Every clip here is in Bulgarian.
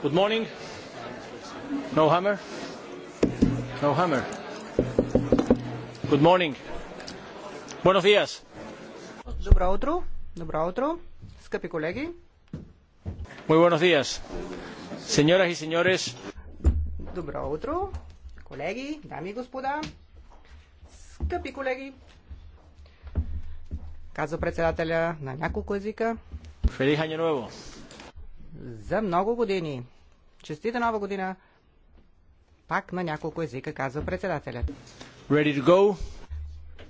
Good morning. No hammer? No hammer. Good morning. Buenos días. Добро утро. Добро утро, скъпи колеги. Muy buenos días. Señoras y señores. Добро утро, колеги, дами и господа. Скъпи колеги, казва председателя на няколко езика. Feliz año nuevo за много години. Честита нова година! Пак на няколко езика, казва председателят. Ready to go?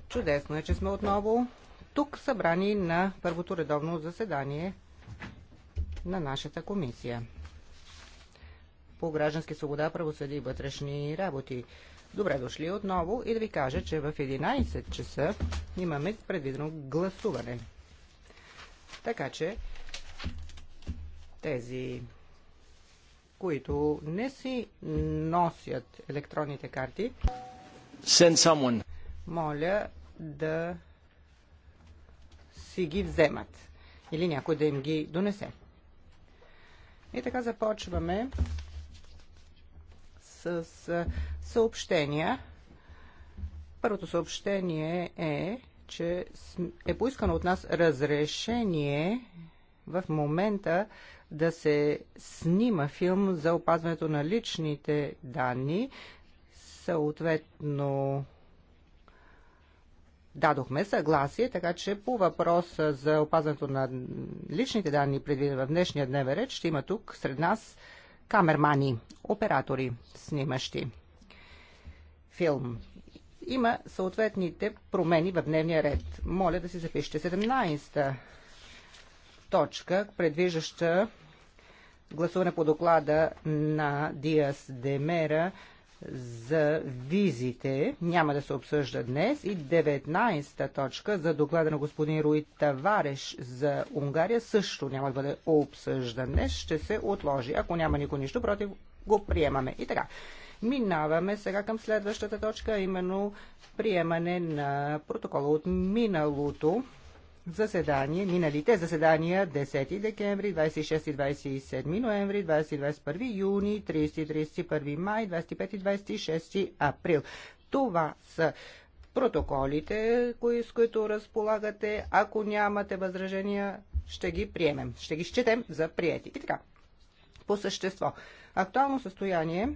Чудесно е, че сме отново тук събрани на първото редовно заседание на нашата комисия по граждански свобода, правосъди и вътрешни работи. Добре дошли отново и да ви кажа, че в 11 часа имаме предвидено гласуване. Така че тези, които не си носят електронните карти, Send someone. моля да си ги вземат или някой да им ги донесе. И така започваме с съобщения. Първото съобщение е, че е поискано от нас разрешение в момента да се снима филм за опазването на личните данни. Съответно, дадохме съгласие, така че по въпроса за опазването на личните данни, предвиден в днешния дневен ред, ще има тук сред нас камермани, оператори, снимащи филм. Има съответните промени в дневния ред. Моля да си запишете 17-та точка, предвиждаща гласуване по доклада на Диас Демера за визите няма да се обсъжда днес и 19-та точка за доклада на господин Руи Тавареш за Унгария също няма да бъде обсъждан днес, ще се отложи. Ако няма никой нищо против, го приемаме. И така, минаваме сега към следващата точка, именно приемане на протокола от миналото заседание, миналите заседания 10 декември, 26 и 27 ноември, 20 21 юни, 30 и 31 май, 25 и 26 април. Това са протоколите, кои, с които разполагате. Ако нямате възражения, ще ги приемем. Ще ги счетем за приети. И така, по същество. Актуално състояние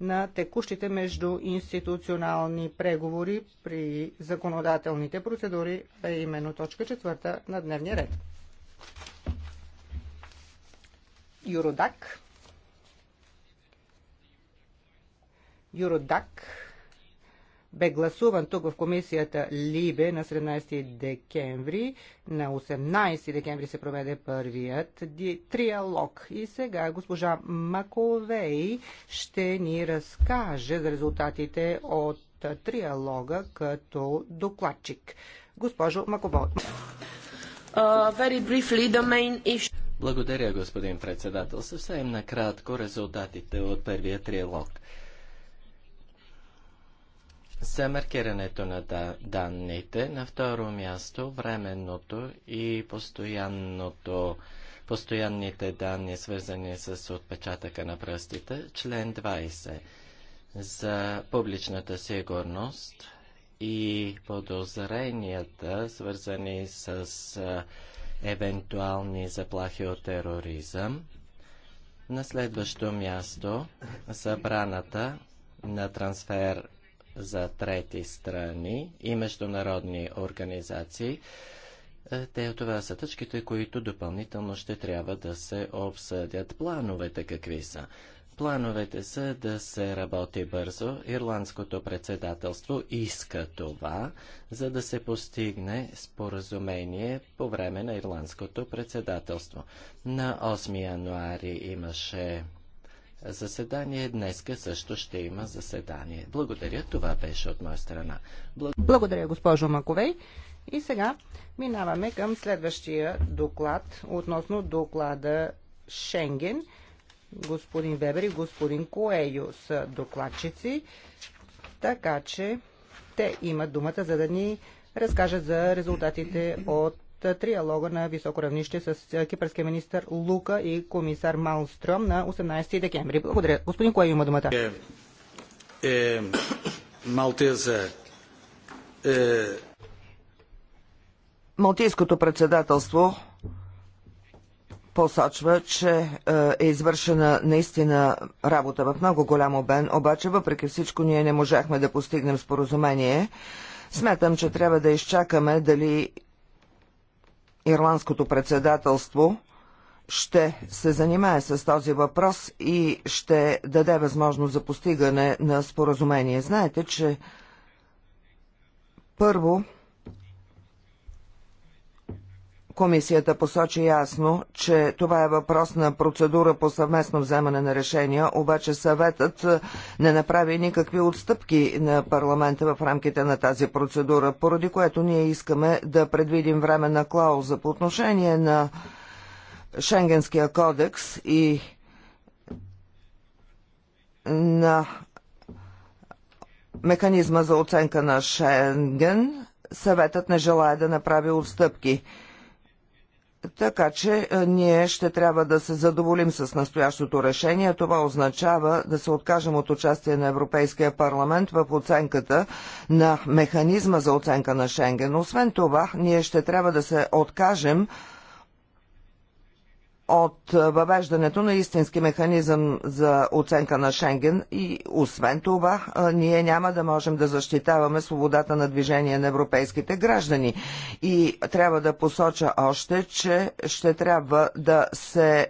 на текущите междуинституционални преговори при законодателните процедури, а именно точка четвърта на дневния ред. Юродак. Юродак бе гласуван тук в комисията Либе на 17 декември. На 18 декември се проведе първият триалог. И сега госпожа Маковей ще ни разкаже за резултатите от триалога като докладчик. Госпожо Маковей. Благодаря, господин председател. Съвсем накратко резултатите от първия триалог. За маркирането на данните, на второ място временното и постоянното, постоянните данни, свързани с отпечатъка на пръстите, член 20 за публичната сигурност и подозренията, свързани с евентуални заплахи от тероризъм. На следващо място забраната на трансфер за трети страни и международни организации. Е, те от това са тъчките, които допълнително ще трябва да се обсъдят. Плановете какви са? Плановете са да се работи бързо. Ирландското председателство иска това, за да се постигне споразумение по време на ирландското председателство. На 8 януари имаше заседание. Днеска също ще има заседание. Благодаря. Това беше от моя страна. Благодаря, Благодаря, госпожо Маковей. И сега минаваме към следващия доклад относно доклада Шенген. Господин Вебер и господин Коейо са докладчици, така че те имат думата, за да ни разкажат за резултатите от триалога на високо равнище с кипърския министр Лука и комисар Малстром на 18 декември. Благодаря. Господин Кое има думата? Е, е, Малтеза. Е... Малтийското председателство посочва, че е, е извършена наистина работа в много голям обен, обаче въпреки всичко ние не можахме да постигнем споразумение. Сметам, че трябва да изчакаме дали ирландското председателство ще се занимае с този въпрос и ще даде възможност за постигане на споразумение. Знаете, че първо Комисията посочи ясно, че това е въпрос на процедура по съвместно вземане на решения, обаче съветът е, не направи никакви отстъпки на парламента в рамките на тази процедура, поради което ние искаме да предвидим време на клауза по отношение на Шенгенския кодекс и на механизма за оценка на Шенген, съветът не желая да направи отстъпки. Така че е, ние ще трябва да се задоволим с настоящото решение. Това означава да се откажем от участие на Европейския парламент в оценката на механизма за оценка на Шенген. Освен това, ние ще трябва да се откажем от въвеждането на истински механизъм за оценка на Шенген и освен това ние няма да можем да защитаваме свободата на движение на европейските граждани. И трябва да посоча още, че ще трябва да се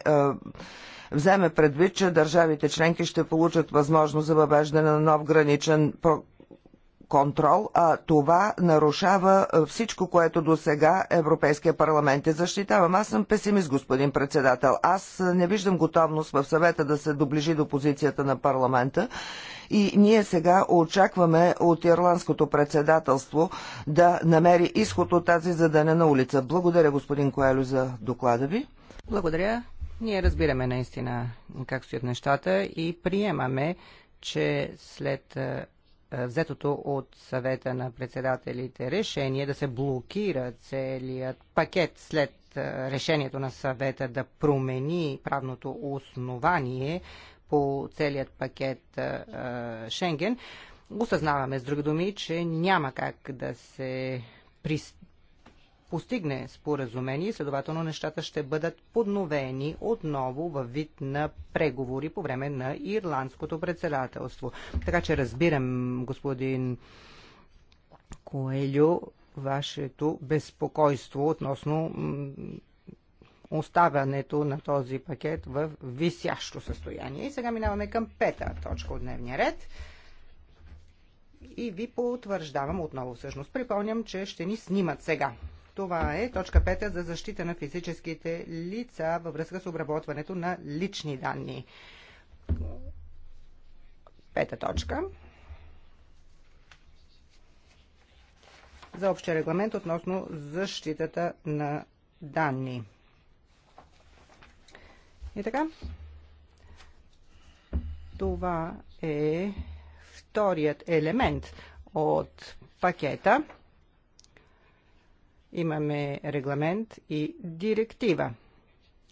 вземе предвид, че държавите членки ще получат възможност за въвеждане на нов граничен контрол, а това нарушава всичко, което до сега Европейския парламент е защитавам. Аз съм песимист, господин председател. Аз не виждам готовност в съвета да се доближи до позицията на парламента и ние сега очакваме от ирландското председателство да намери изход от тази задънена улица. Благодаря, господин Коелю, за доклада ви. Благодаря. Ние разбираме наистина как стоят нещата и приемаме, че след е, взетото от съвета на председателите решение да се блокира целият пакет след е, решението на съвета да промени правното основание по целият пакет е, Шенген, осъзнаваме с други думи, че няма как да се пристигне постигне споразумение следователно нещата ще бъдат подновени отново във вид на преговори по време на ирландското председателство. Така че разбирам, господин Коелю, вашето безпокойство относно оставянето на този пакет в висящо състояние. И сега минаваме към пета точка от дневния ред. И ви потвърждавам отново всъщност. Припомням, че ще ни снимат сега. Това е точка 5 за защита на физическите лица във връзка с обработването на лични данни. Пета точка. За общия регламент относно защитата на данни. И така. Това е вторият елемент от пакета – Имаме регламент и директива,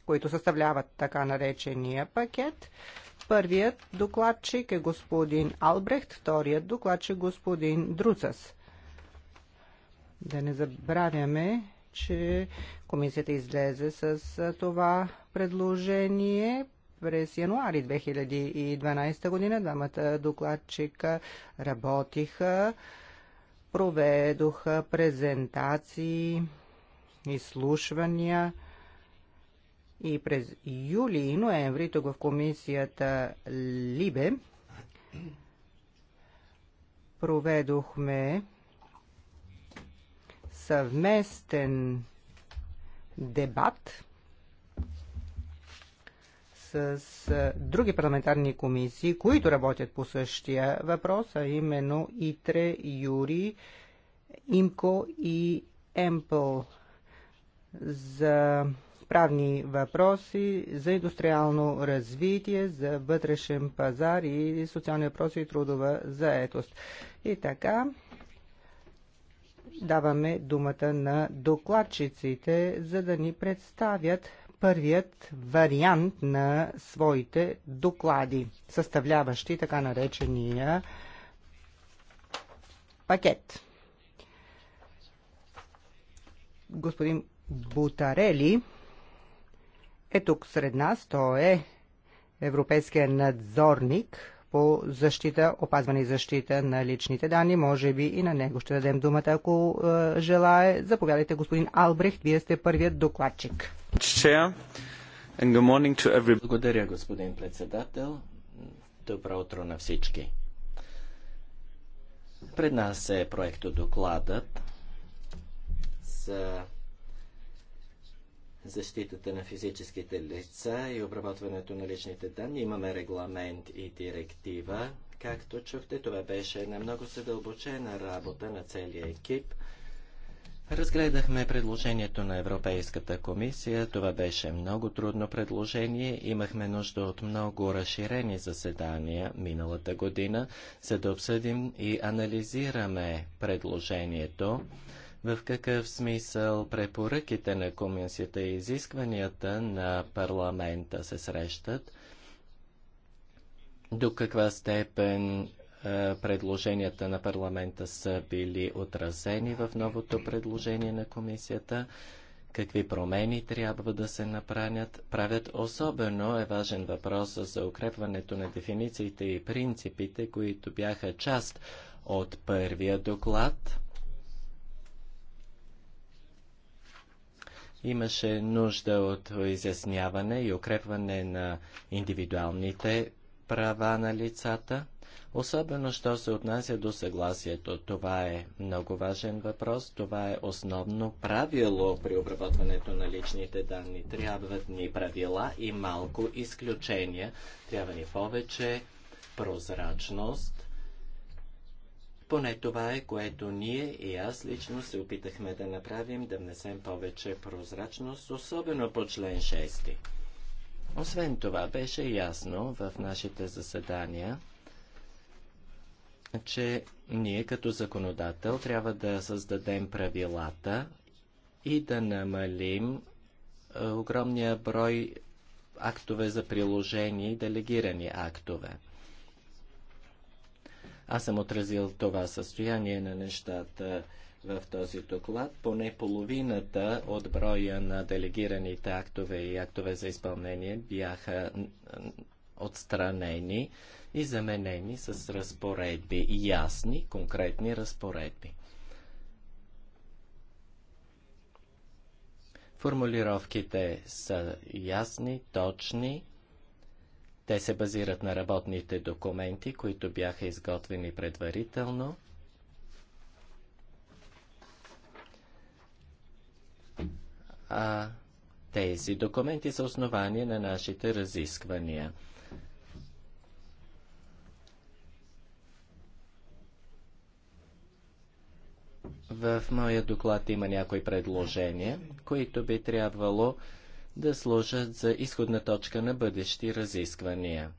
които съставляват така наречения пакет. Първият докладчик е господин Албрехт, вторият докладчик е господин Друцас. Да не забравяме, че комисията излезе с това предложение през януари 2012 година. Двамата докладчика работиха проведоха презентации, изслушвания и през юли и ноември тук в комисията Либе проведохме съвместен дебат с, други парламентарни комисии, които работят по същия въпрос, а именно ИТРЕ, ЮРИ, ИМКО и ЕМПЛ за правни въпроси, за индустриално развитие, за вътрешен пазар и социални въпроси и трудова заетост. И така, даваме думата на докладчиците, за да ни представят първият вариант на своите доклади, съставляващи така наречения пакет. Господин Бутарели е тук сред нас. Той е европейския надзорник по защита, опазване и защита на личните данни. Може би и на него ще дадем думата, ако е, желае. Заповядайте, господин Албрехт, вие сте първият докладчик. Благодаря, господин председател. Добро утро на всички. Пред нас е проектодокладът докладът за защитата на физическите лица и обработването на личните данни. Имаме регламент и директива. Както чухте, това беше една много задълбочена работа на целия екип. Разгледахме предложението на Европейската комисия. Това беше много трудно предложение. Имахме нужда от много разширени заседания миналата година, за да обсъдим и анализираме предложението в какъв смисъл препоръките на комисията и изискванията на парламента се срещат, до каква степен предложенията на парламента са били отразени в новото предложение на комисията, какви промени трябва да се направят. Правят особено е важен въпрос за укрепването на дефинициите и принципите, които бяха част от първия доклад Имаше нужда от изясняване и укрепване на индивидуалните права на лицата, особено що се отнася до съгласието. Това е много важен въпрос, това е основно правило при обработването на личните данни. Трябват ни правила и малко изключения, трябва ни повече прозрачност, поне това е, което ние и аз лично се опитахме да направим, да внесем повече прозрачност, особено по член 6. Освен това, беше ясно в нашите заседания, че ние като законодател трябва да създадем правилата и да намалим е, огромния брой актове за приложение и делегирани актове. Аз съм отразил това състояние на нещата в този доклад. Поне половината от броя на делегираните актове и актове за изпълнение бяха отстранени и заменени с разпоредби, ясни, конкретни разпоредби. Формулировките са ясни, точни, те се базират на работните документи, които бяха изготвени предварително. А тези документи са основание на нашите разисквания. В моя доклад има някои предложения, които би трябвало да служат за изходна точка на бъдещи разисквания.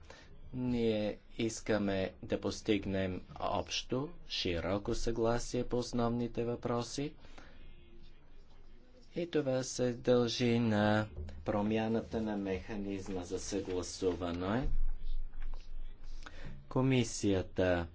Ние искаме да постигнем общо, широко съгласие по основните въпроси. И това се дължи на промяната на механизма за съгласуване. Комисията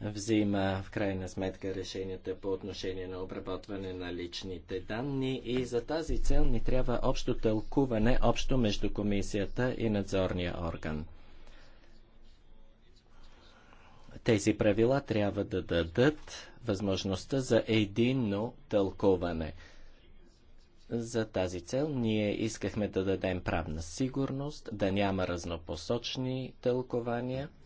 взима в крайна сметка решенията по отношение на обработване на личните данни и за тази цел ни трябва общо тълкуване, общо между комисията и надзорния орган. Тези правила трябва да дадат възможността за единно тълкуване. За тази цел ние искахме да дадем правна сигурност, да няма разнопосочни тълкования –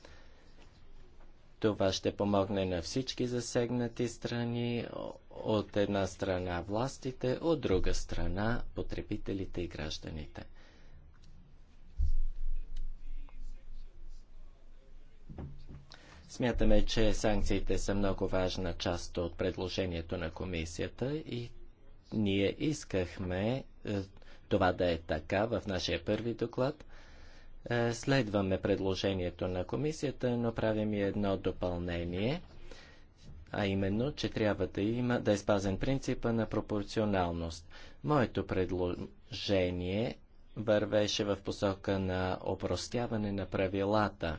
това ще помогне на всички засегнати страни, от една страна властите, от друга страна потребителите и гражданите. Смятаме, че санкциите са много важна част от предложението на комисията и ние искахме е, това да е така в нашия първи доклад, е, следваме предложението на комисията, но правим и едно допълнение, а именно, че трябва да има да е спазен принципа на пропорционалност. Моето предложение вървеше в посока на опростяване на правилата.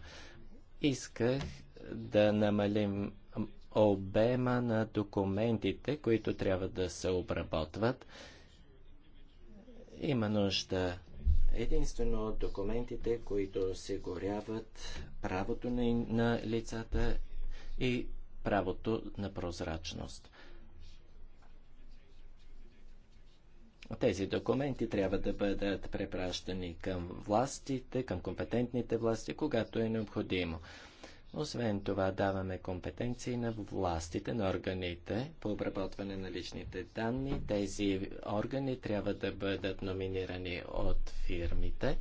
Исках да намалим обема на документите, които трябва да се обработват. Има нужда единствено от документите, които осигуряват правото на, на лицата и правото на прозрачност. Тези документи трябва да бъдат препращани към властите, към компетентните власти, когато е необходимо. Освен това, даваме компетенции на властите, на органите по обработване на личните данни. Тези органи трябва да бъдат номинирани от фирмите.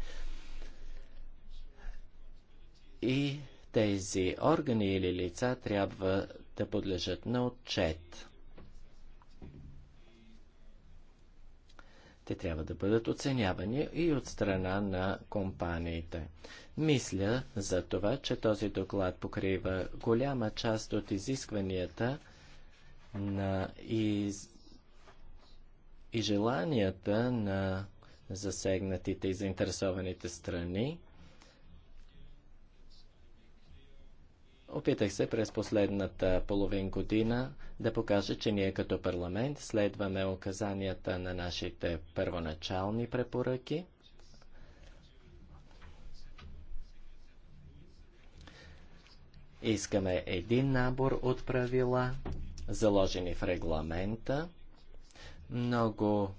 И тези органи или лица трябва да подлежат на отчет. Те трябва да бъдат оценявани и от страна на компаниите. Мисля за това, че този доклад покрива голяма част от изискванията на и, и желанията на засегнатите и заинтересованите страни. Опитах се през последната половин година да покажа, че ние като парламент следваме указанията на нашите първоначални препоръки. Искаме един набор от правила, заложени в регламента. Много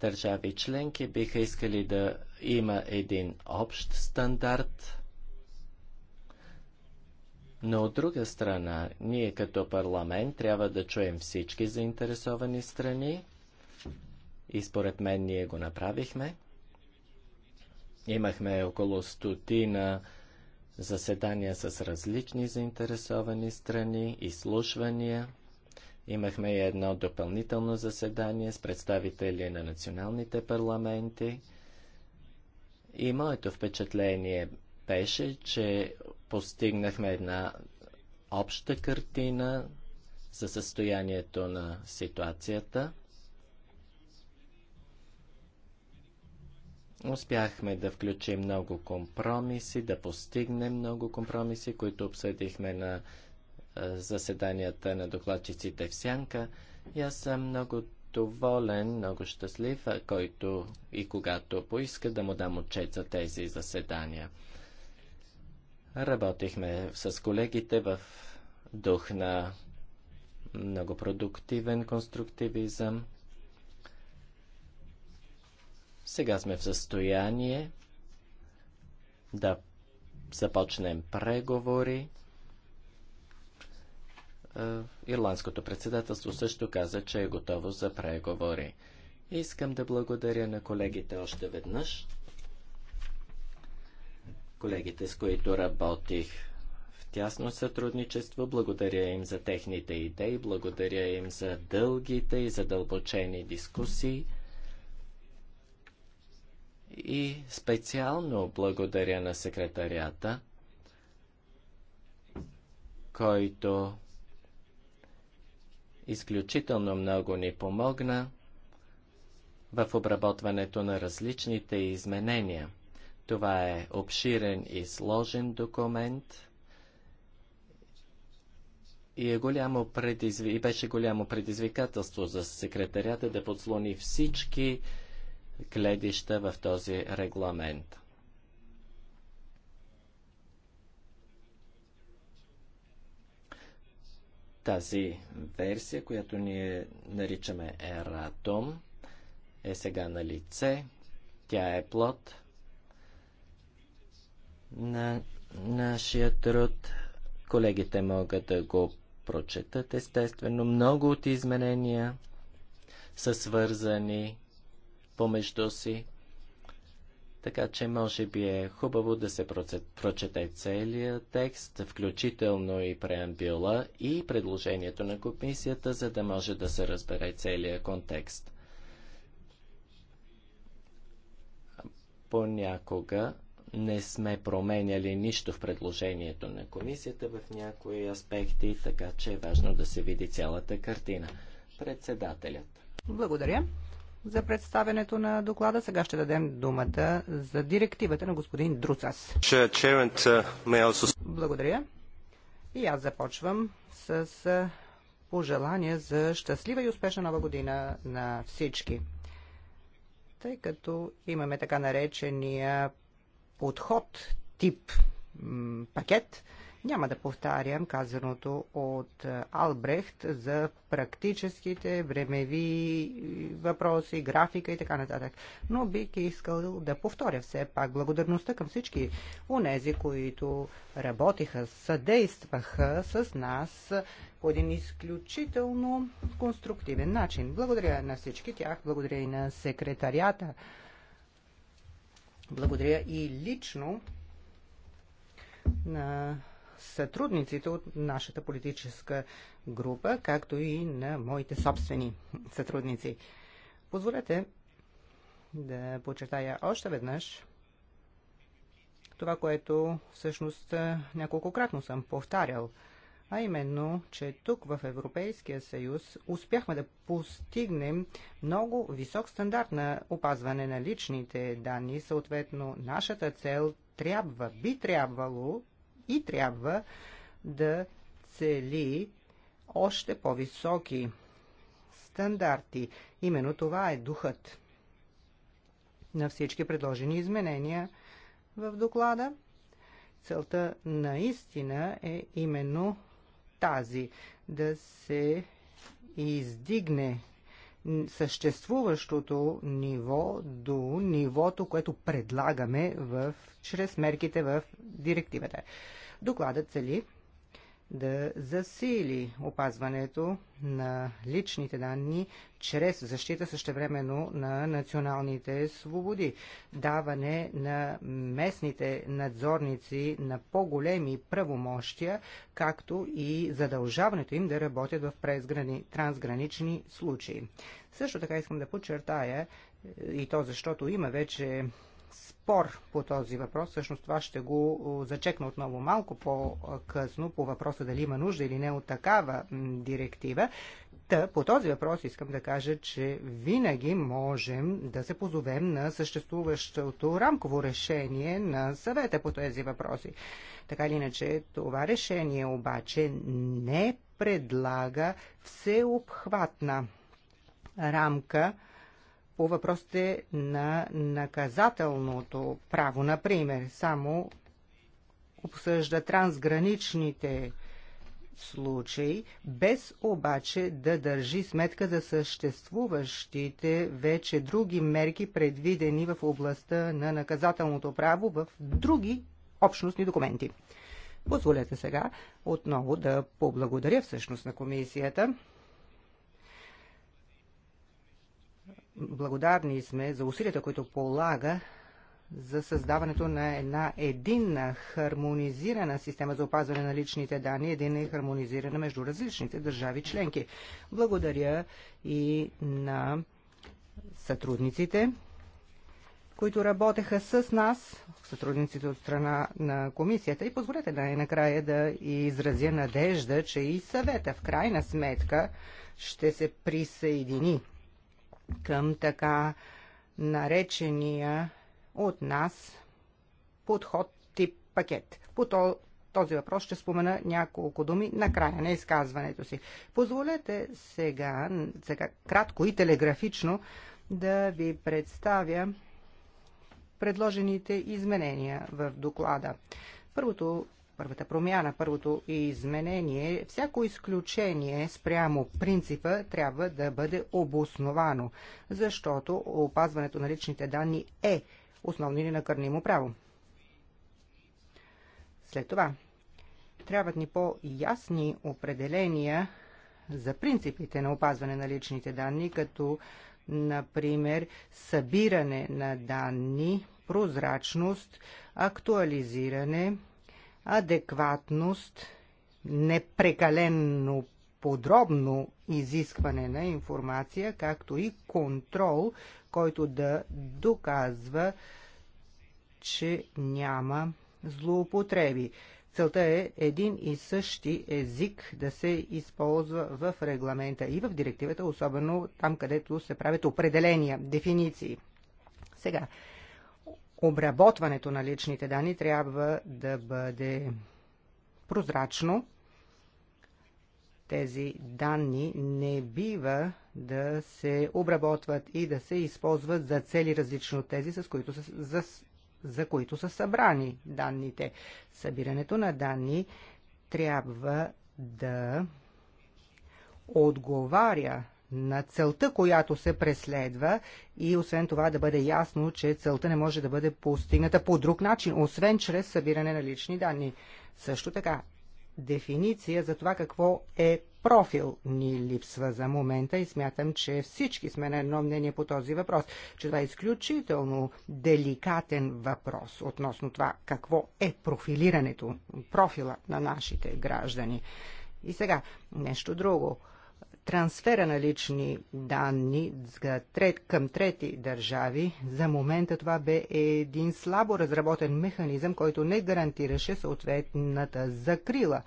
държави членки биха искали да има един общ стандарт но от друга страна, ние като парламент трябва да чуем всички заинтересовани страни и според мен ние го направихме. Имахме около стотина заседания с различни заинтересовани страни, изслушвания. Имахме и едно допълнително заседание с представители на националните парламенти. И моето впечатление беше, че постигнахме една обща картина за състоянието на ситуацията. Успяхме да включим много компромиси, да постигнем много компромиси, които обсъдихме на заседанията на докладчиците в Сянка. И аз съм много доволен, много щастлив, който и когато поиска да му дам отчет за тези заседания. Работихме с колегите в дух на много продуктивен конструктивизъм. Сега сме в състояние да започнем преговори. Е, Ирландското председателство също каза, че е готово за преговори. Искам да благодаря на колегите още веднъж колегите, с които работих в тясно сътрудничество. Благодаря им за техните идеи, благодаря им за дългите и задълбочени дискусии. И специално благодаря на секретарията, който изключително много ни помогна в обработването на различните изменения – това е обширен и сложен документ и, е голямо предизв... и беше голямо предизвикателство за секретарята да подслони всички гледища в този регламент. Тази версия, която ние наричаме Ератом, е сега на лице. Тя е плод на нашия труд. Колегите могат да го прочетат, естествено. Много от изменения са свързани помежду си. Така че може би е хубаво да се прочете целият текст, включително и преамбюла и предложението на комисията, за да може да се разбере целият контекст. Понякога не сме променяли нищо в предложението на комисията в някои аспекти, така че е важно да се види цялата картина. Председателят. Благодаря за представенето на доклада. Сега ще дадем думата за директивата на господин Друцас. Uh, Благодаря. И аз започвам с пожелания за щастлива и успешна нова година на всички. Тъй като имаме така наречения подход, тип пакет. Няма да повтарям казаното от Албрехт за практическите времеви въпроси, графика и така нататък. Но бих искал да повторя все пак благодарността към всички унези, които работиха, съдействаха с нас по един изключително конструктивен начин. Благодаря на всички тях, благодаря и на секретарията благодаря и лично на сътрудниците от нашата политическа група, както и на моите собствени сътрудници. Позволете да подчертая още веднъж това, което всъщност няколкократно съм повтарял – а именно, че тук в Европейския съюз успяхме да постигнем много висок стандарт на опазване на личните данни. Съответно, нашата цел трябва, би трябвало и трябва да цели още по-високи стандарти. Именно това е духът на всички предложени изменения в доклада. Целта наистина е именно тази да се издигне съществуващото ниво до нивото, което предлагаме в, чрез мерките в директивата. Докладът цели да засили опазването на личните данни чрез защита същевременно на националните свободи, даване на местните надзорници на по-големи правомощия, както и задължаването им да работят в трансгранични случаи. Също така искам да подчертая, и то защото има вече спор по този въпрос. Всъщност това ще го зачекна отново малко по-късно по въпроса дали има нужда или не от такава директива. Та, по този въпрос искам да кажа, че винаги можем да се позовем на съществуващото рамково решение на съвета по тези въпроси. Така или иначе, това решение обаче не предлага всеобхватна рамка по въпросите на наказателното право, например, само обсъжда трансграничните случаи, без обаче да държи сметка за съществуващите вече други мерки, предвидени в областта на наказателното право в други общностни документи. Позволете сега отново да поблагодаря всъщност на комисията благодарни сме за усилията, които полага за създаването на една единна хармонизирана система за опазване на личните данни, единна и хармонизирана между различните държави членки. Благодаря и на сътрудниците, които работеха с нас, сътрудниците от страна на комисията. И позволете най-накрая да изразя надежда, че и съвета в крайна сметка ще се присъедини към така наречения от нас подход тип пакет. По този въпрос ще спомена няколко думи на края на изказването си. Позволете сега, сега кратко и телеграфично да ви представя предложените изменения в доклада. Първото първата промяна, първото изменение, всяко изключение спрямо принципа трябва да бъде обосновано, защото опазването на личните данни е основно или накърнимо право. След това, трябват ни по-ясни определения за принципите на опазване на личните данни, като, например, събиране на данни, прозрачност, актуализиране, адекватност, непрекалено подробно изискване на информация, както и контрол, който да доказва, че няма злоупотреби. Целта е един и същи език да се използва в регламента и в директивата, особено там, където се правят определения, дефиниции. Сега, обработването на личните данни трябва да бъде прозрачно. Тези данни не бива да се обработват и да се използват за цели различни от тези, с които са, за, за които са събрани данните. Събирането на данни трябва да отговаря на целта, която се преследва и освен това да бъде ясно, че целта не може да бъде постигната по друг начин, освен чрез събиране на лични данни. Също така, дефиниция за това какво е профил ни липсва за момента и смятам, че всички сме на едно мнение по този въпрос, че това е изключително деликатен въпрос относно това какво е профилирането, профила на нашите граждани. И сега, нещо друго – трансфера на лични данни към трети държави, за момента това бе един слабо разработен механизъм, който не гарантираше съответната закрила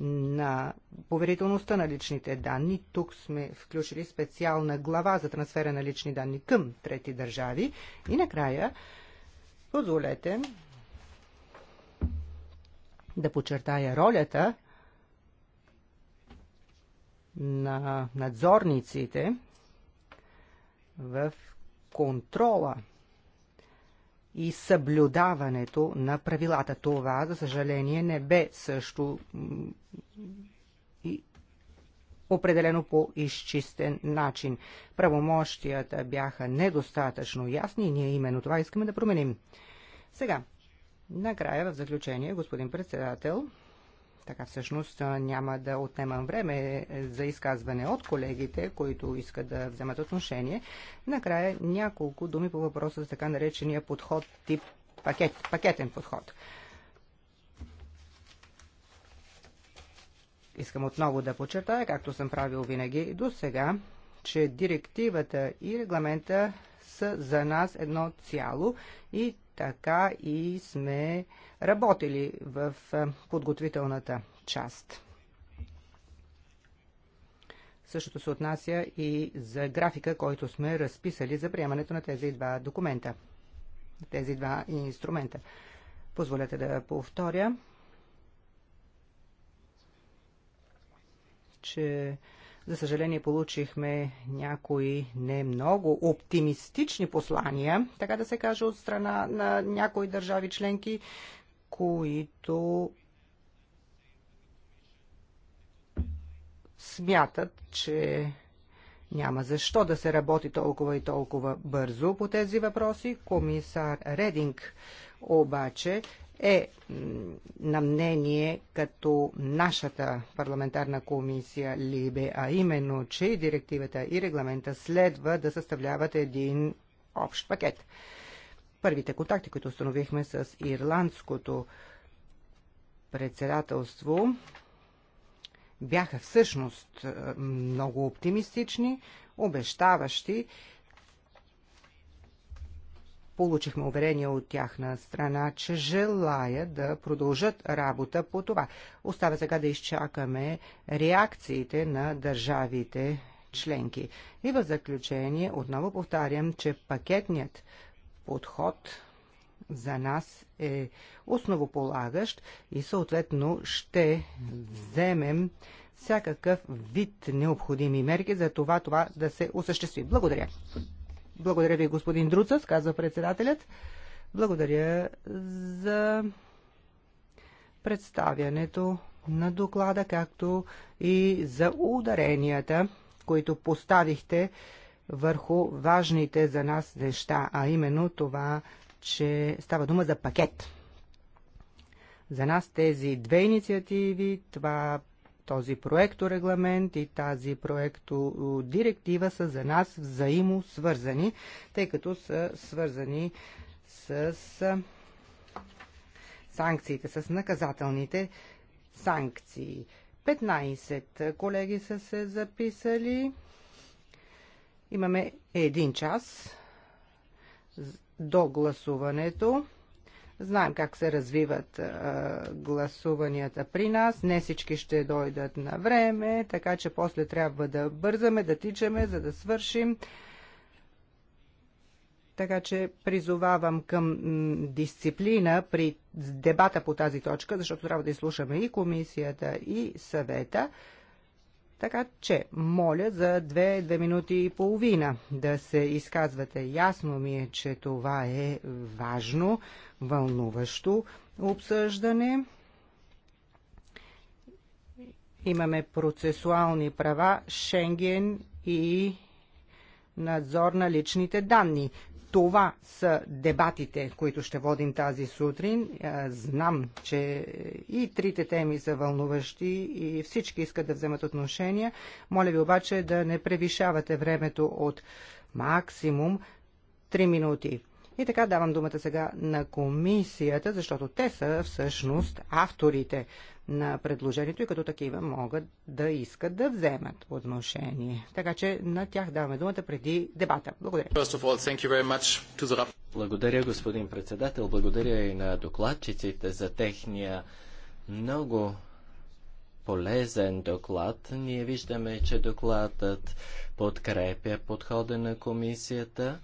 на поверителността на личните данни. Тук сме включили специална глава за трансфера на лични данни към трети държави. И накрая, позволете да подчертая ролята на надзорниците в контрола и съблюдаването на правилата. Това, за съжаление, не бе също определено по изчистен начин. Правомощията бяха недостатъчно ясни и ние именно това искаме да променим. Сега, накрая в заключение, господин председател, така всъщност няма да отнемам време е, за изказване от колегите, които искат да вземат отношение. Накрая няколко думи по въпроса за така наречения подход тип пакет, пакетен подход. Искам отново да подчертая, както съм правил винаги до сега, че директивата и регламента са за нас едно цяло и така и сме работили в е, подготвителната част. Същото се отнася и за графика, който сме разписали за приемането на тези два документа, тези два инструмента. Позволете да повторя, че за съжаление получихме някои не много оптимистични послания, така да се каже, от страна на някои държави членки, които смятат, че няма защо да се работи толкова и толкова бързо по тези въпроси. Комисар Рединг обаче е на мнение като нашата парламентарна комисия Либе, а именно, че директивата и регламента следва да съставляват един общ пакет. Първите контакти, които установихме с ирландското председателство, бяха всъщност е, много оптимистични, обещаващи Получихме уверение от тяхна страна, че желая да продължат работа по това. Остава сега да изчакаме реакциите на държавите членки. И в заключение отново повтарям, че пакетният подход за нас е основополагащ и съответно ще вземем всякакъв вид необходими мерки за това това да се осъществи. Благодаря. Благодаря ви, господин Друцас, казва председателят. Благодаря за представянето на доклада, както и за ударенията, които поставихте върху важните за нас неща, а именно това, че става дума за пакет. За нас тези две инициативи, това този проекторегламент и тази проекто директива са за нас взаимосвързани, тъй като са свързани с санкциите, с наказателните санкции. 15 колеги са се записали. Имаме един час до гласуването. Знаем как се развиват а, гласуванията при нас. Не всички ще дойдат на време, така че после трябва да бързаме, да тичаме, за да свършим. Така че призовавам към дисциплина при дебата по тази точка, защото трябва да изслушаме и комисията, и съвета. Така че, моля за две, две минути и половина да се изказвате. Ясно ми е, че това е важно, вълнуващо обсъждане. Имаме процесуални права, Шенген и надзор на личните данни. Това са дебатите, които ще водим тази сутрин. Е, знам, че и трите теми са вълнуващи и всички искат да вземат отношения. Моля ви обаче да не превишавате времето от максимум 3 минути. И така давам думата сега на комисията, защото те са всъщност авторите на предложението и като такива могат да искат да вземат отношение. Така че на тях даваме думата преди дебата. Благодаря. All, благодаря, господин председател. Благодаря и на докладчиците за техния много полезен доклад. Ние виждаме, че докладът подкрепя подхода на комисията.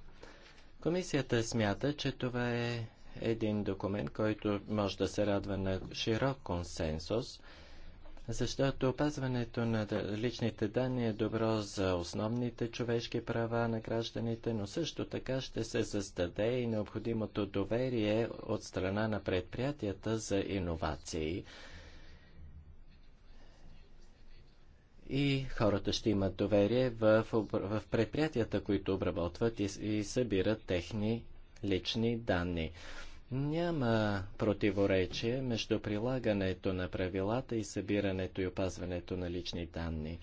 Комисията смята, че това е един документ, който може да се радва на широк консенсус, защото опазването на личните данни е добро за основните човешки права на гражданите, но също така ще се създаде и необходимото доверие от страна на предприятията за иновации. И хората ще имат доверие в, в предприятията, които обработват и, и събират техни лични данни. Няма противоречие между прилагането на правилата и събирането и опазването на лични данни.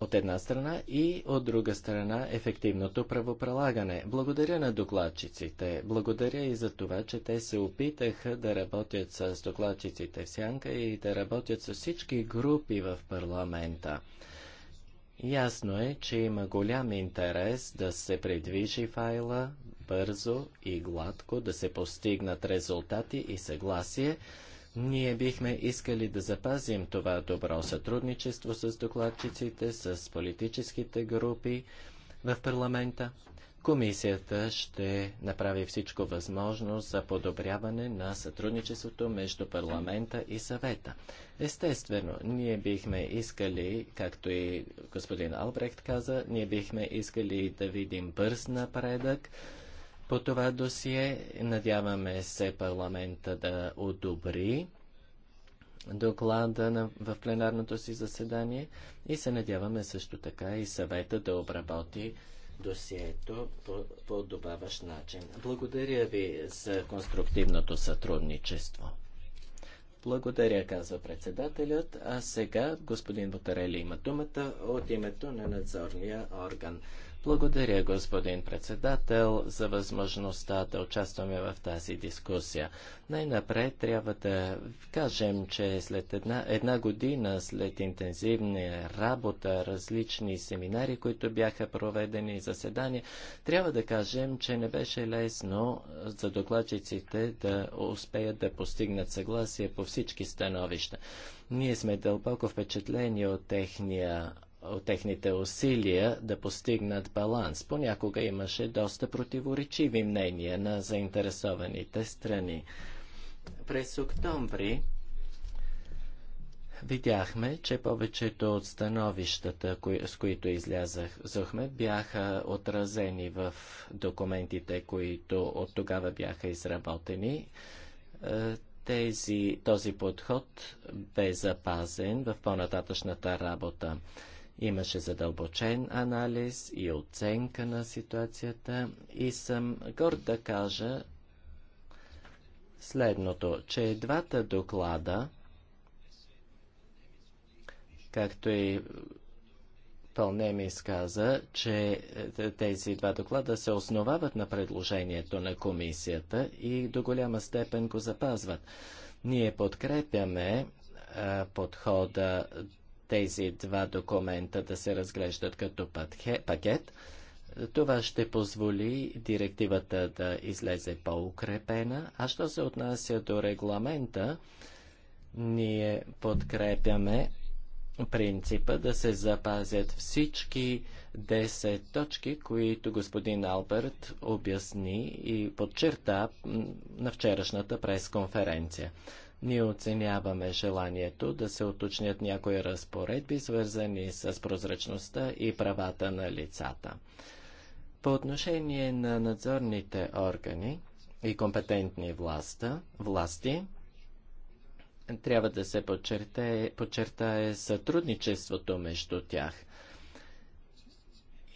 От една страна и от друга страна ефективното правопрелагане. Благодаря на докладчиците. Благодаря и за това, че те се опитаха да работят с докладчиците в Сянка и да работят с всички групи в парламента. Ясно е, че има голям интерес да се придвижи файла бързо и гладко, да се постигнат резултати и съгласие. Ние бихме искали да запазим това добро сътрудничество с докладчиците, с политическите групи в парламента. Комисията ще направи всичко възможно за подобряване на сътрудничеството между парламента и съвета. Естествено, ние бихме искали, както и господин Албрехт каза, ние бихме искали да видим бърз напредък по това досие. Надяваме се парламента да одобри доклада на, в пленарното си заседание и се надяваме също така и съвета да обработи досието по, по добаващ начин. Благодаря ви за конструктивното сътрудничество. Благодаря, казва председателят. А сега господин Батарели, има думата от името на надзорния орган. Благодаря, господин председател, за възможността да участваме в тази дискусия. Най-напред трябва да кажем, че след една, една година, след интензивна работа, различни семинари, които бяха проведени и заседания, трябва да кажем, че не беше лесно за докладчиците да успеят да постигнат съгласие по всички становища. Ние сме дълбоко впечатлени от техния техните усилия да постигнат баланс. Понякога имаше доста противоречиви мнения на заинтересованите страни. През октомври видяхме, че повечето от становищата, кои, с които излязахме, бяха отразени в документите, които от тогава бяха изработени. Е, тези, този подход бе запазен в по-нататъчната работа. Имаше задълбочен анализ и оценка на ситуацията и съм горд да кажа следното, че двата доклада, както и Пълнеми изказа, че е, тези два доклада се основават на предложението на комисията и до голяма степен го запазват. Ние подкрепяме а, е, подхода тези два документа да се разглеждат като пакет. Това ще позволи директивата да излезе по-укрепена. А що се отнася до регламента, ние подкрепяме принципа да се запазят всички 10 точки, които господин Алберт обясни и подчерта на вчерашната пресконференция. конференция ние оценяваме желанието да се уточнят някои разпоредби, свързани с прозрачността и правата на лицата. По отношение на надзорните органи и компетентни властта, власти, трябва да се подчертае, подчертае сътрудничеството между тях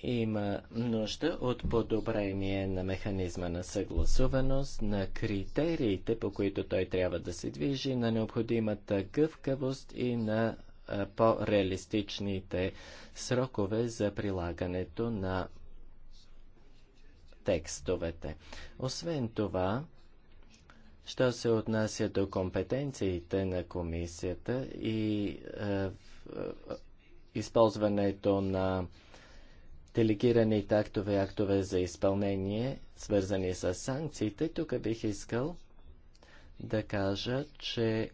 има нужда от подобрение на механизма на съгласуваност, на критериите, по които той трябва да се движи, на необходимата гъвкавост и на по-реалистичните срокове за прилагането на текстовете. Освен това, що се отнася до компетенциите на комисията и е, е, използването на делегираните тактове и актове за изпълнение, свързани с санкциите, тук бих искал да кажа, че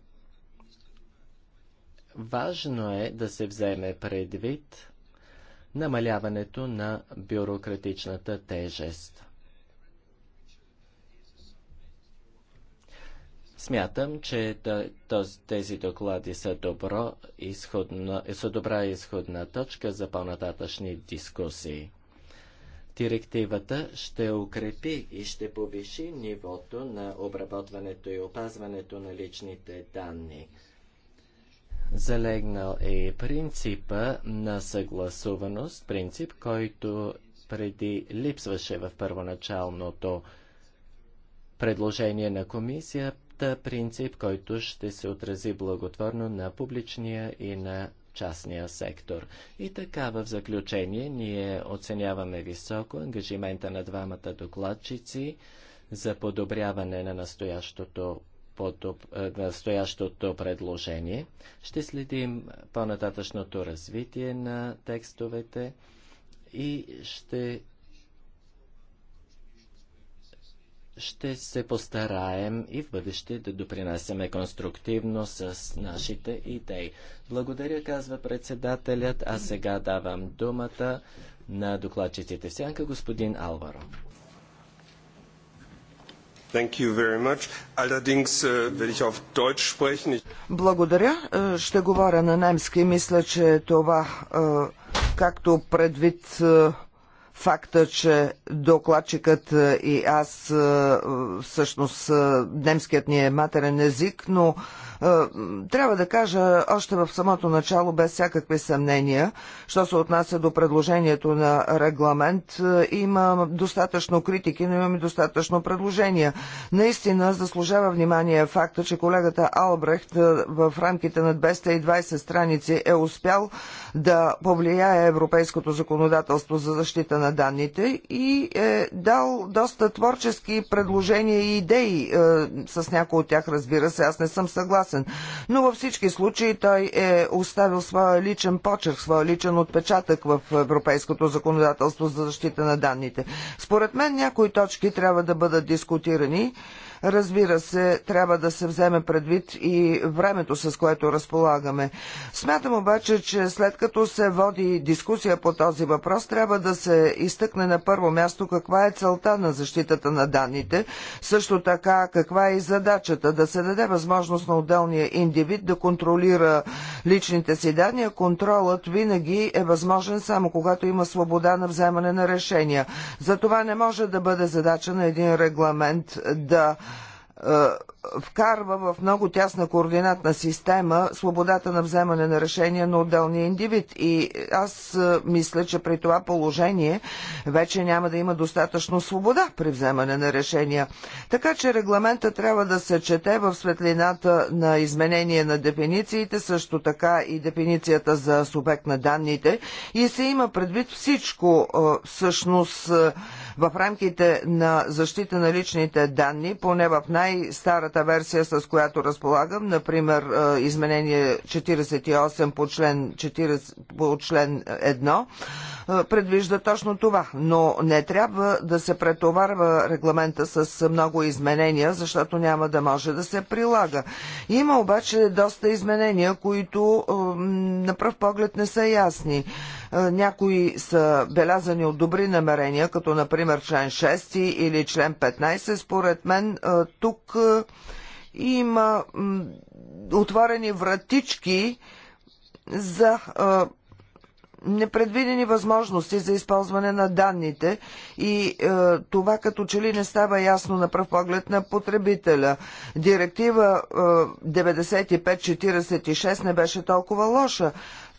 важно е да се вземе предвид намаляването на бюрократичната тежест. Смятам, че тези доклади са, добро изходна, са добра изходна точка за по-нататъчни дискусии. Директивата ще укрепи и ще повиши нивото на обработването и опазването на личните данни. Залегнал е принципа на съгласуваност, принцип, който преди липсваше в първоначалното предложение на комисия, принцип, който ще се отрази благотворно на публичния и на частния сектор. И така, в заключение, ние оценяваме високо ангажимента на двамата докладчици за подобряване на настоящото подоб... Е, настоящото предложение. Ще следим по-нататъчното развитие на текстовете и ще ще се постараем и в бъдеще да допринасяме конструктивно с нашите идеи. Благодаря, казва председателят, а сега давам думата на докладчиците в сянка, господин Алваро. Äh, Благодаря. Е, ще говоря на немски. Мисля, че това, е, както предвид е, факта, че докладчикът е, и аз е, всъщност е, немският ни е матерен език, но трябва да кажа още в самото начало, без всякакви съмнения, що се отнася до предложението на регламент, има достатъчно критики, но имаме достатъчно предложения. Наистина заслужава внимание факта, че колегата Албрехт в рамките на 220 страници е успял да повлияе европейското законодателство за защита на на данните и е дал доста творчески предложения и идеи. Е, с някои от тях, разбира се, аз не съм съгласен. Но във всички случаи той е оставил своя личен почерк, своя личен отпечатък в европейското законодателство за защита на данните. Според мен някои точки трябва да бъдат дискутирани. Е, Разбира се, трябва да се вземе предвид и времето, с което разполагаме. Смятам обаче, че след като се води дискусия по този въпрос, трябва да се изтъкне на първо място каква е целта на защитата на данните, също така каква е и задачата да се даде възможност на отделния индивид да контролира личните си данни, а контролът винаги е възможен само когато има свобода на вземане на решения. За това не може да бъде задача на един регламент да е, вкарва в много тясна координатна система свободата на вземане на решения на отделния индивид. И аз е, мисля, че при това положение вече няма да има достатъчно свобода при вземане на решения. Така че регламента трябва да се чете в светлината на изменение на дефинициите, също така и дефиницията за субект на данните и се има предвид всичко е, всъщност в рамките на защита на личните данни, поне в най-старата версия, с която разполагам, например е, изменение 48 по член, 40, по член 1, е, предвижда точно това. Но не трябва да се претоварва регламента с много изменения, защото няма да може да се прилага. Има обаче доста изменения, които на пръв поглед не са ясни. Някои са белязани от добри намерения, като например член 6 или член 15. Според мен тук има отворени вратички за непредвидени възможности за използване на данните и е, това като че ли не става ясно на пръв поглед на потребителя. Директива е, 9546 не беше толкова лоша.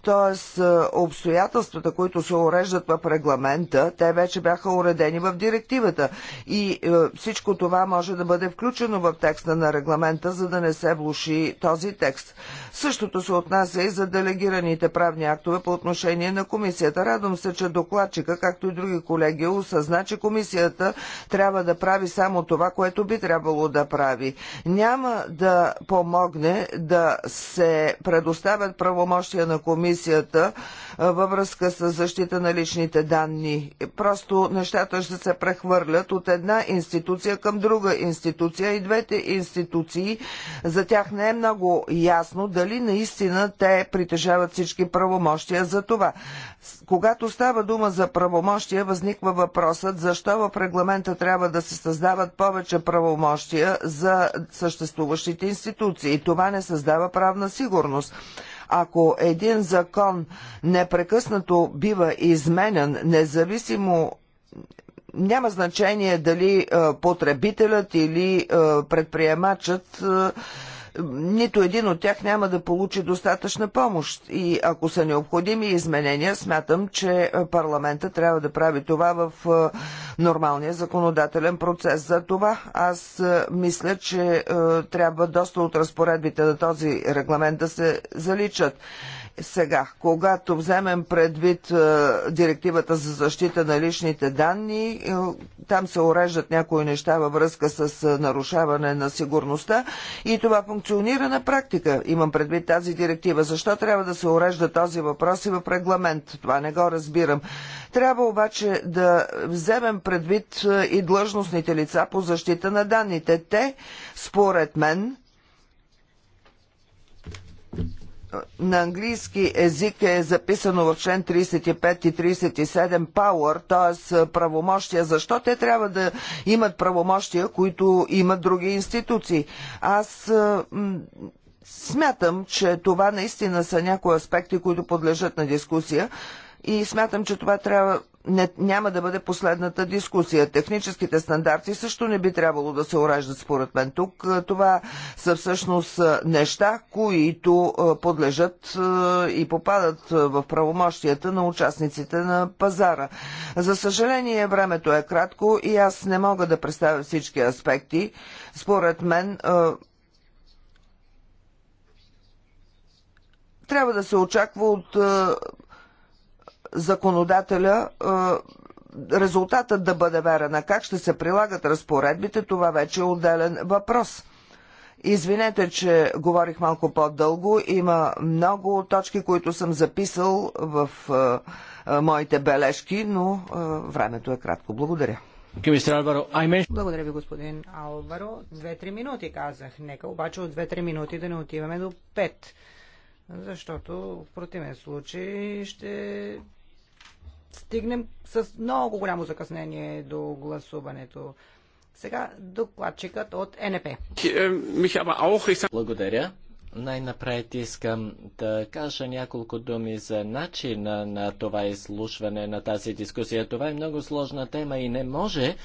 Тоест, е, обстоятелствата, които се уреждат в регламента, те вече бяха уредени в директивата. И е, всичко това може да бъде включено в текста на регламента, за да не се влуши този текст. Същото се отнася и за делегираните правни актове по отношение на комисията. Радвам се, че докладчика, както и други колеги, осъзна, че комисията трябва да прави само това, което би трябвало да прави. Няма да помогне да се предоставят правомощия на комисията комисията във връзка с защита на личните данни. Просто нещата ще се прехвърлят от една институция към друга институция и двете институции за тях не е много ясно дали наистина те притежават всички правомощия за това. Когато става дума за правомощия, възниква въпросът защо в регламента трябва да се създават повече правомощия за съществуващите институции. Това не създава правна сигурност. Ако един закон непрекъснато бива изменен, независимо няма значение дали е, потребителят или е, предприемачът е, нито един от тях няма да получи достатъчна помощ. И ако са необходими изменения, смятам, че парламента трябва да прави това в е, нормалния законодателен процес. За това аз е, мисля, че е, трябва доста от разпоредбите на този регламент да се заличат. Сега, когато вземем предвид е, директивата за защита на личните данни, е, там се уреждат някои неща във връзка с е, нарушаване на сигурността и това функционира на практика. Имам предвид тази директива. Защо трябва да се урежда този въпрос и в регламент? Това не го разбирам. Трябва обаче да вземем предвид и длъжностните лица по защита на данните. Те, според мен, на английски език е записано в член 35 и 37 power, т.е. правомощия. Защо те трябва да имат правомощия, които имат други институции? Аз смятам, че това наистина са някои аспекти, които подлежат на дискусия и смятам, че това трябва не, няма да бъде последната дискусия. Техническите стандарти също не би трябвало да се уреждат според мен тук. Това са всъщност неща, които подлежат и попадат в правомощията на участниците на пазара. За съжаление, времето е кратко и аз не мога да представя всички аспекти. Според мен трябва да се очаква от законодателя е, резултатът да бъде верен, а как ще се прилагат разпоредбите, това вече е отделен въпрос. Извинете, че говорих малко по-дълго. Има много точки, които съм записал в е, е, моите бележки, но времето е кратко. Благодаря. Благодаря ви, господин Алваро. Две-три минути казах. Нека обаче от две-три минути да не отиваме до пет. Защото в противен случай ще стигнем с много голямо закъснение до гласуването. Сега докладчикът от НП. Благодаря. Най-напред искам да кажа няколко думи за начина на това изслушване, на тази дискусия. Това е много сложна тема и не може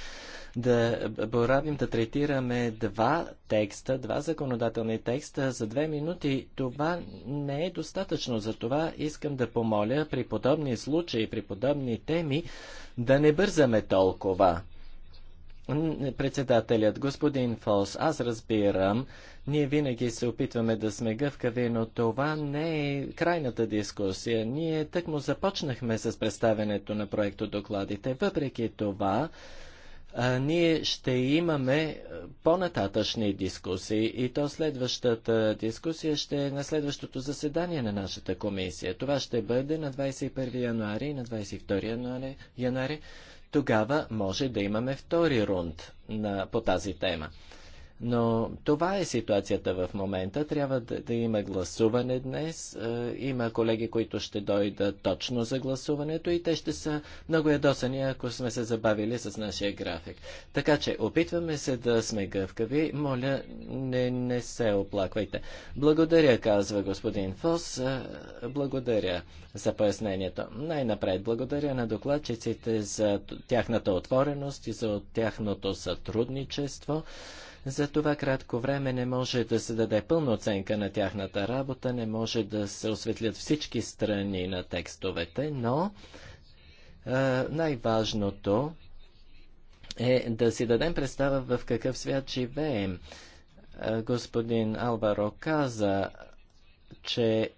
да боравим, да третираме два текста, два законодателни текста за две минути. Това не е достатъчно. Затова искам да помоля при подобни случаи, при подобни теми, да не бързаме толкова. Председателят, господин Фолс, аз разбирам, ние винаги се опитваме да сме гъвкави, но това не е крайната дискусия. Ние тъкмо започнахме с представенето на проекто докладите. Въпреки това, а, ние ще имаме по-нататъчни дискусии и то следващата дискусия ще е на следващото заседание на нашата комисия. Това ще бъде на 21 януари и на 22 януари. януари. Тогава може да имаме втори рунд на, по тази тема. Но това е ситуацията в момента. Трябва да, да има гласуване днес. Е, има колеги, които ще дойдат точно за гласуването и те ще са много ядосани, ако сме се забавили с нашия график. Така че, опитваме се да сме гъвкави. Моля, не, не се оплаквайте. Благодаря, казва господин Фос. Е, благодаря за пояснението. Най-напред благодаря на докладчиците за тяхната отвореност и за тяхното сътрудничество. За това кратко време не може да се даде пълна оценка на тяхната работа, не може да се осветлят всички страни на текстовете, но е, най-важното е да си дадем представа в какъв свят живеем. господин Алваро каза, че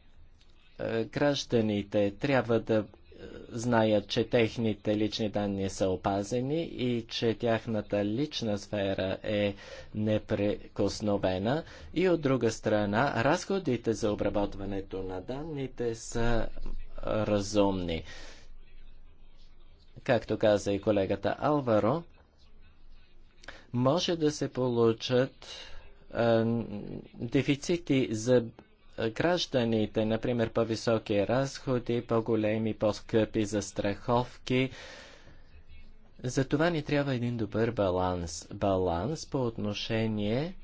гражданите трябва да знаят, че техните лични данни са опазени и че тяхната лична сфера е неприкосновена. И от друга страна, разходите за обработването на данните са разумни. Както каза и колегата Алваро, може да се получат е, дефицити за е, гражданите, например по-високи разходи, по-големи, по-скъпи застраховки. Затова ни трябва един добър баланс. Баланс по отношение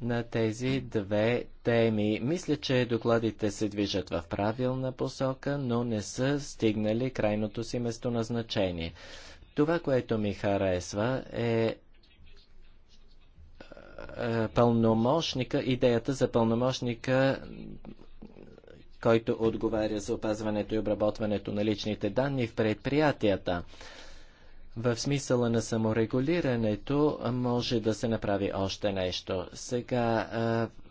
на тези две теми. Мисля, че докладите се движат в правилна посока, но не са стигнали крайното си местоназначение. Това, което ми харесва е е, пълномощника, идеята за пълномощника, който отговаря за опазването и обработването на личните данни в предприятията. В смисъла на саморегулирането може да се направи още нещо. Сега е,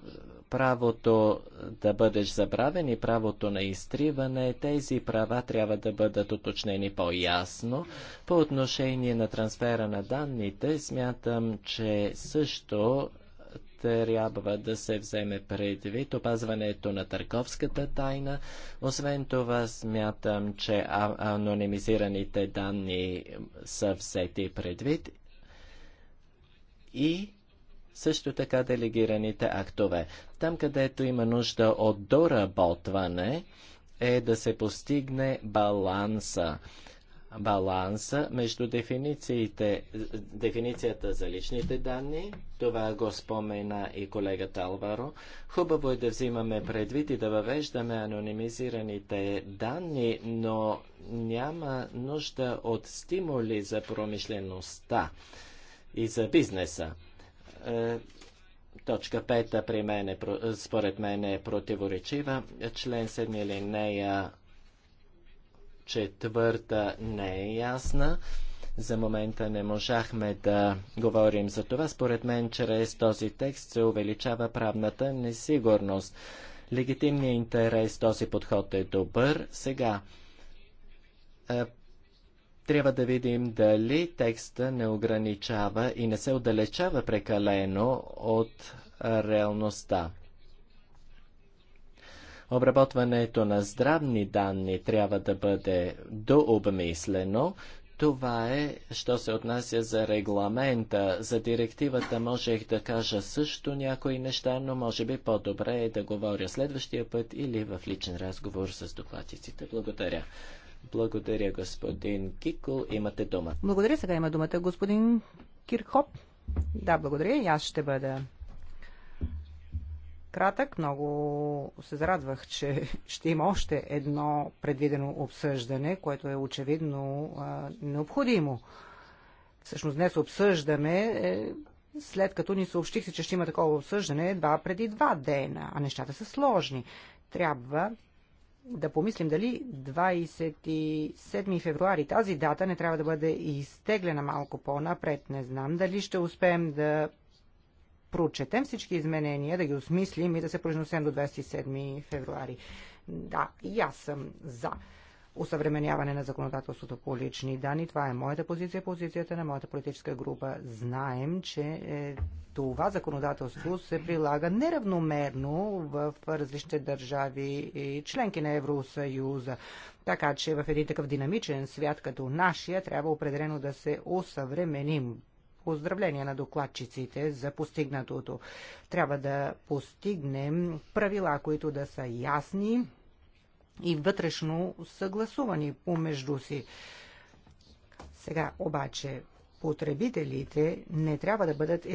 правото да бъдеш забравен и правото на изтриване, тези права трябва да бъдат уточнени по-ясно. По отношение на трансфера на данните, смятам, че също трябва да се вземе предвид опазването на търговската тайна. Освен това, смятам, че анонимизираните данни са взети предвид и също така делегираните актове. Там, където има нужда от доработване, е да се постигне баланса баланса между дефинициите, дефиницията за личните данни, това го спомена и колегата Алваро. Хубаво е да взимаме предвид и да въвеждаме анонимизираните данни, но няма нужда от стимули за промишлеността и за бизнеса. Е, точка 5 при мене, е, според мен е противоречива. Член 7 или нея четвърта не е ясна. За момента не можахме да говорим за това. Според мен, чрез този текст се увеличава правната несигурност. Легитимният интерес, този подход е добър. Сега, е, трябва да видим дали текста не ограничава и не се отдалечава прекалено от реалността. Обработването на здравни данни трябва да бъде дообмислено. Това е, що се отнася за регламента. За директивата можех да кажа също някои неща, но може би по-добре е да говоря следващия път или в личен разговор с докладчиците. Благодаря. Благодаря, господин Кикол. Имате дума. Благодаря. Сега има думата господин Кирхоп. Да, благодаря. И аз ще бъда кратък. Много се зарадвах, че ще има още едно предвидено обсъждане, което е очевидно а, необходимо. Всъщност днес обсъждаме, е, след като ни съобщихте, че ще има такова обсъждане едва преди два дена, а нещата са сложни. Трябва да помислим дали 27 февруари тази дата не трябва да бъде изтеглена малко по-напред. Не знам дали ще успеем да прочетем всички изменения, да ги осмислим и да се произнесем до 27 февруари. Да, и аз съм за усъвременяване на законодателството по лични данни. Това е моята позиция, позицията на моята политическа група. Знаем, че е, това законодателство се прилага неравномерно в различните държави и членки на Евросъюза. Така че в един такъв динамичен свят като нашия трябва определено да се усъвременим. Поздравления на докладчиците за постигнатото. Трябва да постигнем правила, които да са ясни, и вътрешно съгласувани помежду си. Сега обаче потребителите не трябва да бъдат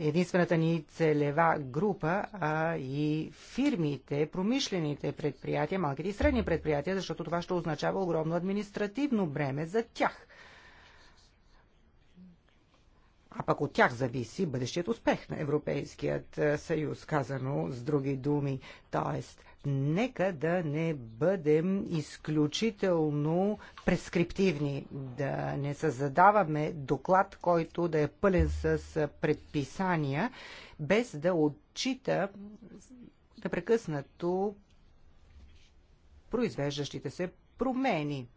единствената ни целева група, а и фирмите, промишлените предприятия, малките и средни предприятия, защото това ще означава огромно административно бреме за тях а пък от тях зависи бъдещият успех на Европейският е, съюз, казано с други думи. Тоест, нека да не бъдем изключително прескриптивни, да не създаваме доклад, който да е пълен с е, предписания, без да отчита непрекъснато произвеждащите се промени.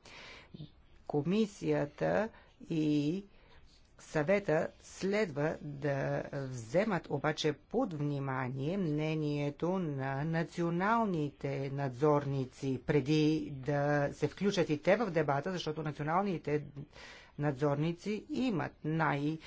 Комисията и Съвета следва да вземат обаче под внимание мнението на националните надзорници, преди да се включат и те в дебата, защото националните надзорници имат най-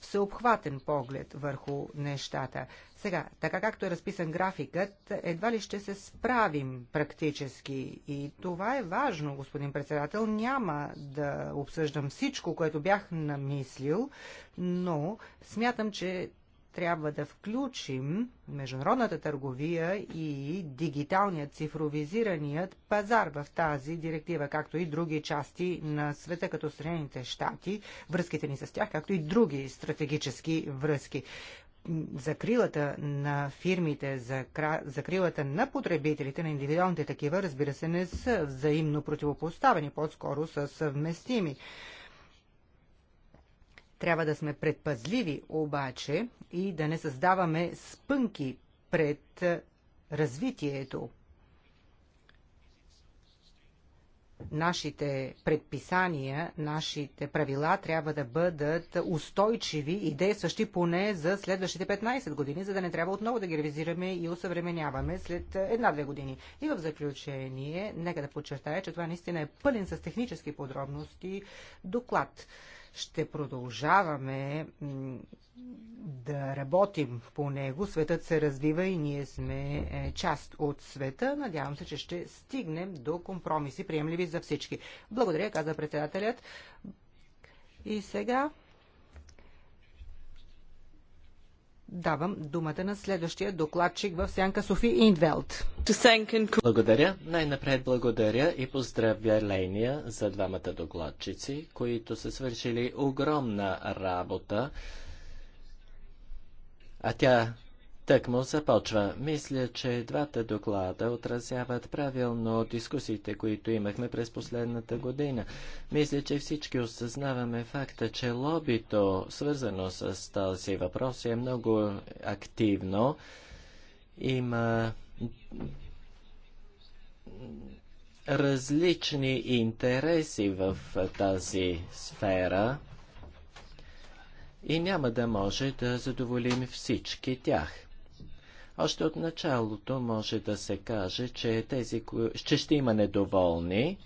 всеобхватен поглед върху нещата. Сега, така както е разписан графикът, едва ли ще се справим практически. И това е важно, господин председател. Няма да обсъждам всичко, което бях намислил, но смятам, че трябва да включим международната търговия и дигиталният цифровизираният пазар в тази директива, както и други части на света, като Съединените щати, връзките ни с тях, както и други стратегически връзки закрилата на фирмите, закрилата на потребителите, на индивидуалните такива, разбира се, не са взаимно противопоставени, по-скоро са съвместими. Трябва да сме предпазливи обаче и да не създаваме спънки пред развитието. Нашите предписания, нашите правила трябва да бъдат устойчиви и действащи поне за следващите 15 години, за да не трябва отново да ги ревизираме и усъвременяваме след една-две години. И в заключение, нека да подчертая, че това наистина е пълен с технически подробности доклад. Ще продължаваме да работим по него. Светът се развива и ние сме е, част от света. Надявам се, че ще стигнем до компромиси, приемливи за всички. Благодаря, каза председателят. И сега Давам думата на следващия докладчик в Сянка Софи Индвелт. Благодаря. Най-напред благодаря и поздравления за двамата докладчици, които са свършили огромна работа. А тя Так му започва. Мисля, че двата доклада отразяват правилно дискусиите, които имахме през последната година. Мисля, че всички осъзнаваме факта, че лобито, свързано с този въпрос, е много активно. Има различни интереси в тази сфера и няма да може да задоволим всички тях. Още от началото може да се каже, че, тези, че ще има недоволни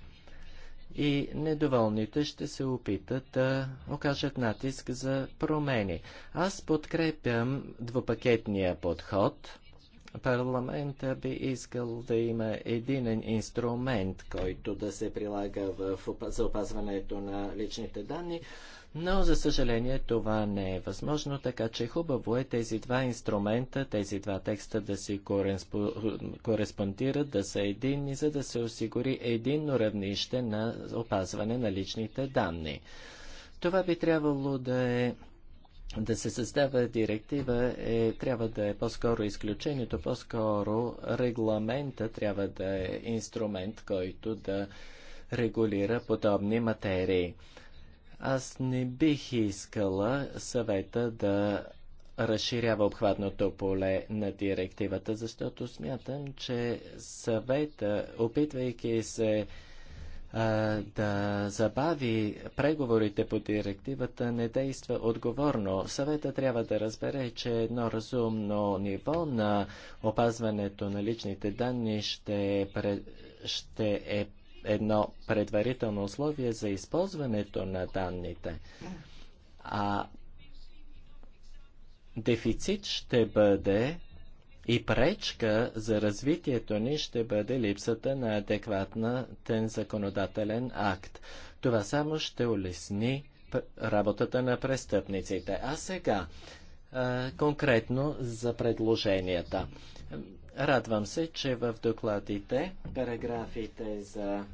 и недоволните ще се опитат да окажат натиск за промени. Аз подкрепям двупакетния подход. Парламента би искал да има един инструмент, който да се прилага в, за опазването на личните данни, но за съжаление това не е възможно, така че хубаво е тези два инструмента, тези два текста да си кореспондират, да са единни, за да се осигури единно равнище на опазване на личните данни. Това би трябвало да е да се създава директива е, трябва да е по-скоро изключението, по-скоро регламента трябва да е инструмент, който да регулира подобни материи. Аз не бих искала съвета да разширява обхватното поле на директивата, защото смятам, че съвета, опитвайки се да забави преговорите по директивата не действа отговорно. Съвета трябва да разбере, че едно разумно ниво на опазването на личните данни ще, ще е едно предварително условие за използването на данните. А дефицит ще бъде и пречка за развитието ни ще бъде липсата на тен законодателен акт. Това само ще улесни работата на престъпниците. А сега, конкретно за предложенията. Радвам се, че в докладите параграфите за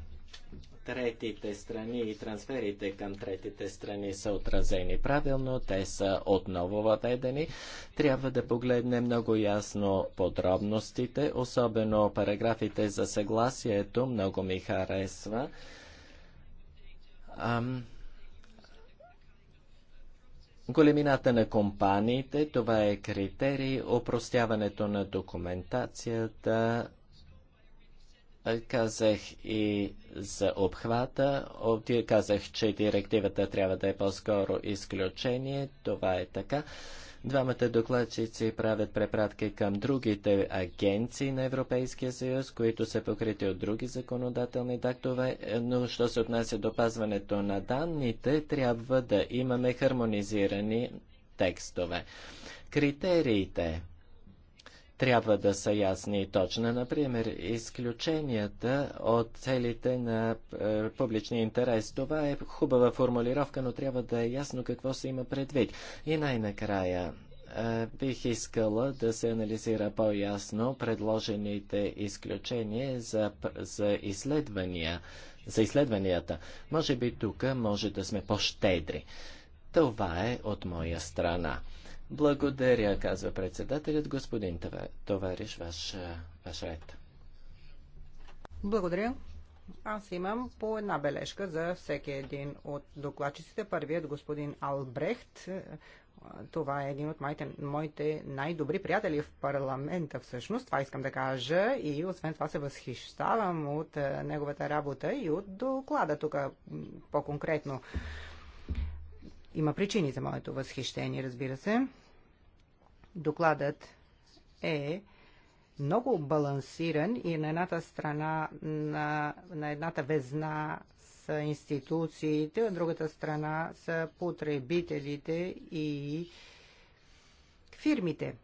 третите страни и трансферите към третите страни са отразени правилно, те са отново въведени. Трябва да погледнем много ясно подробностите, особено параграфите за съгласието, много ми харесва. Ам, Големината на компаниите, това е критерий, опростяването на документацията, казах и за обхвата, казах, че директивата трябва да е по-скоро изключение, това е така. Двамата докладчици правят препратки към другите агенции на Европейския съюз, които са покрити от други законодателни тактове, но що се отнася до пазването на данните, трябва да имаме хармонизирани текстове. Критериите трябва да са ясни и точни. Например, изключенията от целите на е, публичния интерес. Това е хубава формулировка, но трябва да е ясно какво се има предвид. И най-накрая, е, бих искала да се анализира по-ясно предложените изключения за, за изследвания, за изследванията. Може би тук може да сме по-щедри. Това е от моя страна. Благодаря, казва председателят. Господин товариш, ваш, ваш ред. Благодаря. Аз имам по една бележка за всеки един от докладчиците. Първият господин Албрехт. Това е един от моите, моите най-добри приятели в парламента всъщност. Това искам да кажа и освен това се възхищавам от неговата работа и от доклада тук по-конкретно. Има причини за моето възхищение, разбира се. Докладът е много балансиран и на едната страна, на, на едната везна са институциите, на другата страна са потребителите и фирмите.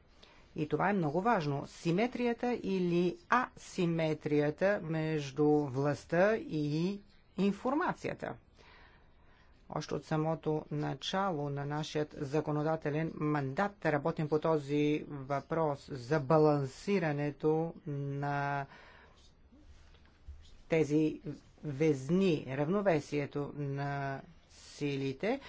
И това е много важно. Симетрията или асиметрията между властта и информацията – още от самото начало на нашия законодателен мандат работим по този въпрос за балансирането на тези везни, равновесието на силите.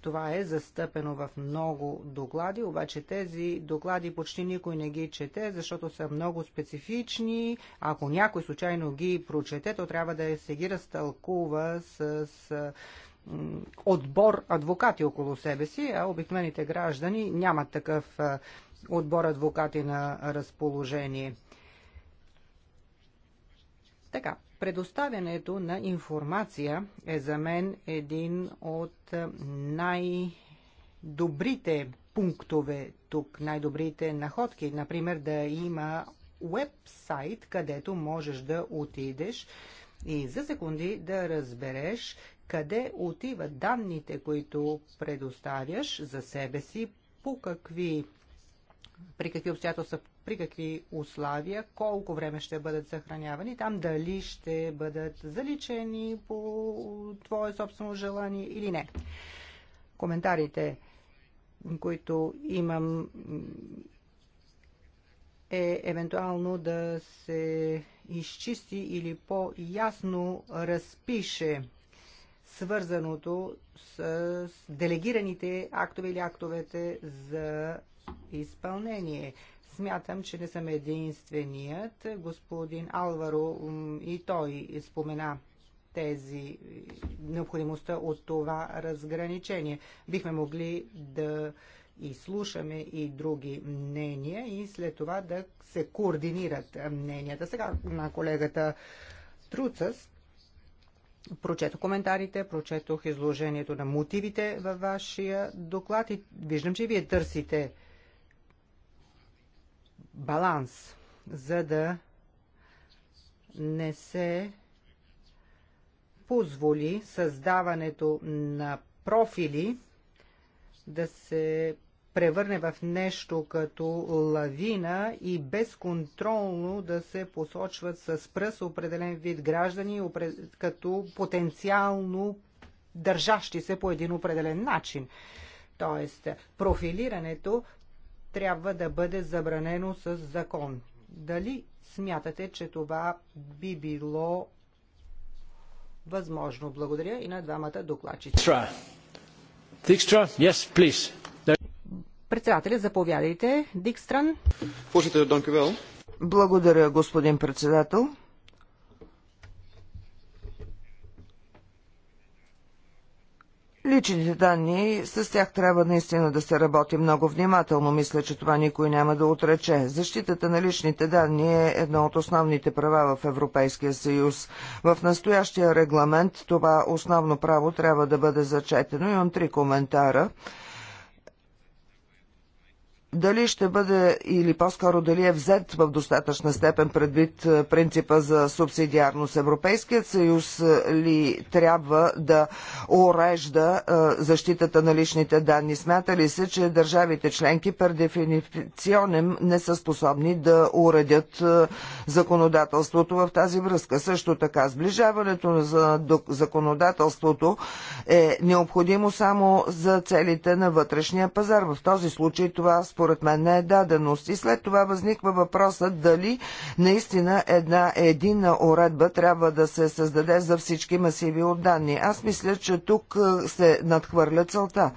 Това е застъпено в много доклади, обаче тези доклади почти никой не ги чете, защото са много специфични. Ако някой случайно ги прочете, то трябва да се ги разтълкува с, с отбор адвокати около себе си, а обикновените граждани нямат такъв отбор адвокати на разположение. Така, предоставянето на информация е за мен един от най-добрите пунктове тук, най-добрите находки. Например, да има уебсайт, където можеш да отидеш и за секунди да разбереш къде отиват данните, които предоставяш за себе си, по какви, при какви обстоятелства, при какви условия, колко време ще бъдат съхранявани, там дали ще бъдат заличени по твое собствено желание или не. Коментарите, които имам, е евентуално да се изчисти или по-ясно разпише свързаното с делегираните актове или актовете за изпълнение. Смятам, че не съм единственият. Господин Алваро и той спомена тези необходимостта от това разграничение. Бихме могли да и слушаме и други мнения и след това да се координират мненията. Сега на колегата Труцас Прочетох коментарите, прочетох изложението на мотивите във вашия доклад и виждам, че вие търсите баланс, за да не се позволи създаването на профили да се превърне в нещо като лавина и безконтролно да се посочват с пръс определен вид граждани като потенциално държащи се по един определен начин. Тоест, профилирането трябва да бъде забранено с закон. Дали смятате, че това би било възможно? Благодаря и на двамата докладчици. Yes, please. Председателя, заповядайте. Дикстран. Благодаря, господин председател. Личните данни, с тях трябва наистина да се работи много внимателно. Мисля, че това никой няма да отрече. Защитата на личните данни е едно от основните права в Европейския съюз. В настоящия регламент това основно право трябва да бъде зачетено. Имам три коментара дали ще бъде или по-скоро дали е взет в достатъчна степен предвид е, принципа за субсидиарност. Европейският съюз е, ли трябва да урежда е, защитата на личните данни? Смята ли се, че държавите членки пер дефиниционен не са способни да уредят законодателството в тази връзка? Също така, сближаването на законодателството е необходимо само за целите на вътрешния пазар. В този случай това според мен не е даденост. И след това възниква въпросът дали наистина една единна уредба трябва да се създаде за всички масиви от данни. Аз мисля, че тук е, се надхвърля целта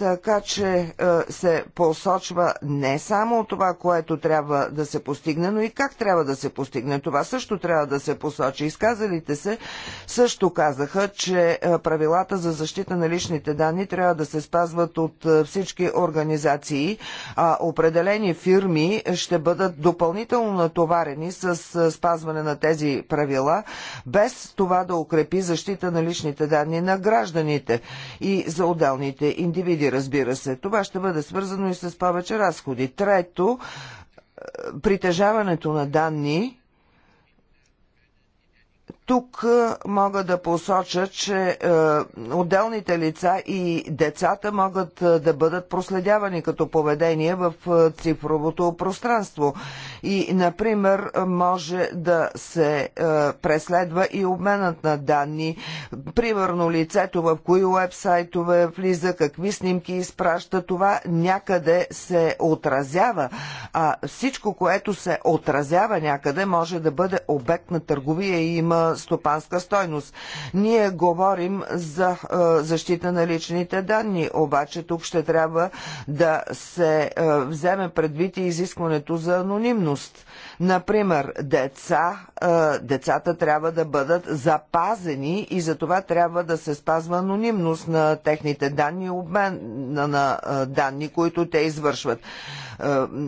така че е, се посочва не само това, което трябва да се постигне, но и как трябва да се постигне. Това също трябва да се посочи. Изказалите се също казаха, че е, правилата за защита на личните данни трябва да се спазват от е, всички организации, а определени фирми ще бъдат допълнително натоварени с спазване на тези правила, без това да укрепи защита на личните данни на гражданите и за отделните индивиди разбира се. Това ще бъде свързано и с повече разходи. Трето, е, притежаването на данни. Тук е, мога да посоча, че е, отделните лица и децата могат е, да бъдат проследявани като поведение в цифровото пространство. И, например, може да се е, преследва и обменът на данни. Примерно лицето в кои уебсайтове влиза, какви снимки изпраща, това някъде се отразява. А всичко, което се отразява някъде, може да бъде обект на търговия и има стопанска стойност. Ние говорим за е, защита на личните данни, обаче тук ще трябва да се е, вземе предвид и изискването за анонимност стойност. Например, деца, децата трябва да бъдат запазени и за това трябва да се спазва анонимност на техните данни обмен на данни, които те извършват.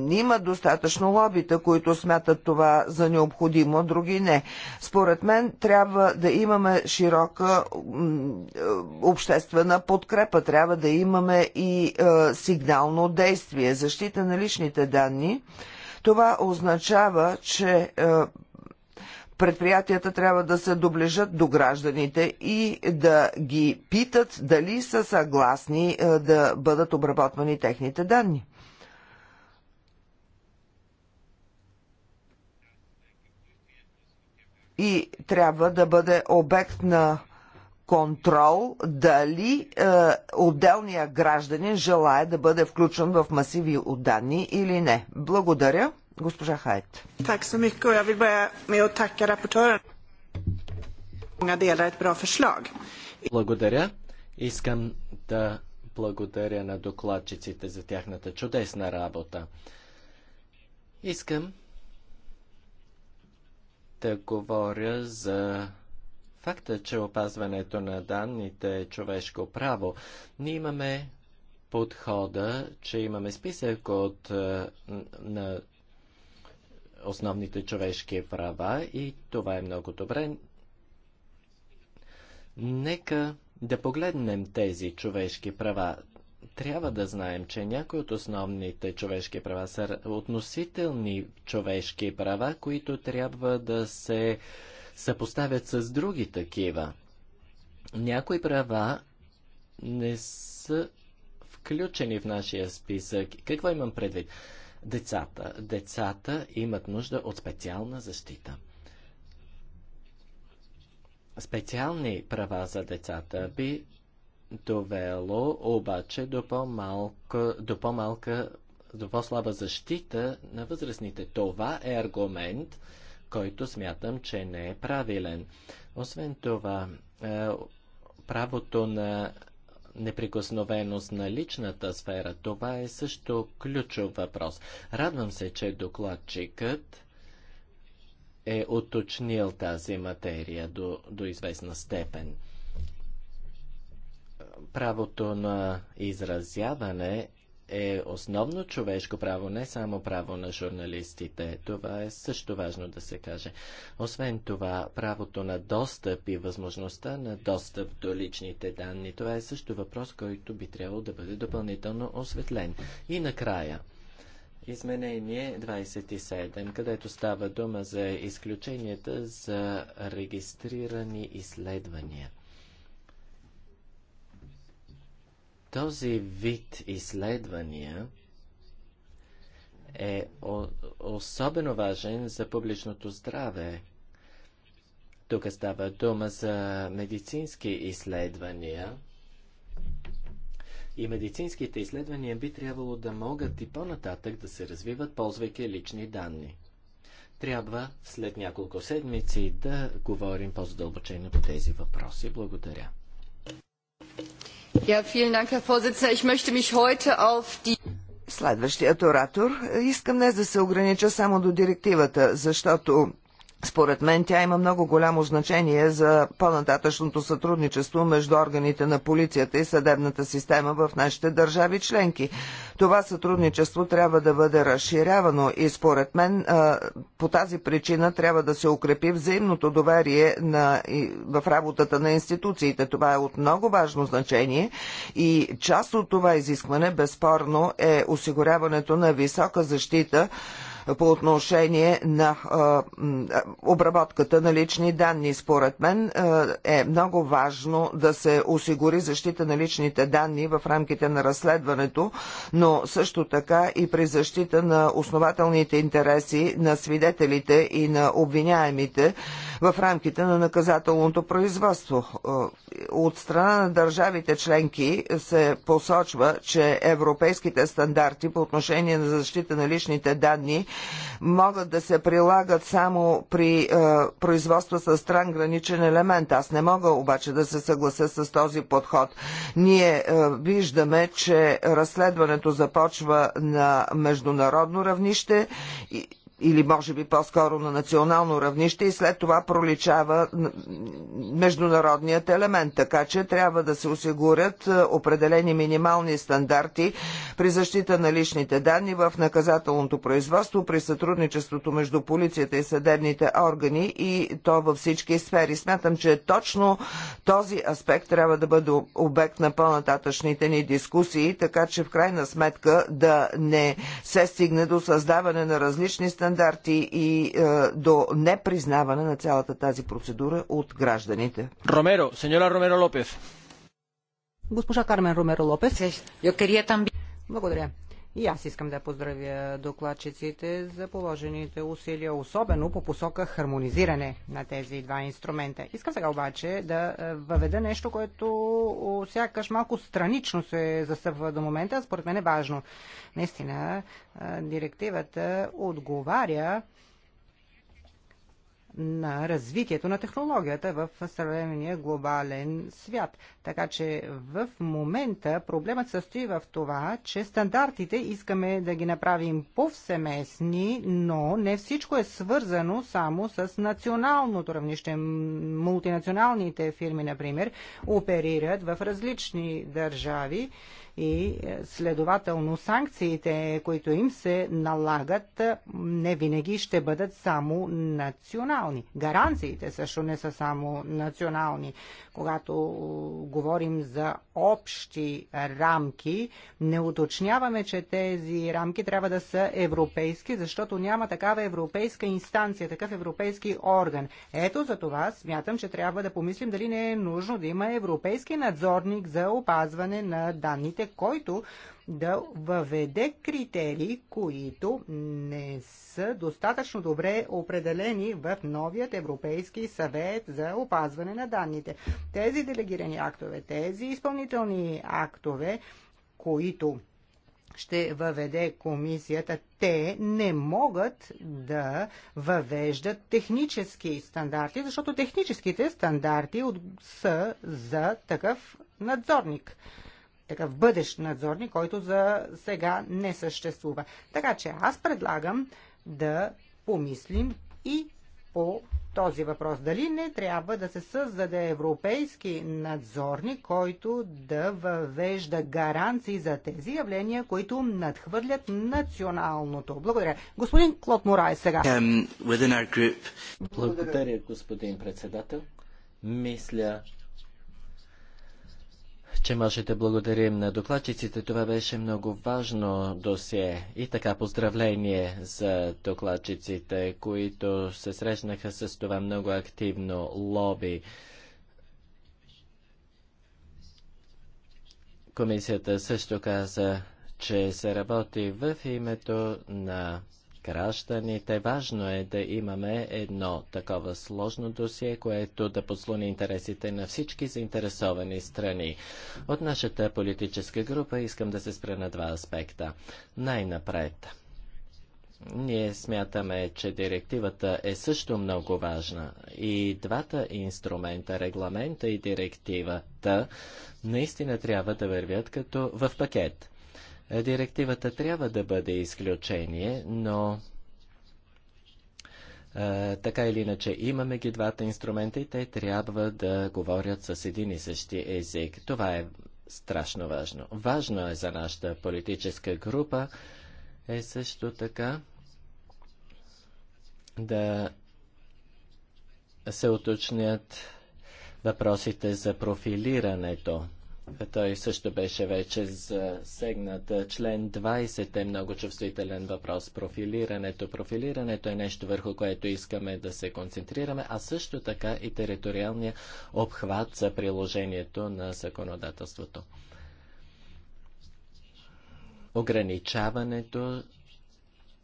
Има достатъчно лобита, които смятат това за необходимо, други не. Според мен трябва да имаме широка обществена подкрепа, трябва да имаме и сигнално действие, защита на личните данни. Това означава, че е, предприятията трябва да се доближат до гражданите и да ги питат дали са съгласни е, да бъдат обработвани техните данни. И трябва да бъде обект на контрол дали е, отделния гражданин желая да бъде включен в масиви от данни или не. Благодаря, госпожа Хайт. Так Благодаря. Искам да благодаря на докладчиците за тяхната чудесна работа. Искам да говоря за Факта, че опазването на данните е човешко право, ние имаме подхода, че имаме списък от е, на основните човешки права и това е много добре. Нека да погледнем тези човешки права. Трябва да знаем, че някои от основните човешки права са относителни човешки права, които трябва да се съпоставят с други такива. Някои права не са включени в нашия списък. Какво имам предвид? Децата. Децата имат нужда от специална защита. Специални права за децата би довело обаче до по-малка, до по-малка, до по-слаба защита на възрастните. Това е аргумент, който смятам, че не е правилен. Освен това, е, правото на неприкосновеност на личната сфера, това е също ключов въпрос. Радвам се, че докладчикът е уточнил тази материя до, до известна степен правото на изразяване е основно човешко право, не само право на журналистите. Това е също важно да се каже. Освен това, правото на достъп и възможността на достъп до личните данни, това е също въпрос, който би трябвало да бъде допълнително осветлен. И накрая, Изменение 27, където става дума за изключенията за регистрирани изследвания. Този вид изследвания е особено важен за публичното здраве. Тук става дума за медицински изследвания. И медицинските изследвания би трябвало да могат и по-нататък да се развиват, ползвайки лични данни. Трябва след няколко седмици да говорим по-задълбочено по тези въпроси. Благодаря. Следващият оратор. Искам днес да се огранича само до директивата, защото според мен тя има много голямо значение за по-нататъчното сътрудничество между органите на полицията и съдебната система в нашите държави членки. Това сътрудничество трябва да бъде разширявано и според мен по тази причина трябва да се укрепи взаимното доверие на, в работата на институциите. Това е от много важно значение и част от това изискване безспорно е осигуряването на висока защита по отношение на обработката на лични данни. Според мен е много важно да се осигури защита на личните данни в рамките на разследването, но също така и при защита на основателните интереси на свидетелите и на обвиняемите в рамките на наказателното производство. От страна на държавите членки се посочва, че европейските стандарти по отношение на защита на личните данни могат да се прилагат само при е, производство с трансграничен елемент. Аз не мога обаче да се съглася с този подход. Ние е, виждаме, че разследването започва на международно равнище и или може би по-скоро на национално равнище и след това проличава международният елемент. Така че трябва да се осигурят е, определени минимални стандарти при защита на личните данни в наказателното производство, при сътрудничеството между полицията и съдебните органи и то във всички сфери. Смятам, че точно този аспект трябва да бъде обект на по-нататъчните ни дискусии, така че в крайна сметка да не се стигне до създаване на различни стандарти стандарти и е, до непризнаване на цялата тази процедура от гражданите. Ромеро, сеньора Ромеро Лопес. Госпожа Кармен Ромеро Лопес. Благодаря. И аз искам да поздравя докладчиците за положените усилия, особено по посока хармонизиране на тези два инструмента. Искам сега обаче да е, въведа нещо, което сякаш малко странично се застъпва до момента, а според мен е важно. Наистина, е, директивата отговаря на развитието на технологията в съвременния глобален свят. Така че в момента проблемът състои в това, че стандартите искаме да ги направим повсеместни, но не всичко е свързано само с националното равнище. Мултинационалните фирми, например, оперират в различни държави и е, следователно санкциите, които им се налагат, е, не винаги ще бъдат само национални. Гаранциите също не са само национални. Когато е, говорим за общи рамки, не уточняваме, че тези рамки трябва да са европейски, защото няма такава европейска инстанция, такъв европейски орган. Ето за това смятам, че трябва да помислим дали не е нужно да има европейски надзорник за опазване на данните равнище, който да въведе критерии, които не са достатъчно добре определени в новият Европейски съвет за опазване на данните. Тези делегирани актове, тези изпълнителни актове, които ще въведе комисията, те не могат да въвеждат технически стандарти, защото техническите стандарти са за такъв надзорник такъв бъдещ надзорник, който за сега не съществува. Така че аз предлагам да помислим и по този въпрос. Дали не трябва да се създаде европейски надзорник, който да въвежда гаранции за тези явления, които надхвърлят националното? Благодаря. Господин Клод Морай сега. Благодаря, господин председател. Мисля, че може да благодарим на докладчиците. Това беше много важно досие. И така поздравление за докладчиците, които се срещнаха с това много активно лоби. Комисията също каза, че се работи в името на гражданите. Важно е да имаме едно такова сложно досие, което да подслони интересите на всички заинтересовани страни. От нашата политическа група искам да се спра на два аспекта. Най-напред. Ние смятаме, че директивата е също много важна и двата инструмента, регламента и директивата, наистина трябва да вървят като в пакет. Директивата трябва да бъде изключение, но а, така или иначе имаме ги двата инструмента и те трябва да говорят с един и същи език. Това е страшно важно. Важно е за нашата политическа група е също така да се уточнят въпросите за профилирането. Той също беше вече засегнат. Член 20 е много чувствителен въпрос. Профилирането. Профилирането е нещо върху което искаме да се концентрираме, а също така и териториалния обхват за приложението на законодателството. Ограничаването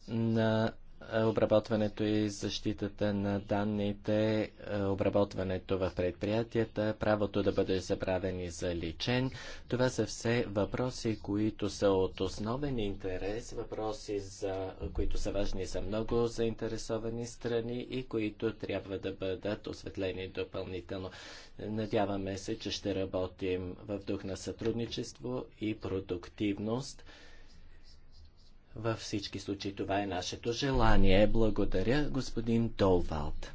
на е, обработването и защитата на данните, е, обработването в предприятията, правото да бъде забравен и заличен. Това са все въпроси, които са от основен интерес, въпроси, за, които са важни за много заинтересовани страни и които трябва да бъдат осветлени допълнително. Надяваме се, че ще работим в дух на сътрудничество и продуктивност. Във всички случаи това е нашето желание. Благодаря, господин Долвалд.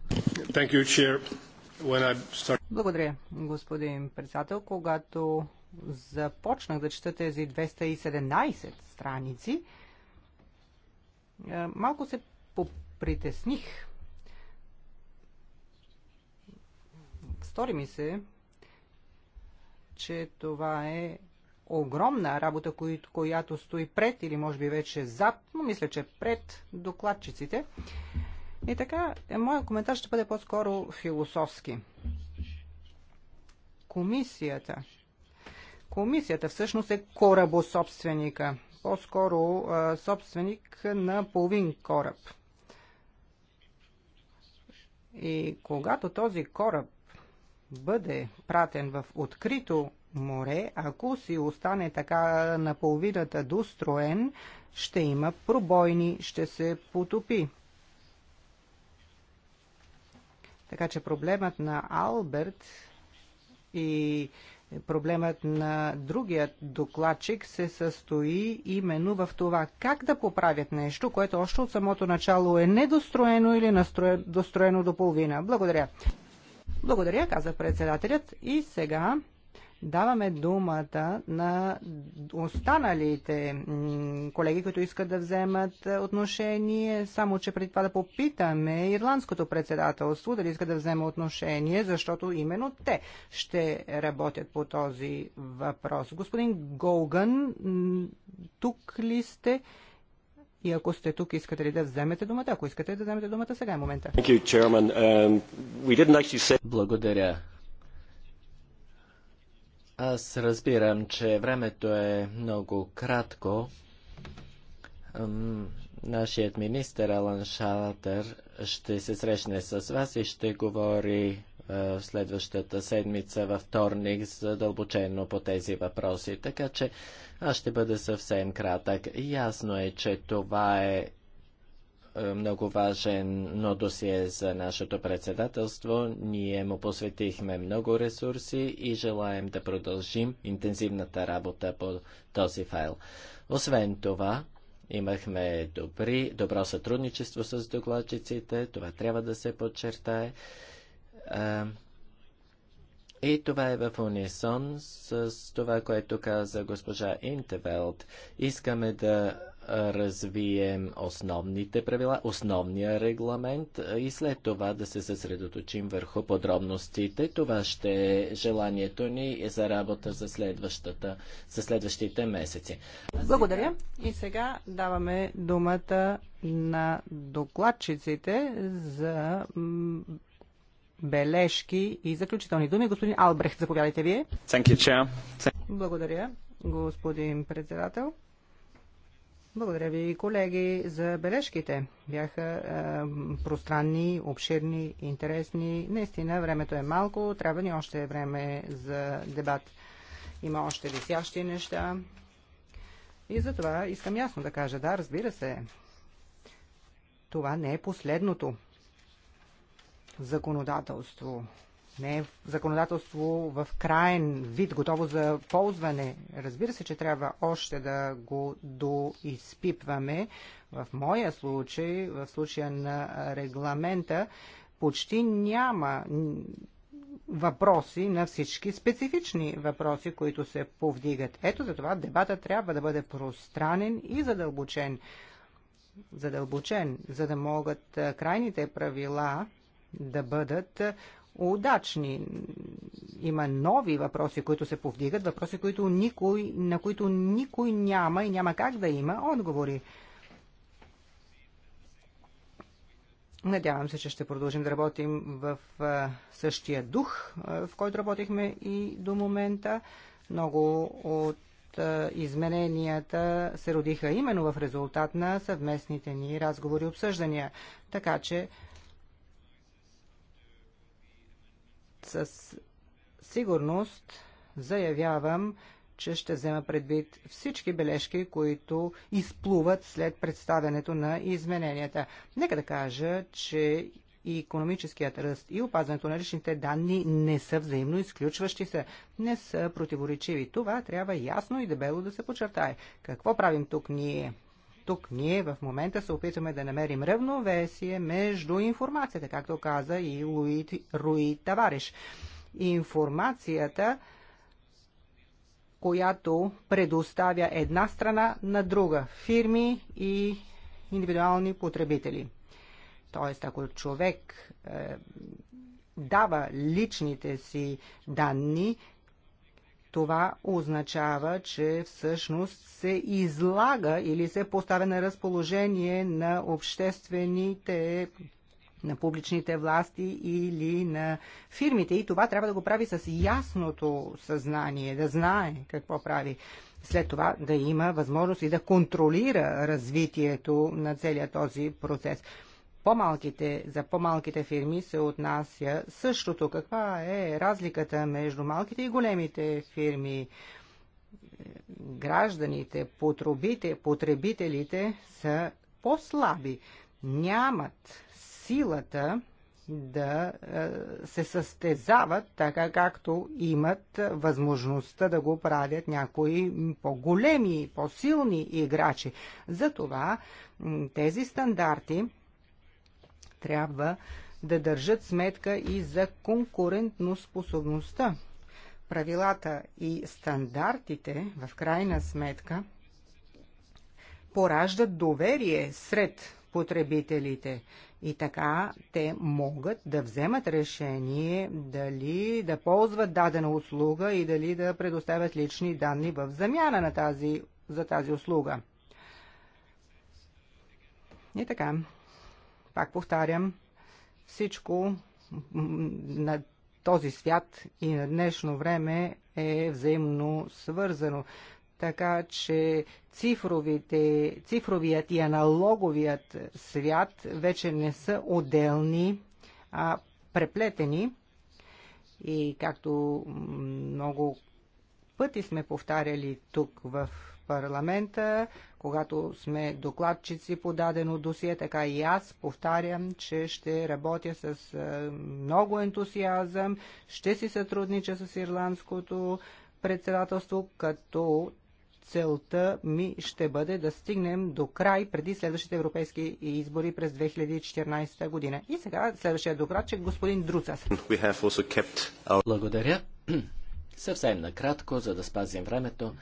Благодаря, господин председател. Когато започнах да чета тези 217 страници, е, малко се попритесних. Стори ми се, че това е огромна работа, която стои пред или може би вече зад, но мисля, че пред докладчиците. И така, моят коментар ще бъде по-скоро философски. Комисията. Комисията всъщност е корабособственика. По-скоро собственик на половин кораб. И когато този кораб бъде пратен в открито море, ако си остане така на половината достроен, ще има пробойни, ще се потопи. Така че проблемът на Алберт и проблемът на другият докладчик се състои именно в това как да поправят нещо, което още от самото начало е недостроено или достроено до половина. Благодаря. Благодаря, каза председателят. И сега даваме думата на останалите колеги, които искат да вземат отношение, само че преди това да попитаме Ирландското председателство дали иска да вземе отношение, защото именно те ще работят по този въпрос. Господин Голган, тук ли сте? И ако сте тук, искате ли да вземете думата? Ако искате да вземете думата, сега е момента. Um, Благодаря. Аз разбирам, че времето е много кратко. Нашият министр Алан Шатър ще се срещне с вас и ще говори в следващата седмица, във вторник, задълбочено по тези въпроси. Така че аз ще бъда съвсем кратък. Ясно е, че това е много важен, но досие за нашето председателство. Ние му посветихме много ресурси и желаем да продължим интензивната работа по този файл. Освен това, имахме добри, добро сътрудничество с докладчиците, това трябва да се подчертае. И това е в унисон с това, което каза госпожа Интевелд. Искаме да развием основните правила, основния регламент и след това да се съсредоточим върху подробностите. Това ще е желанието ни за работа за, следващата, за следващите месеци. Благодаря. И сега даваме думата на докладчиците за бележки и заключителни думи. Господин Албрехт, заповядайте вие. Благодаря, господин председател. Благодаря ви, колеги, за бележките. Бяха е, пространни, обширни, интересни. Наистина, времето е малко, трябва ни още време за дебат. Има още висящи неща. И затова искам ясно да кажа, да, разбира се, това не е последното законодателство не е законодателство в крайен вид, готово за ползване. Разбира се, че трябва още да го доизпипваме. В моя случай, в случая на регламента, почти няма въпроси на всички специфични въпроси, които се повдигат. Ето за това дебата трябва да бъде пространен и задълбочен. Задълбочен, за да могат крайните правила да бъдат удачни. Има нови въпроси, които се повдигат, въпроси, които никой, на които никой няма и няма как да има отговори. Надявам се, че ще продължим да работим в същия дух, в който работихме и до момента. Много от измененията се родиха именно в резултат на съвместните ни разговори и обсъждания. Така че със сигурност заявявам, че ще взема предвид всички бележки, които изплуват след представянето на измененията. Нека да кажа, че и економическият ръст и опазването на личните данни не са взаимно изключващи се, не са противоречиви. Това трябва ясно и дебело да се подчертае. Какво правим тук ние? Тук ние в момента се опитваме да намерим равновесие между информацията, както каза и Луи, Руи Тавариш. Информацията, която предоставя една страна на друга фирми и индивидуални потребители. Тоест, ако човек е, дава личните си данни, това означава, че всъщност се излага или се поставя на разположение на обществените на публичните власти или на фирмите. И това трябва да го прави с ясното съзнание, да знае какво прави. След това да има възможност и да контролира развитието на целият този процес по-малките, за по-малките фирми се отнася същото. Каква е разликата между малките и големите фирми? Е, гражданите, потребите, потребителите са по-слаби. Нямат силата да е, се състезават така както имат възможността да го правят някои по-големи, по-силни играчи. Затова тези стандарти трябва да държат сметка и за конкурентноспособността. Правилата и стандартите, в крайна сметка, пораждат доверие сред потребителите. И така те могат да вземат решение дали да ползват дадена услуга и дали да предоставят лични данни в замяна на тази, за тази услуга. И така, пак повтарям, всичко на този свят и на днешно време е взаимно свързано. Така че цифровите, цифровият и аналоговият свят вече не са отделни, а преплетени. И както много пъти сме повтаряли тук в парламента, когато сме докладчици по дадено досие, така и аз повтарям, че ще работя с е, много ентусиазъм, ще си сътруднича с ирландското председателство, като целта ми ще бъде да стигнем до край преди следващите европейски избори през 2014 година. И сега следващия докладчик господин Друцас. Благодаря. Съвсем накратко, за да спазим времето,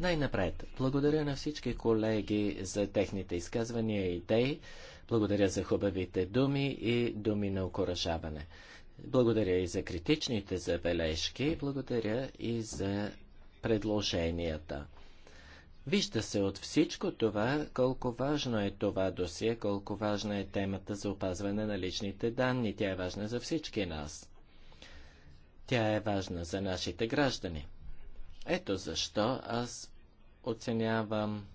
най-напред. Благодаря на всички колеги за техните изказвания и идеи. Благодаря за хубавите думи и думи на окоръжаване. Благодаря и за критичните забележки, благодаря и за предложенията. Вижда се от всичко това, колко важно е това досие, колко важна е темата за опазване на личните данни. Тя е важна за всички нас. Тя е важна за нашите граждани. Ето защо аз оценявам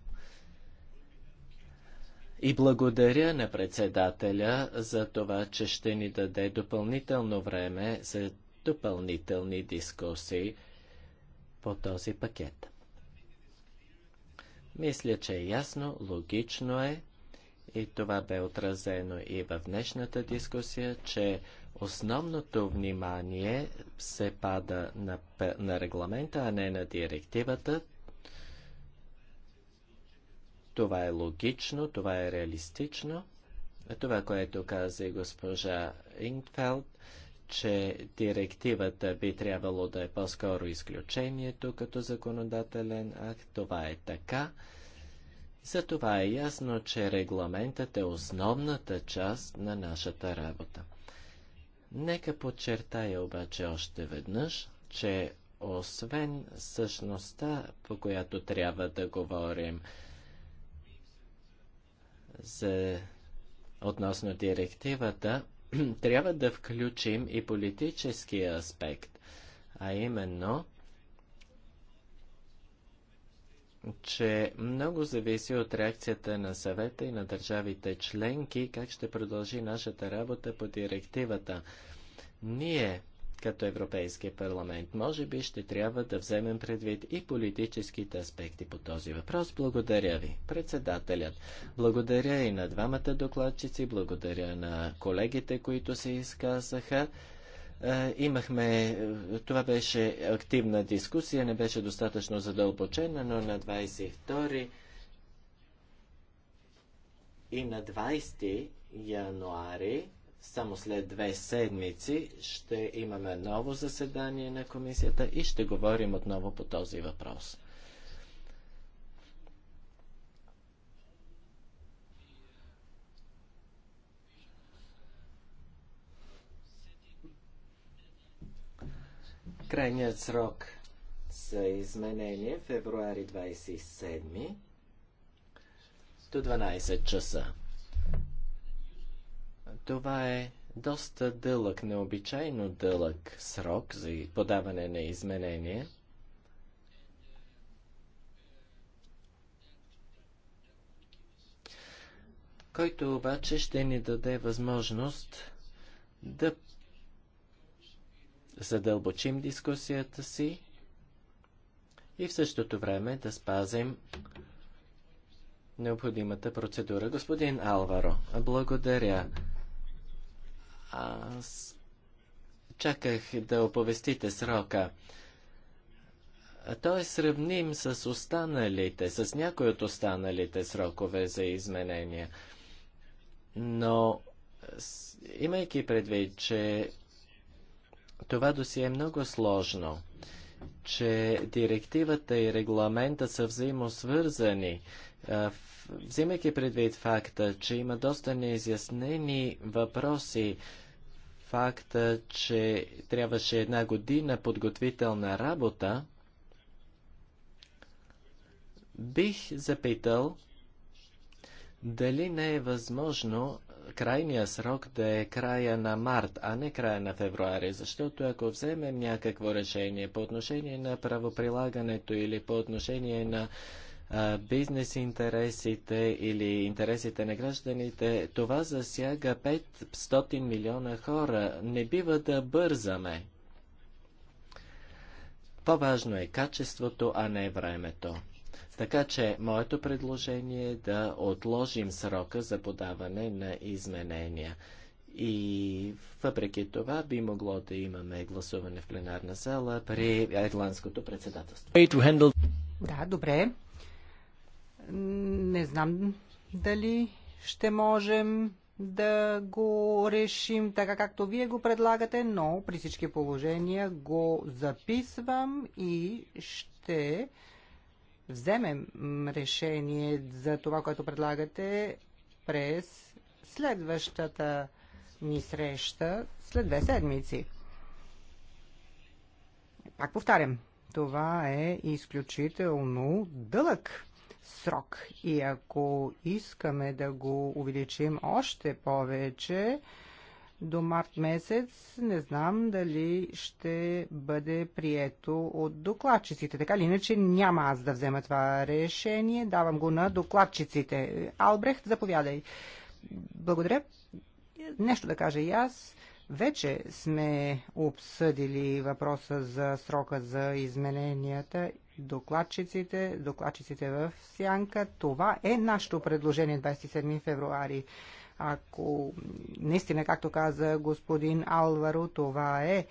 и благодаря на председателя за това, че ще ни даде допълнително време за допълнителни дискусии по този пакет. Мисля, че е ясно, логично е и това бе отразено и в днешната дискусия, че Основното внимание се пада на, на регламента, а не на директивата. Това е логично, това е реалистично. Това, което каза и госпожа Ингфелд, че директивата би трябвало да е по-скоро изключението като законодателен акт, това е така. Затова е ясно, че регламентът е основната част на нашата работа. Нека подчертая обаче още веднъж, че освен същността, по която трябва да говорим за относно директивата, трябва да включим и политическия аспект, а именно че много зависи от реакцията на съвета и на държавите членки, как ще продължи нашата работа по директивата. Ние, като Европейски парламент, може би ще трябва да вземем предвид и политическите аспекти по този въпрос. Благодаря ви, председателят. Благодаря и на двамата докладчици, благодаря на колегите, които се изказаха. Е, имахме, е, това беше активна дискусия, не беше достатъчно задълбочена, но на 22 и на 20 януари, само след две седмици, ще имаме ново заседание на комисията и ще говорим отново по този въпрос. Крайният срок за изменение е февруари 27 до 12 часа. Това е доста дълъг, необичайно дълъг срок за подаване на изменение. който обаче ще ни даде възможност да задълбочим дискусията си и в същото време да спазим необходимата процедура. Господин Алваро, благодаря. Аз чаках да оповестите срока. Той е сравним с останалите, с някои от останалите срокове за изменения. Но, имайки предвид, че това досие е много сложно, че директивата и регламента са взаимосвързани. Взимайки предвид факта, че има доста неизяснени въпроси, факта, че трябваше една година подготвителна работа, бих запитал дали не е възможно крайния срок да е края на март, а не края на февруари, защото ако вземем някакво решение по отношение на правоприлагането или по отношение на бизнес интересите или интересите на гражданите, това засяга 500 милиона хора. Не бива да бързаме. По-важно е качеството, а не времето. Така че моето предложение е да отложим срока за подаване на изменения. И въпреки това би могло да имаме гласуване в пленарна зала при ирландското председателство. Да, добре. Не знам дали ще можем да го решим така както вие го предлагате, но при всички положения го записвам и ще вземем решение за това, което предлагате през следващата ни среща след две седмици. Пак повтарям, това е изключително дълъг срок и ако искаме да го увеличим още повече, до март месец. Не знам дали ще бъде прието от докладчиците. Така ли иначе няма аз да взема това решение. Давам го на докладчиците. Албрехт, заповядай. Благодаря. Нещо да кажа и аз. Вече сме обсъдили въпроса за срока за измененията докладчиците, докладчиците в Сянка. Това е нашето предложение 27 февруари. Ако наистина, както каза господин Алваро, това е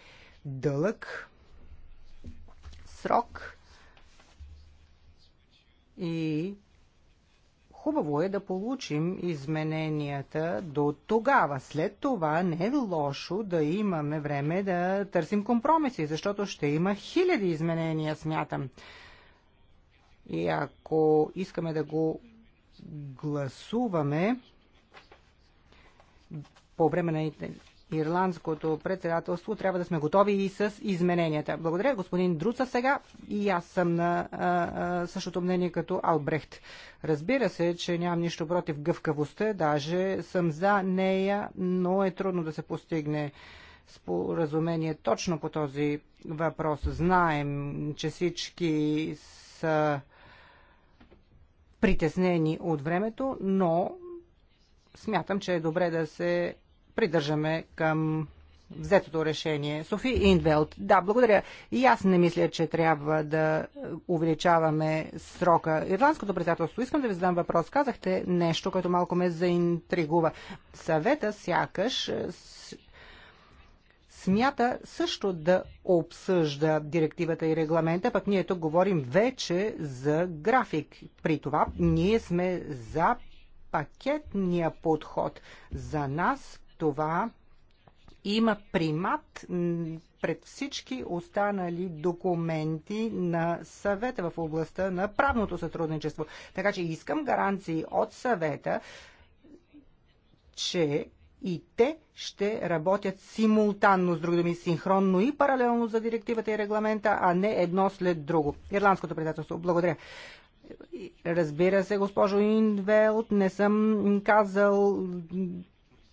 дълъг срок и Хубаво е да получим измененията до тогава. След това не е лошо да имаме време да търсим компромиси, защото ще има хиляди изменения, смятам. И ако искаме да го гласуваме, по време на ирландското председателство трябва да сме готови и с измененията. Благодаря, господин Друца. Сега и аз съм на а, а, същото мнение като Албрехт. Разбира се, че нямам нищо против гъвкавостта, даже съм за нея, но е трудно да се постигне споразумение точно по този въпрос. Знаем, че всички са притеснени от времето, но смятам, че е добре да се придържаме към взетото решение. Софи Индвелт. Да, благодаря. И аз не мисля, че трябва да увеличаваме срока. Ирландското председателство, искам да ви задам въпрос. Казахте нещо, което малко ме заинтригува. Съвета сякаш смята също да обсъжда директивата и регламента, пък ние тук говорим вече за график. При това ние сме за пакетния подход. За нас това има примат пред всички останали документи на съвета в областта на правното сътрудничество. Така че искам гаранции от съвета, че и те ще работят симултанно, с други думи, синхронно и паралелно за директивата и регламента, а не едно след друго. Ирландското председателство. Благодаря. Разбира се, госпожо Инвелт, не съм казал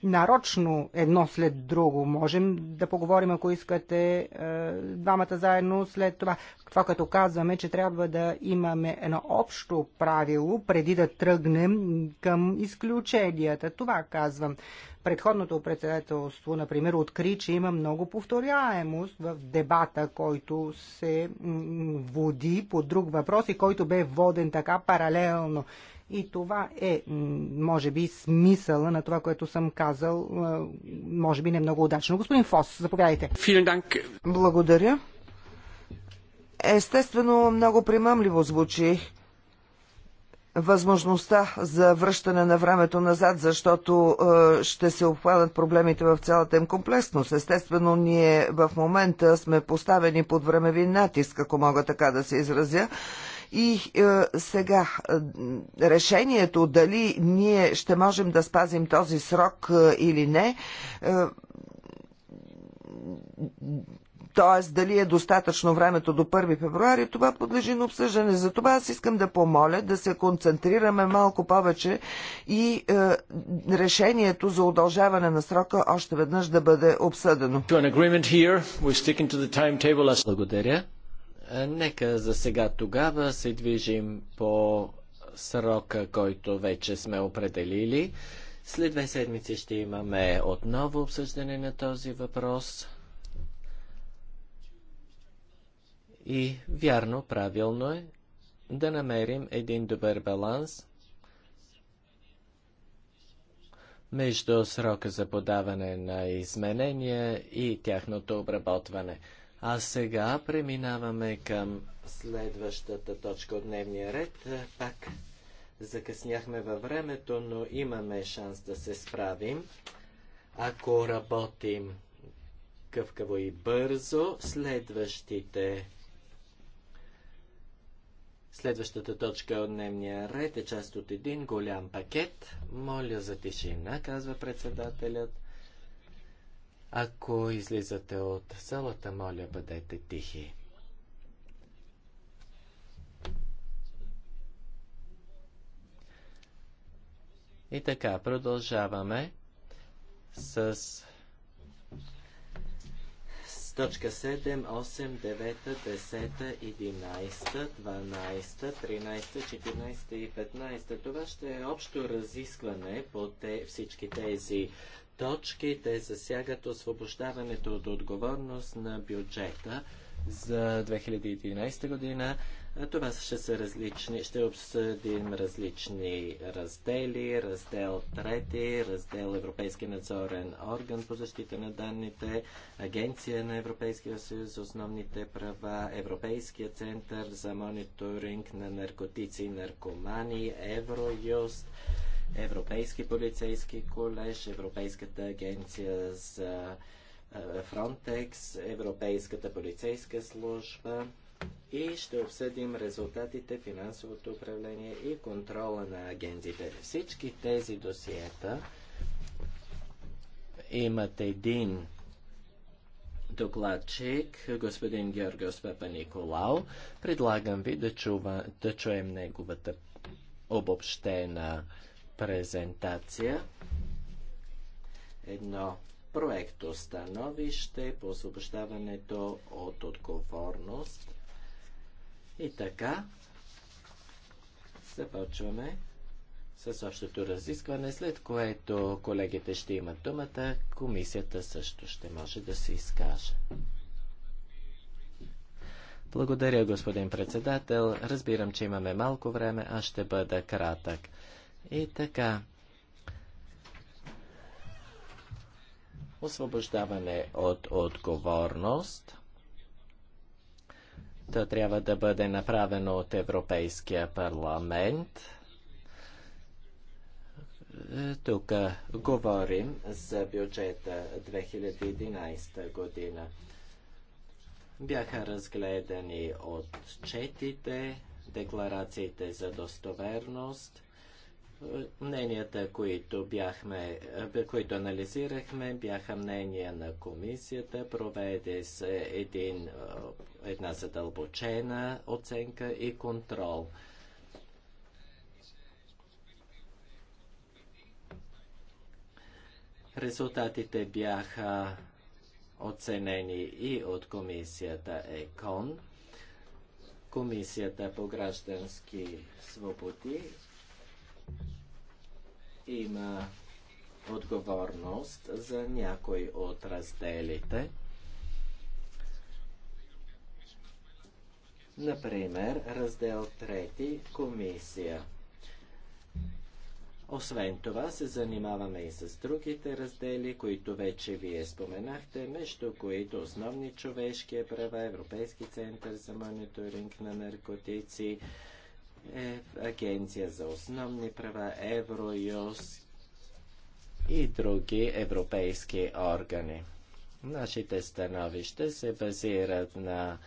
нарочно едно след друго. Можем да поговорим, ако искате, е, двамата заедно след това. Това като казваме, че трябва да имаме едно общо правило, преди да тръгнем към изключенията. Това казвам. Предходното председателство, например, откри, че има много повторяемост в дебата, който се води по друг въпрос и който бе воден така паралелно. И това е, може би, смисъла на това, което съм казал, може би не много удачно. Господин Фос, заповядайте. Благодаря. Естествено, много примамливо звучи възможността за връщане на времето назад, защото е, ще се обхванат проблемите в цялата им комплексност. Естествено, ние в момента сме поставени под времеви натиск, ако мога така да се изразя. И е, сега е, решението дали ние ще можем да спазим този срок е, или не, е, т.е. дали е достатъчно времето до 1 февруари, това подлежи на обсъждане. Затова аз искам да помоля да се концентрираме малко повече и е, решението за удължаване на срока още веднъж да бъде обсъдено. Благодаря. Е, нека за сега тогава се движим по срока, който вече сме определили. След две седмици ще имаме отново обсъждане на този въпрос. И вярно, правилно е да намерим един добър баланс между срока за подаване на изменения и тяхното обработване – а сега преминаваме към следващата точка от дневния ред. Пак закъсняхме във времето, но имаме шанс да се справим. Ако работим къвкаво и бързо, следващите Следващата точка от дневния ред е част от един голям пакет. Моля за тишина, казва председателят. Ако излизате от залата, моля, бъдете тихи. И така, продължаваме с точка 7, 8, 9, 10, 11, 12, 13, 14 и 15. Това ще е общо разискване по те, всички тези точки. Те засягат освобождаването от отговорност на бюджета за 2011 година. Това ще са различни, ще обсъдим различни раздели, раздел 3, раздел Европейски надзорен орган по защита на данните, Агенция на Европейския съюз за основните права, Европейския център за мониторинг на наркотици и наркомани, Евроюст, Европейски полицейски колеж, Европейската агенция за Фронтекс, Европейската полицейска служба и ще обсъдим резултатите, финансовото управление и контрола на агенциите. Всички тези досиета имат един докладчик, господин Георгиос Пепа Николао. Предлагам ви да, чува, да чуем неговата обобщена презентация, едно проекто становище по освобождаването от отговорност. И така, започваме с общото разискване, след което колегите ще имат думата, комисията също ще може да се изкаже. Благодаря, господин председател. Разбирам, че имаме малко време, аз ще бъда кратък. И така. Освобождаване от отговорност. То трябва да бъде направено от Европейския парламент. Тук говорим за бюджета 2011 година. Бяха разгледани отчетите, декларациите за достоверност – мненията, които, бяхме, които анализирахме, бяха мнения на комисията, проведе се един, една задълбочена оценка и контрол. Резултатите бяха оценени и от комисията ЕКОН, комисията по граждански свободи има отговорност за някой от разделите. Например, раздел 3 комисия. Освен това се занимаваме и с другите раздели, които вече вие споменахте, между които основни човешки права, Европейски център за мониторинг на наркотици, е, Агенция за основни права, Евроюз и други европейски органи. Нашите становища се базират на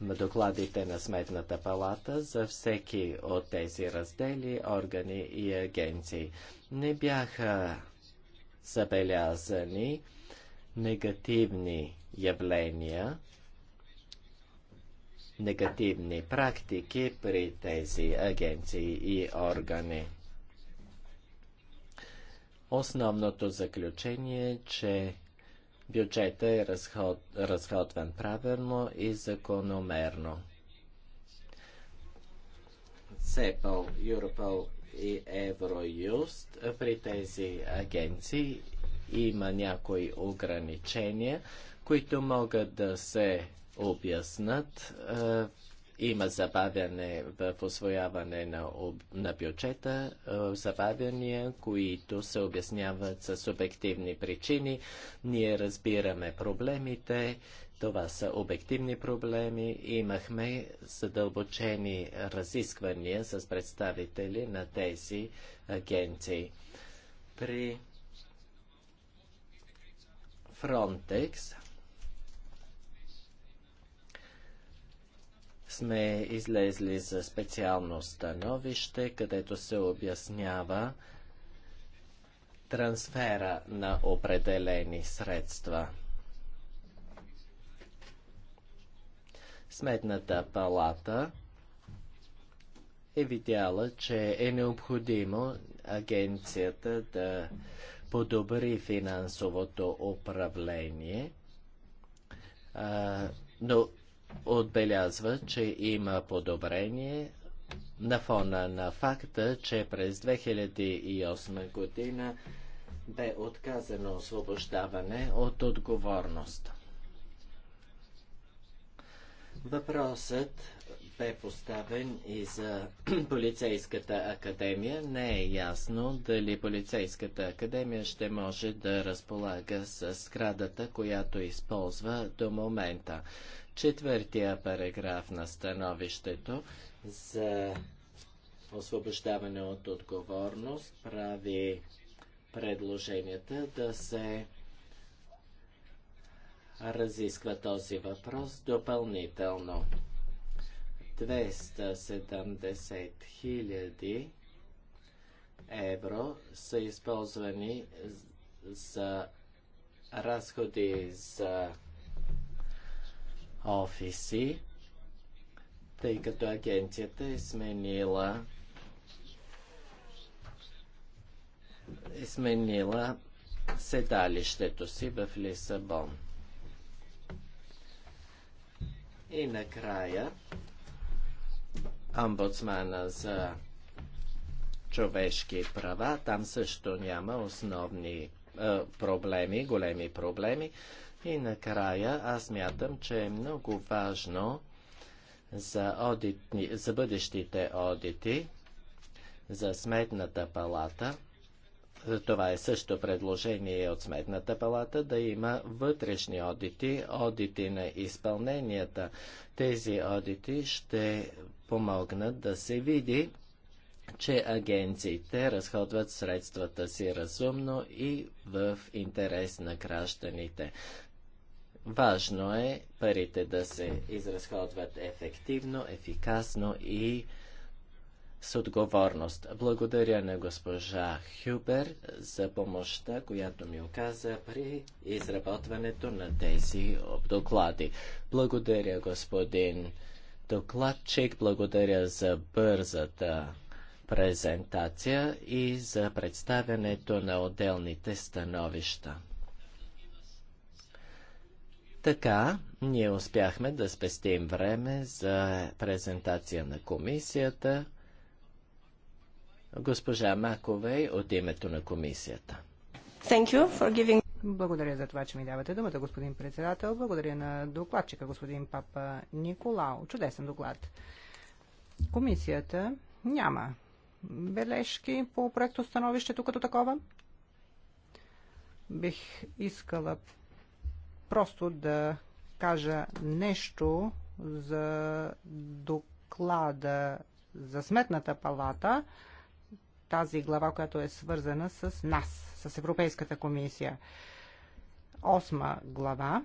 докладите на Сметната палата за всеки от тези раздели, органи и агенции. Не бяха забелязани негативни явления негативни практики при тези агенции и органи. Основното заключение е, че бюджета е разход, разходван правилно и закономерно. СЕПЛ, Европол и Евроюст при тези агенции има някои ограничения, които могат да се обяснат. Е, има забавяне в освояване на, об... на бюджета, е, забавяния, които се обясняват с субективни причини. Ние разбираме проблемите, това са обективни проблеми. Имахме задълбочени разисквания с представители на тези агенции. При Frontex сме излезли за специално становище, където се обяснява трансфера на определени средства. Сметната палата е видяла, че е необходимо агенцията да подобри финансовото управление, но отбелязва, че има подобрение на фона на факта, че през 2008 година бе отказано освобождаване от отговорност. Въпросът бе поставен и за полицейската академия. Не е ясно дали полицейската академия ще може да разполага с сградата, която използва до момента четвъртия параграф на становището за освобождаване от отговорност прави предложенията да се разисква този въпрос допълнително. 270 хиляди евро са използвани за разходи за офиси, тъй като агенцията е сменила е сменила седалището си в Лисабон. И накрая омбудсмана за човешки права. Там също няма основни е, проблеми, големи проблеми. И накрая аз мятам, че е много важно за, одитни, за бъдещите одити, за сметната палата, това е също предложение от Сметната палата да има вътрешни одити, одити на изпълненията. Тези одити ще помогнат да се види, че агенциите разходват средствата си разумно и в интерес на гражданите. Важно е парите да се изразходват ефективно, ефикасно и с отговорност. Благодаря на госпожа Хюбер за помощта, която ми оказа при изработването на тези доклади. Благодаря, господин докладчик, благодаря за бързата презентация и за представянето на отделните становища. Така, ние успяхме да спестим време за презентация на комисията. Госпожа Маковей от името на комисията. Thank you for giving... Благодаря за това, че ми давате думата, господин председател. Благодаря на докладчика, господин Папа Николао. Чудесен доклад. Комисията няма бележки по становището като такова. Бих искала просто да кажа нещо за доклада за Сметната палата, тази глава, която е свързана с нас, с Европейската комисия. Осма глава.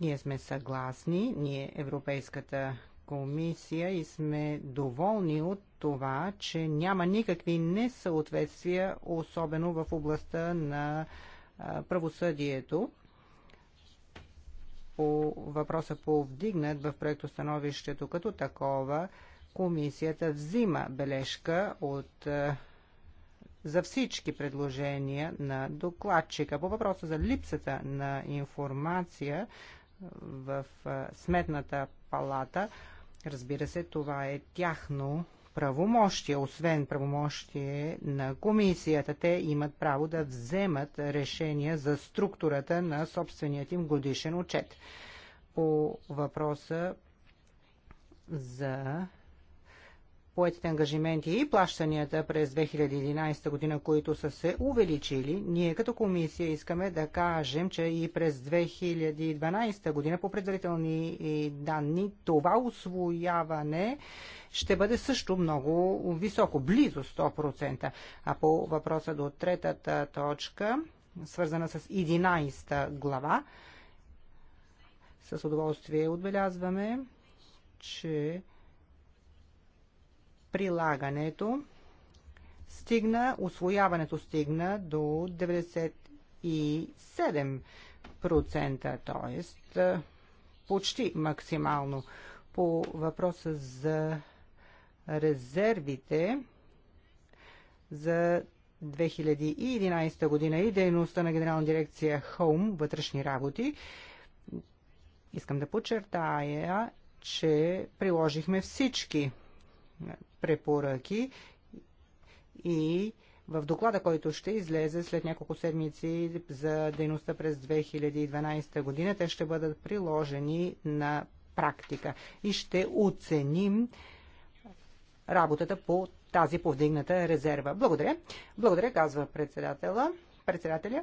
Ние сме съгласни, ние Европейската комисия и сме доволни от това, че няма никакви несъответствия, особено в областта на правосъдието по въпроса повдигнат в проектостановището като такова, комисията взима бележка от за всички предложения на докладчика. По въпроса за липсата на информация в Сметната палата, разбира се, това е тяхно правомощия, освен правомощие на комисията. Те имат право да вземат решения за структурата на собственият им годишен отчет. По въпроса за поетите ангажименти и плащанията през 2011 година, които са се увеличили, ние като комисия искаме да кажем, че и през 2012 година по предварителни данни това освояване ще бъде също много високо, близо 100%. А по въпроса до третата точка, свързана с 11 глава, с удоволствие отбелязваме, че прилагането стигна, освояването стигна до 97%, т.е. почти максимално. По въпроса за резервите за 2011 година и дейността на Генерална дирекция Home, вътрешни работи, искам да подчертая, че приложихме всички препоръки и в доклада, който ще излезе след няколко седмици за дейността през 2012 година, те ще бъдат приложени на практика и ще оценим работата по тази повдигната резерва. Благодаря. Благодаря, казва председателя. председателя.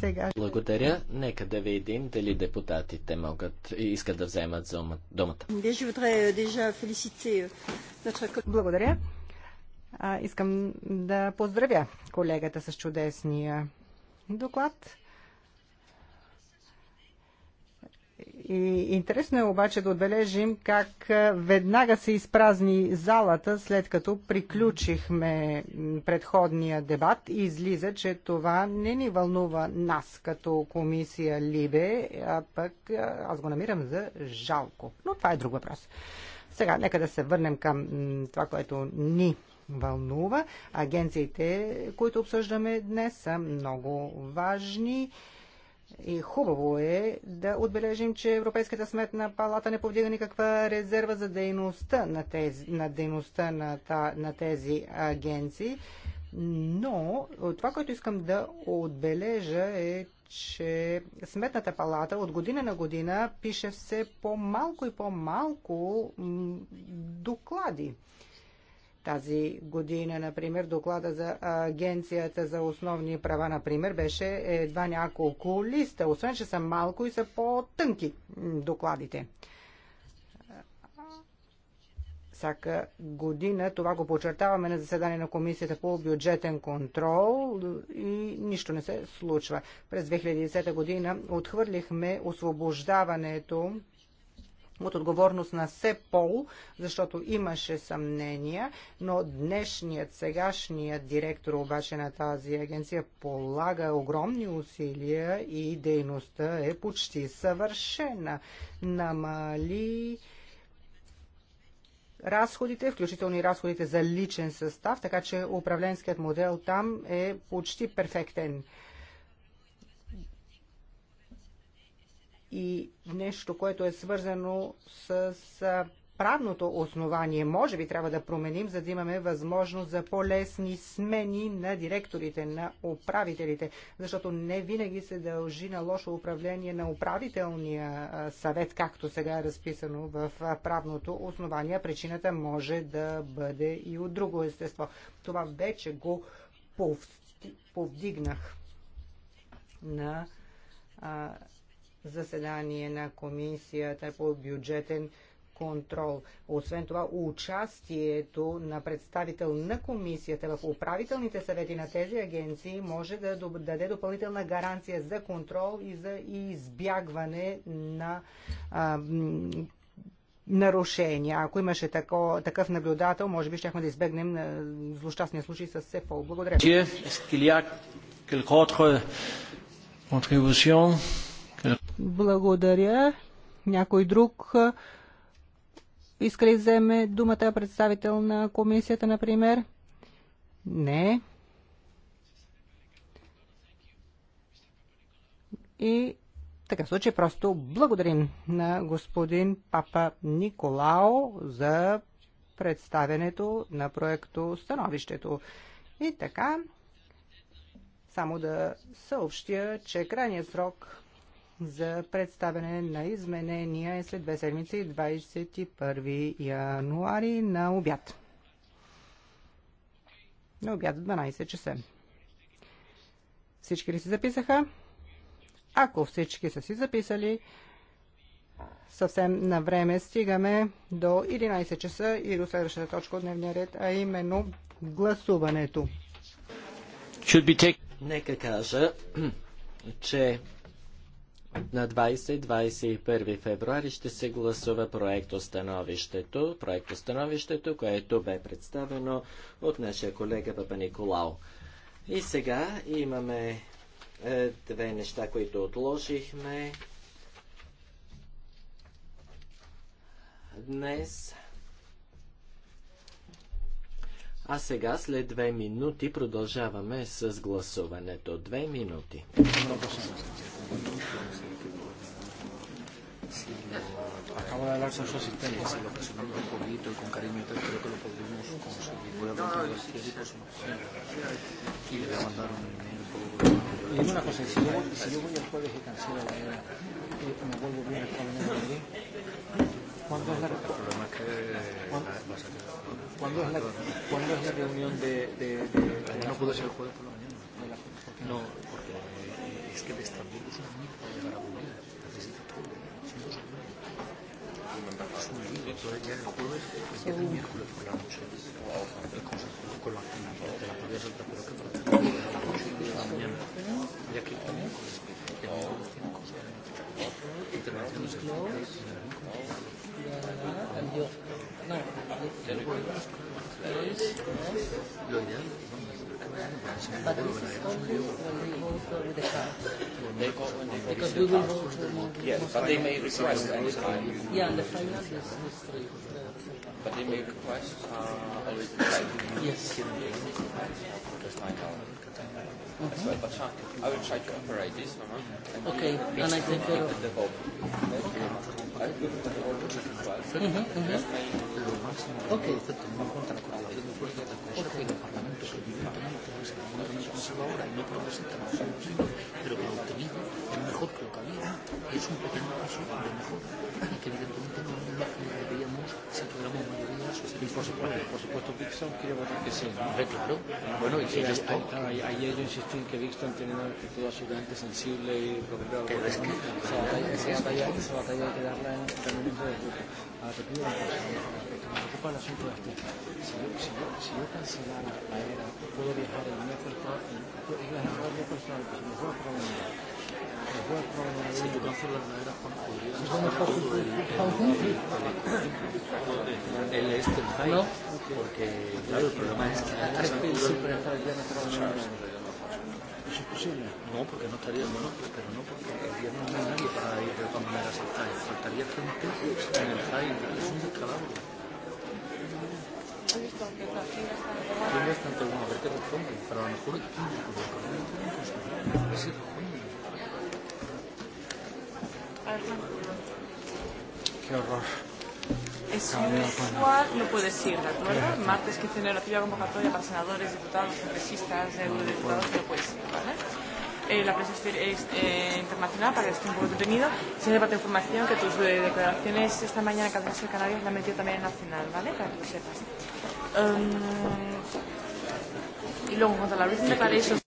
Сега... Благодаря. Нека да видим дали депутатите могат и искат да вземат думата. Euh, euh, Благодаря. А, искам да поздравя колегата с чудесния доклад. И интересно е обаче да отбележим как веднага се изпразни залата, след като приключихме предходния дебат и излиза, че това не ни вълнува нас като комисия Либе, а пък аз го намирам за жалко. Но това е друг въпрос. Сега, нека да се върнем към това, което ни вълнува. Агенциите, които обсъждаме днес, са много важни и хубаво е да отбележим, че Европейската сметна палата не повдига никаква резерва за дейността на тези, на дейността на, та, на тези агенции. Но това, което искам да отбележа е, че Сметната палата от година на година пише все по-малко и по-малко доклади. Тази година, например, доклада за Агенцията за основни права, например, беше едва няколко листа, освен че са малко и са по-тънки докладите всяка година. Това го подчертаваме на заседание на Комисията по бюджетен контрол и нищо не се случва. През 2010 година отхвърлихме освобождаването от отговорност на пол, защото имаше съмнения, но днешният, сегашният директор обаче на тази агенция полага огромни усилия и дейността е почти съвършена. Намали разходите, включително и разходите за личен състав, така че управленският модел там е почти перфектен. и нещо, което е свързано с правното основание. Може би трябва да променим, за да имаме възможност за по-лесни смени на директорите, на управителите, защото не винаги се дължи на лошо управление на управителния съвет, както сега е разписано в правното основание. Причината може да бъде и от друго естество. Това вече го повдигнах на заседание на комисията по бюджетен контрол. Освен това, участието на представител на комисията в управителните съвети на тези агенции може да даде допълнителна гаранция за контрол и за избягване на а, нарушения. Ако имаше тако, такъв наблюдател, може би щяхме да избегнем на злощастния случай с СЕФОЛ. Благодаря. Благодаря. Някой друг иска ли вземе думата представител на комисията, например? Не. И така случай просто благодарим на господин Папа Николао за представянето на проекто Становището. И така, само да съобщя, че крайният срок за представяне на изменения е след две седмици, 21 януари на обяд. На обяд в 12 часа. Всички ли си записаха? Ако всички са си записали, съвсем на време стигаме до 11 часа и до следващата точка от дневния ред, а именно гласуването. Take... Нека кажа, че на 20-21 февруари ще се гласува проектостановището, проектостановището, което бе представено от нашия колега Папа Николао. И сега имаме е, две неща, които отложихме. Днес. А сега след две минути продължаваме с гласуването. Две минути. Acabo de hablar con su asistentes y lo presentamos un poquito y con cariño creo que lo podríamos conseguir. Voy a hablar con García y Y le voy a mandar un email Y una cosa, si yo, si yo voy el jueves y cancelo la era, ¿me vuelvo bien el jueves de Madrid? ¿Cuándo es la reunión? ¿Cuándo es la, ¿cuándo es la reunión de, de, de, de... No pudo ser el jueves por la mañana. No, porque es que el Estrasburgo es un mito de Garabulina, necesita todo. Es un libro, entonces ya el jueves, empieza el miércoles por la noche. El consejo con la gente, la podía soltar, pero que por la noche y la mañana. Y aquí el miércoles, el miércoles tiene cosas. Internaciones en el Lo ideal But this is only when they vote with the card. Because we will vote. Yes, but they may request any time. Yeah, and the final is this But they may request uh, always right. Yes. I will try to operate this. uh Okay, and I think care of the hope. Okay. Okay solo ahora y no por otras intervenciones, pero que lo obtenido es mejor que lo que había. Y es un pequeño paso de mejor. y que evidentemente no es lo que deberíamos si tuviéramos mayoría social. Y por supuesto, por supuesto Dixon quiere votar que sí, ¿no? Sí, claro. Bueno, y si ellos claro, Ayer ellos insistí en que Dixon tiene una actitud absolutamente sensible y... Pero es que... Esa batalla hay que darla en el momento de grupo. Ah, pero una persona. que me preocupa el asunto este. Si yo, si yo, si yo cancelara la era, puedo viajar el miércoles por el miércoles por el jueves por la mañana. El jueves Si yo cancelo la era, Juan, podría el este, el Jairo, porque claro, el problema es que la era siempre está el viernes por ¿Es imposible? No, porque no estaría, bueno, pero no porque el viernes no hay nadie para ir de todas maneras a había gente en el es un descalabro. Tiene bastante bueno, a ver qué responde, pero a lo mejor a ver si responde. Qué horror. Es un no puedes ir, ¿de acuerdo? Martes 15 de enero, activa convocatoria para senadores, diputados, congresistas, eurodiputados, no puedes ir, ¿vale? eh, la prensa eh, internacional para que esté un poco detenido. Se hay parte información, que tus eh, declaraciones esta mañana que haces de Canarias la han metido también en Nacional, ¿vale? Para que lo sepas. Um, y luego, en cuanto a la parece Declaration...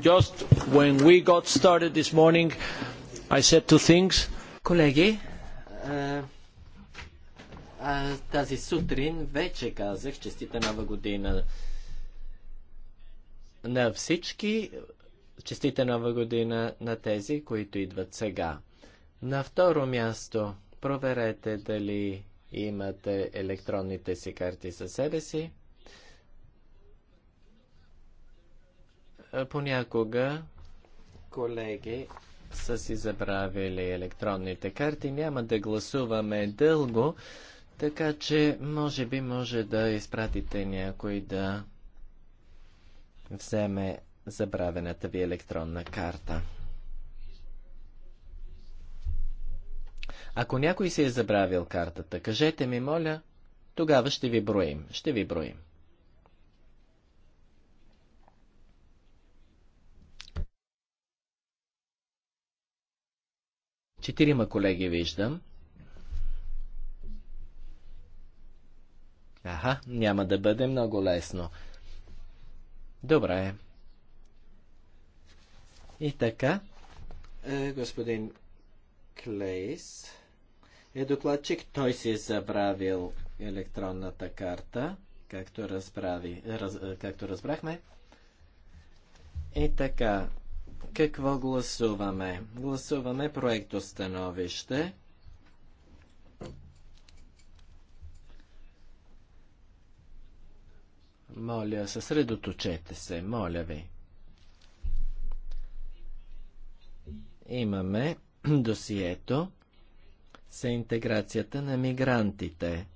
Just when we got started this morning, I said two things. Колеги, е, тази сутрин вече казах честита нова година на всички, честита нова година на тези, които идват сега. На второ място, проверете дали имате електронните си карти със себе си. Понякога колеги са си забравили електронните карти. Няма да гласуваме дълго, така че може би може да изпратите някой да вземе забравената ви електронна карта. Ако някой си е забравил картата, кажете ми, моля, тогава ще ви броим. Ще ви броим. Четирима колеги виждам. Аха, няма да бъде много лесно. Добре. И така, е, господин Клейс е докладчик. Той си е забравил електронната карта, както, разправи, раз, е, както разбрахме. И така, какво гласуваме? Гласуваме проекто становище. Моля, съсредоточете се, моля ви. Имаме досието за интеграцията на мигрантите,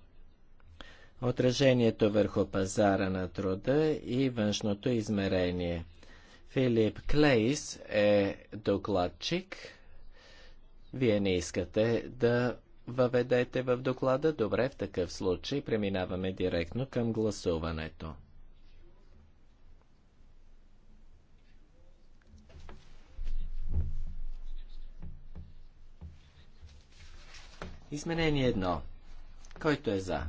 отражението върху пазара на труда и външното измерение – Филип Клейс е докладчик. Вие не искате да въведете в доклада. Добре, в такъв случай преминаваме директно към гласуването. Изменение едно. Който е за?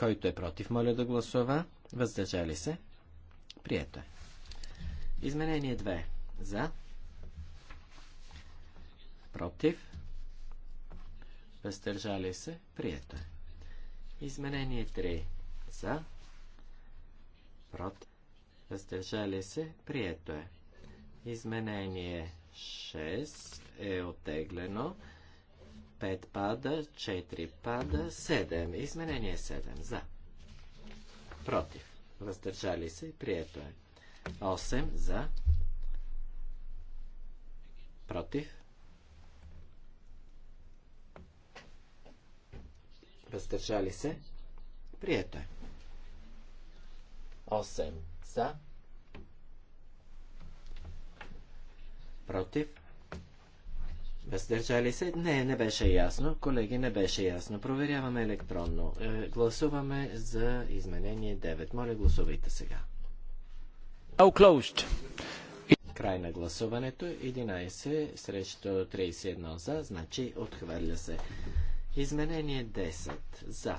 Който е против, моля да гласува. Въздържали се. Прието е. Изменение 2. За. Против. Въздържали се. Прието е. Изменение 3. За. Против. Въздържали се. Прието е. Изменение 6 е отеглено. Пет пада, четири пада, седем Изменение 7. За. Против. Въздържали се. Прието е. 8. За. Против. Въздържали се. Прието е. Осем За. Против. Въздържали се? Не, не беше ясно. Колеги, не беше ясно. Проверяваме електронно. Е, гласуваме за изменение 9. Моля, гласувайте сега. Край на гласуването. 11 срещу 31 за, значи отхвърля се. Изменение 10 за.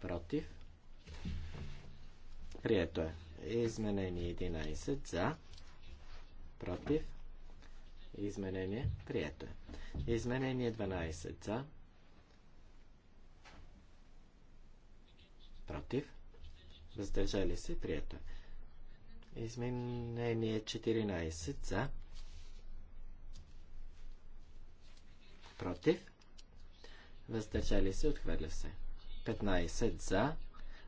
Против. Прието е. Изменение 11 за. Против. Изменение прието е. Изменение 12 за. Против. Въздържали се. Прието е. Изменение 14 за. Против. Въздържали се. Отхвърля се. 15 за.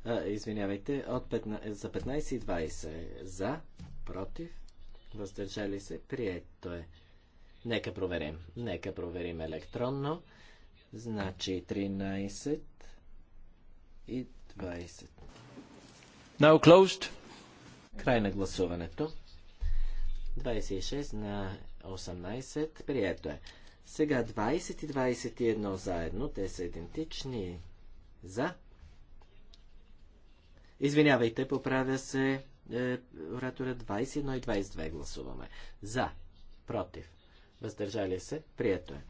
А, извинявайте, от 15, за 15 и 20 за. Против. Въздържали се. Прието е. Нека проверим. Нека проверим електронно. Значи 13 и 20. Now closed. Край на гласуването. 26 на 18. Прието е. Сега 20 и 21 заедно. Те са идентични. За. Извинявайте, поправя се е, оратора 21 и 22 гласуваме. За. Против въздържали се, прието е.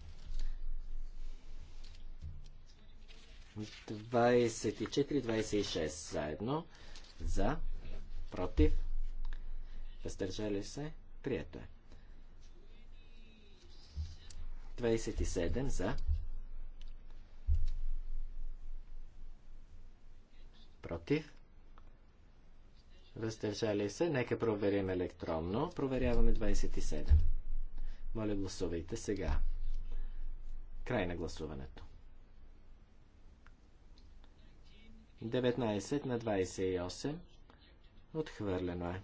24-26 заедно, за, против, въздържали се, прието е. 27 за, против, въздържали се, нека проверим електронно, проверяваме 27. Моля, гласувайте сега. Край на гласуването. 19 на 28. Отхвърлено е.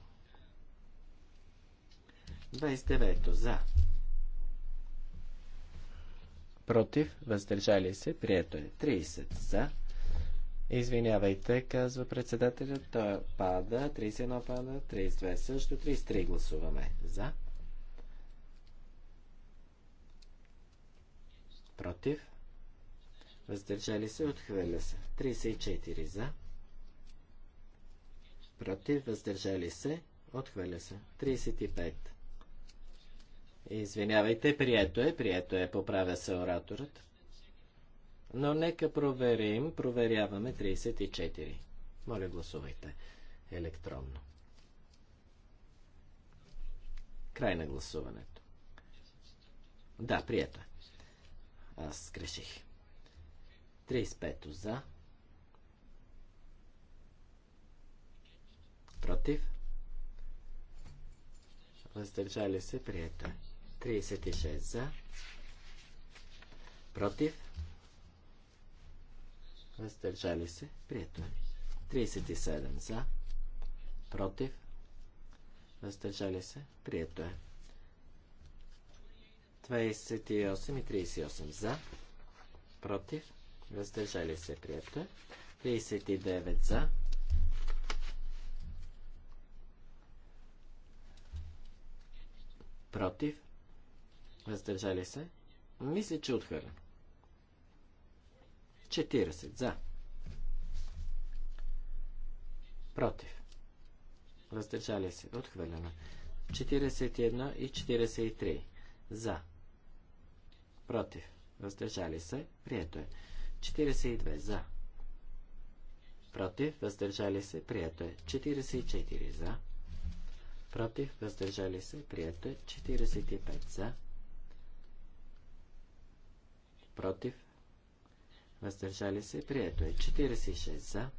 29. За. Против. Въздържали се. Прието е. 30. За. Извинявайте, казва председателят. Той пада. 31 пада. 32 също. 33 гласуваме. За. против, въздържали се, отхвърля се. 34 за, против, въздържали се, отхвърля се. 35. Извинявайте, прието е, прието е, поправя се ораторът. Но нека проверим, проверяваме 34. Моля, гласувайте електронно. Край на гласуването. Да, прието е. Аз греших. 35 за. Против. Въздържали се, прието е. 36 за. Против. Въздържали се, прието е. 37 за. Против. Въздържали се, прието е. 28 и 38 за, против, въздържали се, прието. 39 е. за, против, въздържали се, мисля, че отхвърля. 40 за, против, въздържали се, отхвърлено. 41 и 43 за, против, въздържали се, прието е. 42 за, против, въздържали се, прието е. 44 за, против, въздържали се, прието е. 45 за, против, въздържали се, прието е. 46 за,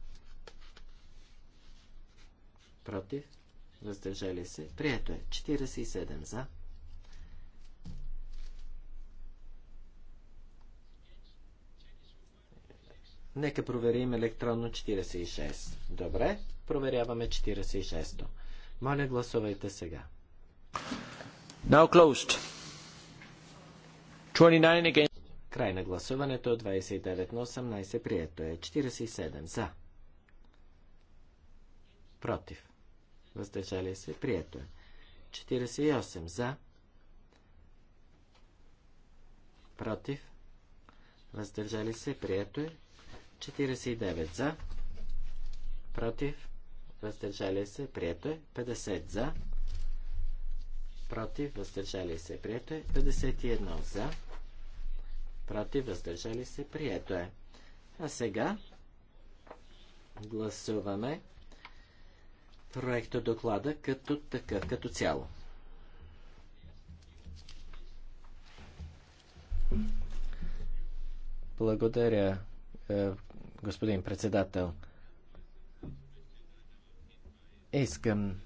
против, въздържали се, прието е. 47 за, Нека проверим електронно 46. Добре, проверяваме 46-то. Моля, гласувайте сега. Now closed. 29 again. Край на гласуването е 29 на 18. Прието е 47 за. Против. Въздържали се. Прието е. 48 за. Против. Въздържали се. Прието е. 49 за, против, въздържали се, прието е. 50 за, против, въздържали се, прието е. 51 за, против, въздържали се, прието е. А сега гласуваме проекта доклада като такъв, като цяло. Благодаря, е, господин председател. Искам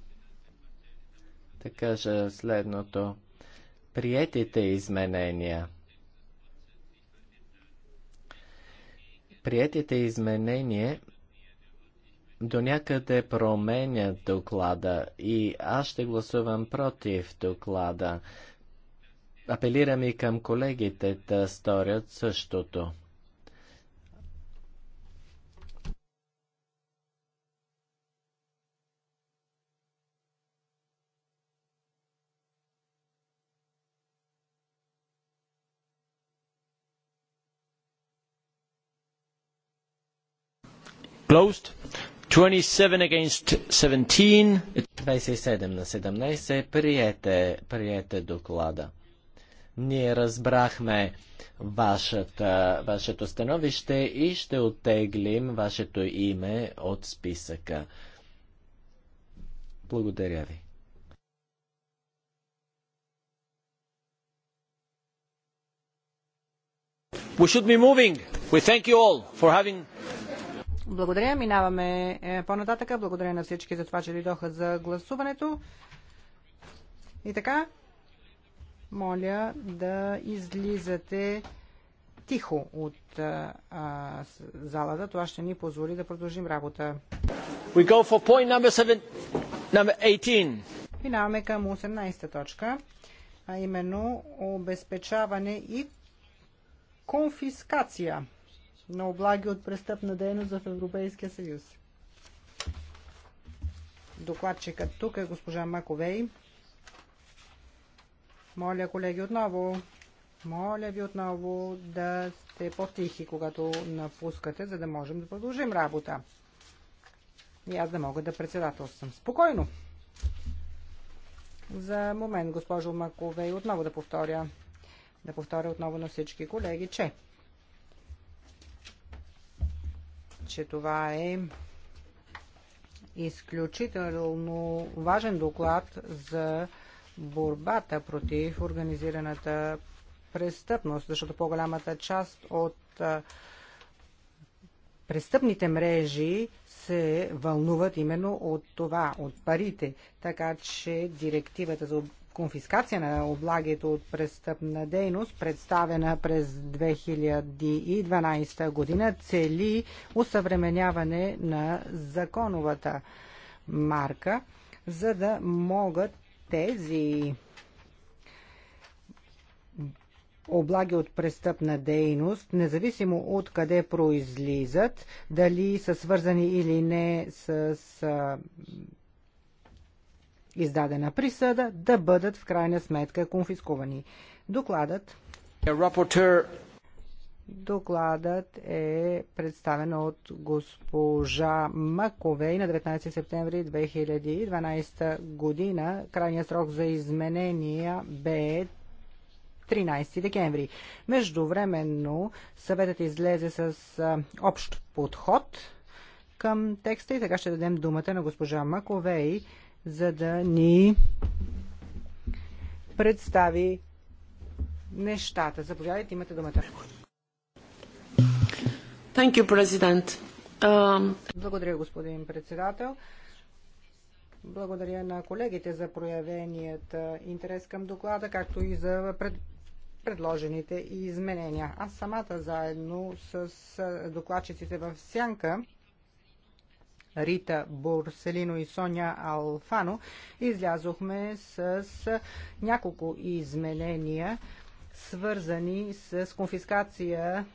да кажа следното. Приетите изменения. Приетите изменения до някъде променят доклада и аз ще гласувам против доклада. Апелирам и към колегите да сторят същото. Closed. 27 against 17. на 17 приете, приете доклада. Ние разбрахме вашата, вашето становище и ще оттеглим вашето име от списъка. Благодаря ви. We should be moving. We thank you all for having благодаря. Минаваме е, по-нататъка. Благодаря на всички за това, че дойдоха за гласуването. И така, моля да излизате тихо от е, а, залата. Това ще ни позволи да продължим работа. We go for point number seven, number 18. Минаваме към 18-та точка, а именно обезпечаване и конфискация на облаги от престъпна дейност в Европейския съюз. Докладчикът тук е госпожа Маковей. Моля, колеги, отново, моля ви отново да сте по-тихи, когато напускате, за да можем да продължим работа. И аз да мога да председателствам. Спокойно! За момент, госпожо Маковей, отново да повторя, да повторя отново на всички колеги, че че това е изключително важен доклад за борбата против организираната престъпност, защото по-голямата част от престъпните мрежи се вълнуват именно от това, от парите. Така че директивата за конфискация на облагите от престъпна дейност, представена през 2012 година, цели усъвременяване на законовата марка, за да могат тези облаги от престъпна дейност, независимо от къде произлизат, дали са свързани или не с издадена присъда да бъдат в крайна сметка конфискувани. Докладът Докладът е представен от госпожа Маковей на 19 септември 2012 година. Крайният срок за изменения бе 13 декември. Междувременно съветът излезе с общ подход към текста и така ще дадем думата на госпожа Маковей за да ни представи нещата. Заповядайте, имате думата. Thank you, President. Um... Благодаря, господин председател. Благодаря на колегите за проявеният интерес към доклада, както и за пред... предложените изменения. Аз самата заедно с докладчиците в Сянка Рита Борселино и Соня Алфано, излязохме с няколко изменения, свързани с конфискация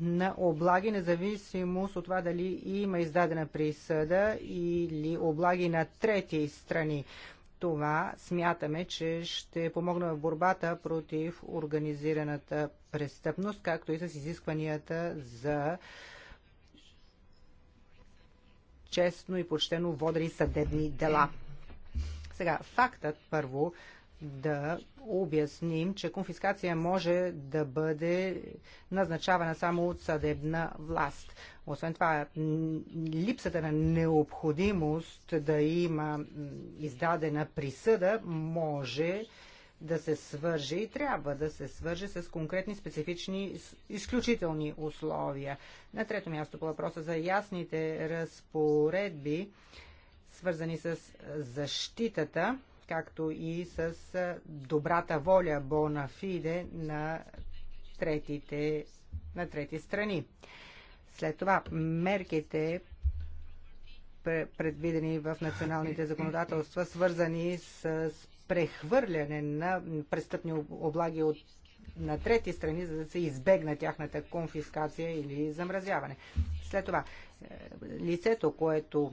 на облаги, независимо от това дали има издадена присъда или облаги на трети страни. Това смятаме, че ще помогне в борбата против организираната престъпност, както и с изискванията за честно и почтено водени съдебни дела. Сега, фактът първо да обясним, че конфискация може да бъде назначавана само от съдебна власт. Освен това, липсата на необходимост да има издадена присъда може да се свърже и трябва да се свърже с конкретни специфични изключителни условия. На трето място по въпроса за ясните разпоредби, свързани с защитата, както и с добрата воля Бонафиде на третите, на трети страни. След това мерките предвидени в националните законодателства, свързани с прехвърляне на престъпни облаги от на трети страни, за да се избегне тяхната конфискация или замразяване. След това, е, лицето, което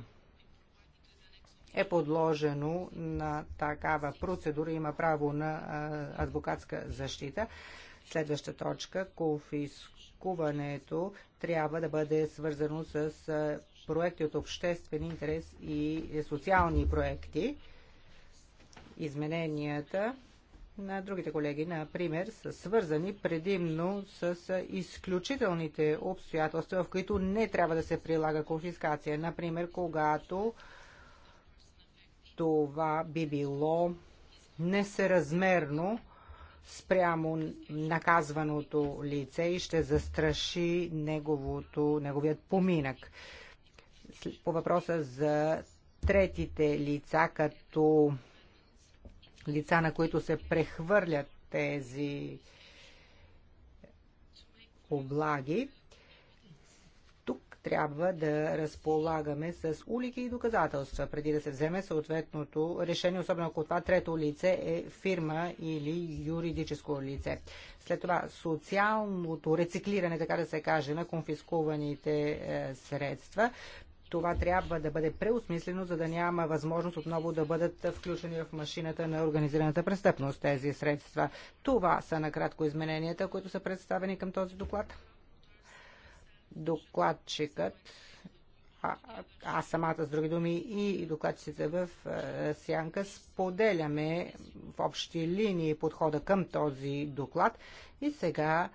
е подложено на такава процедура, има право на адвокатска защита. Следваща точка, конфискуването трябва да бъде свързано с проекти от обществен интерес и социални проекти измененията на другите колеги, например, са свързани предимно с изключителните обстоятелства, в които не трябва да се прилага конфискация. Например, когато това би било несъразмерно спрямо наказваното лице и ще застраши неговото, неговият поминък. По въпроса за третите лица като лица, на които се прехвърлят тези облаги, тук трябва да разполагаме с улики и доказателства, преди да се вземе съответното решение, особено ако това трето лице е фирма или юридическо лице. След това социалното рециклиране, така да се каже, на конфискуваните е, средства това трябва да бъде преосмислено, за да няма възможност отново да бъдат включени в машината на организираната престъпност тези средства. Това са накратко измененията, които са представени към този доклад. Докладчикът а, аз самата, с други думи, и докладчиците в Сянка споделяме в общи линии подхода към този доклад. И сега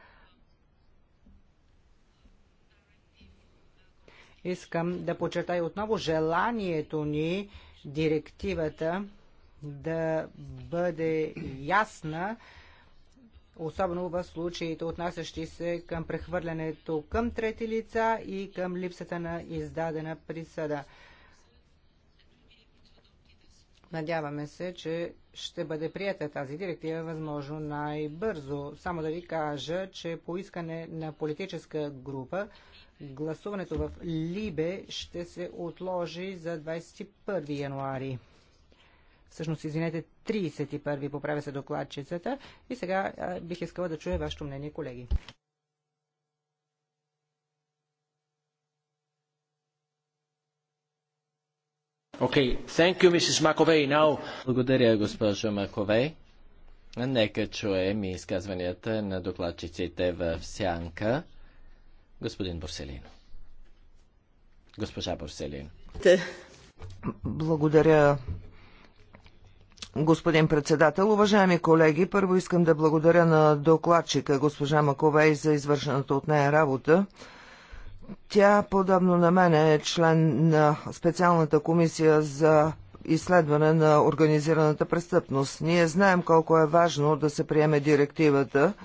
Искам да подчертая отново желанието ни директивата да бъде ясна, особено в случаите, отнасящи се към прехвърлянето към трети лица и към липсата на издадена присъда. Надяваме се, че ще бъде прията тази директива възможно най-бързо. Само да ви кажа, че по искане на политическа група Гласуването в Либе ще се отложи за 21 януари. Всъщност, извинете, 31 поправя се докладчицата. И сега бих искала да чуя вашето мнение, колеги. Okay. Thank you, Mrs. McAvey. Now... Благодаря, госпожо Маковей. Нека чуем изказванията на докладчиците в сянка. Господин Борселин. Госпожа Борселин. Благодаря, Господин председател, уважаеми колеги, първо искам да благодаря на докладчика госпожа Маковей за извършената от нея работа. Тя, подобно на мен, е член на специалната комисия за изследване на организираната престъпност. Ние знаем колко е важно да се приеме директивата –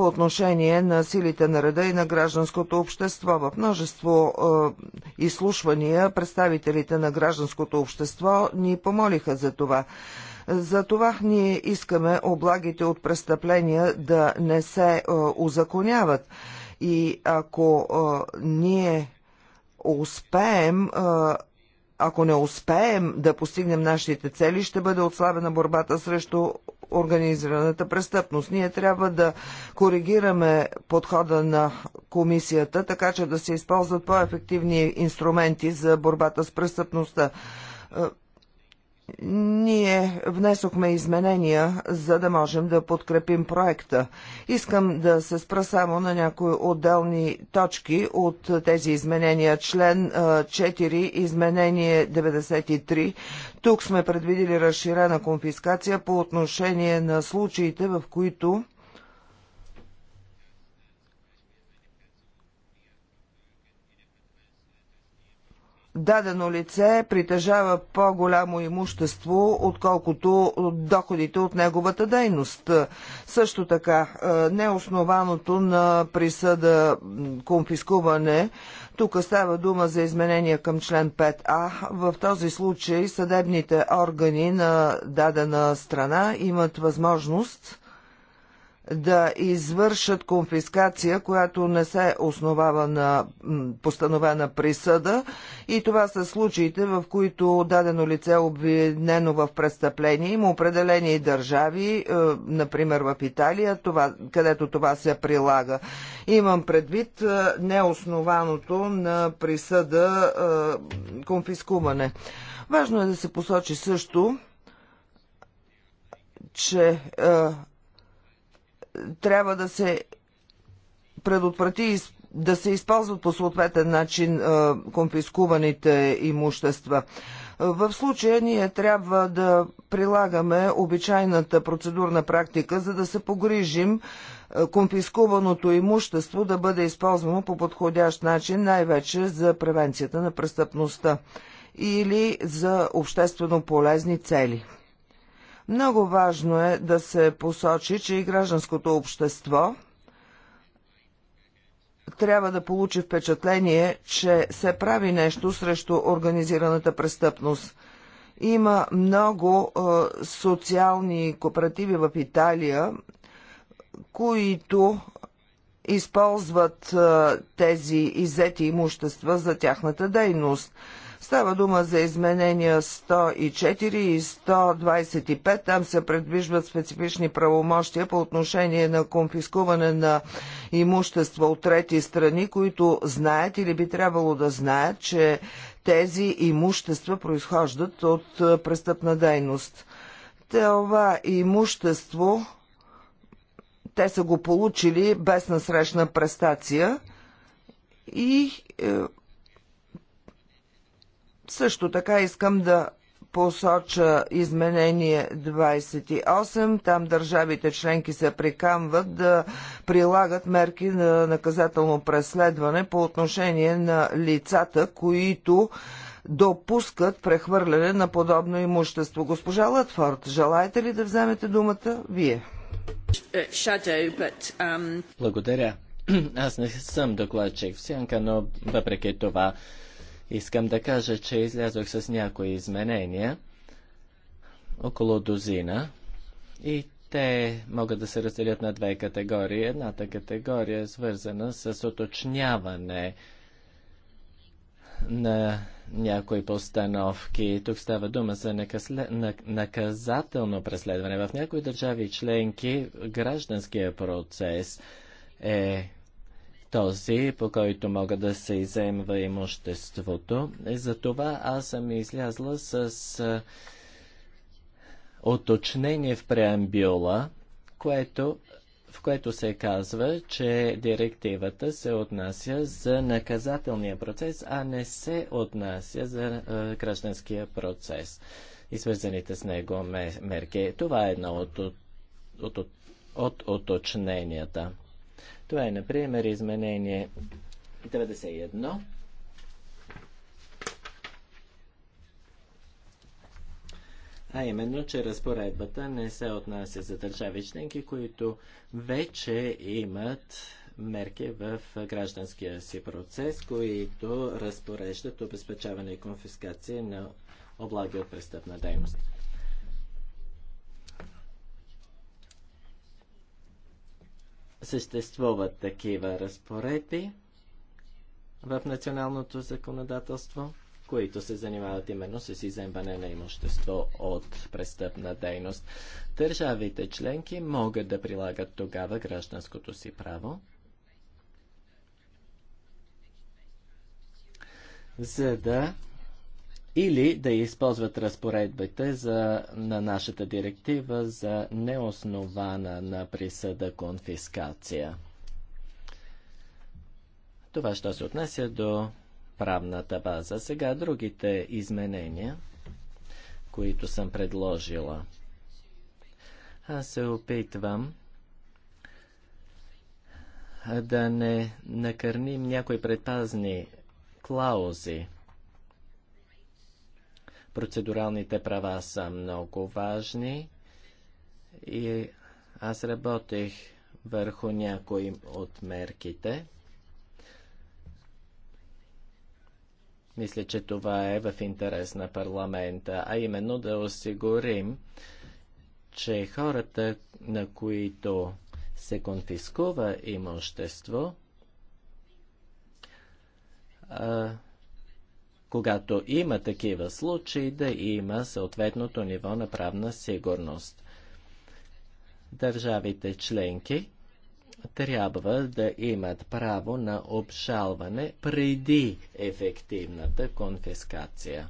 по отношение на силите на реда и на гражданското общество. В множество е, изслушвания представителите на гражданското общество ни помолиха за това. За това ние искаме облагите от престъпления да не се е, узаконяват. И ако е, ние успеем е, ако не успеем да постигнем нашите цели, ще бъде отслабена борбата срещу организираната престъпност. Ние трябва да коригираме подхода на комисията, така че да се използват по-ефективни инструменти за борбата с престъпността ние внесохме изменения, за да можем да подкрепим проекта. Искам да се спра само на някои отделни точки от тези изменения. Член 4, изменение 93. Тук сме предвидили разширена конфискация по отношение на случаите, в които дадено лице притежава по-голямо имущество, отколкото доходите от неговата дейност. Също така, е, неоснованото на присъда конфискуване, тук става дума за изменения към член 5а. В този случай съдебните органи на дадена страна имат възможност да извършат конфискация, която не се основава на постановена присъда. И това са случаите, в които дадено лице е обвинено в престъпление. Има определени държави, е, например в Италия, това, където това се прилага. Имам предвид е, неоснованото на присъда е, конфискуване. Важно е да се посочи също, че трябва да се предотврати и да се използват по съответен начин конфискуваните имущества. В случая ние трябва да прилагаме обичайната процедурна практика, за да се погрижим конфискуваното имущество да бъде използвано по подходящ начин, най-вече за превенцията на престъпността или за обществено полезни цели. Много важно е да се посочи, че и гражданското общество трябва да получи впечатление, че се прави нещо срещу организираната престъпност. Има много е, социални кооперативи в Италия, които използват е, тези изети имущества за тяхната дейност. Става дума за изменения 104 и 125. Там се предвижват специфични правомощия по отношение на конфискуване на имущества от трети страни, които знаят или би трябвало да знаят, че тези имущества произхождат от престъпна дейност. Това имущество те са го получили без насрещна престация и е, също така искам да посоча изменение 28. Там държавите членки се прикамват да прилагат мерки на наказателно преследване по отношение на лицата, които допускат прехвърляне на подобно имущество. Госпожа Латфорд, желаете ли да вземете думата? Вие. Е, Благодаря. Аз не съм докладчик в сянка, но въпреки това Искам да кажа, че излязох с някои изменения, около дозина, и те могат да се разделят на две категории. Едната категория е свързана с уточняване на някои постановки. Тук става дума за наказателно преследване. В някои държави членки гражданския процес е този, по който мога да се иземва имуществото. И това аз съм излязла с уточнение в преамбюла, което, в което се казва, че директивата се отнася за наказателния процес, а не се отнася за а, гражданския процес и свързаните с него мерки. Това е едно от, от, от, от уточненията. Това е, например, изменение 91. а именно, че разпоредбата не се отнася за държави членки, които вече имат мерки в гражданския си процес, които разпореждат обезпечаване и конфискация на облаги от престъпна дейност. Съществуват такива разпоредби в националното законодателство, които се занимават именно с иземване на имущество от престъпна дейност. Държавите членки могат да прилагат тогава гражданското си право, за да или да използват разпоредбите за, на нашата директива за неоснована на присъда конфискация. Това ще се отнася до правната база. Сега другите изменения, които съм предложила. Аз се опитвам да не накърним някои предпазни клаузи – Процедуралните права са много важни и аз работех върху някои от мерките. Мисля, че това е в интерес на парламента, а именно да осигурим, че хората, на които се конфискува имущество, когато има такива случаи, да има съответното ниво на правна сигурност. Държавите членки трябва да имат право на обжалване преди ефективната конфискация.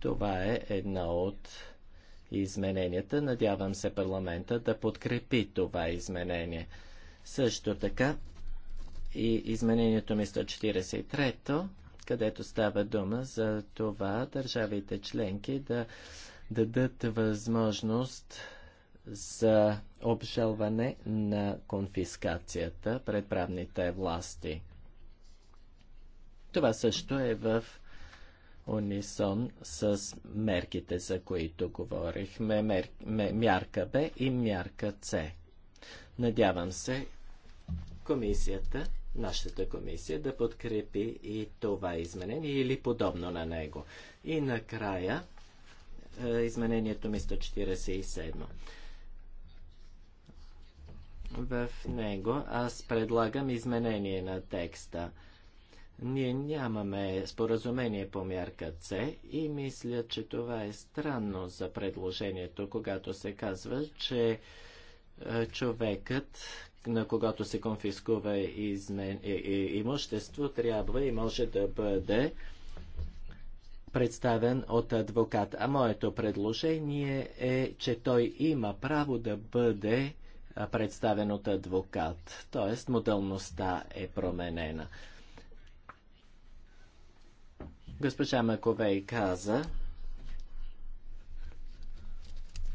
Това е едно от измененията. Надявам се парламента да подкрепи това изменение. Също така и изменението ми 143-то където става дума за това държавите членки да дадат възможност за обжалване на конфискацията пред правните власти. Това също е в унисон с мерките, за които говорихме, мер... мярка Б и мярка С. Надявам се комисията нашата комисия да подкрепи и това изменение или подобно на него. И накрая е, изменението ми 147. В него аз предлагам изменение на текста. Ние нямаме споразумение по мярка С и мисля, че това е странно за предложението, когато се казва, че е, човекът, на когато се конфискува измен... и, и, имущество, трябва и може да бъде представен от адвокат. А моето предложение е, че той има право да бъде представен от адвокат. Тоест, моделността е променена. Госпожа Маковей каза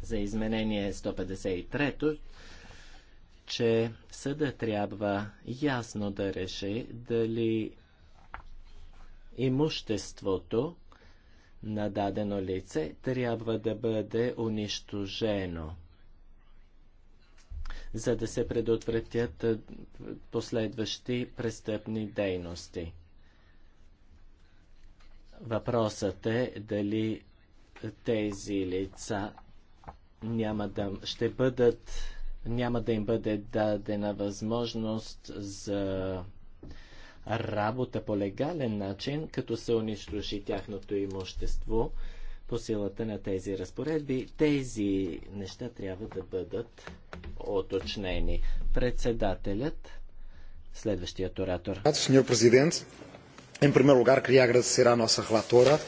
за изменение 153-то, че съда трябва ясно да реши дали имуществото на дадено лице трябва да бъде унищожено, за да се предотвратят последващи престъпни дейности. Въпросът е дали тези лица няма да ще бъдат няма да им бъде дадена възможност за работа по легален начин, като се унищожи тяхното имущество по силата на тези разпоредби. Тези неща трябва да бъдат оточнени. Председателят, следващият оратор. Сеньор президент, em пример лугар, queria agradecer à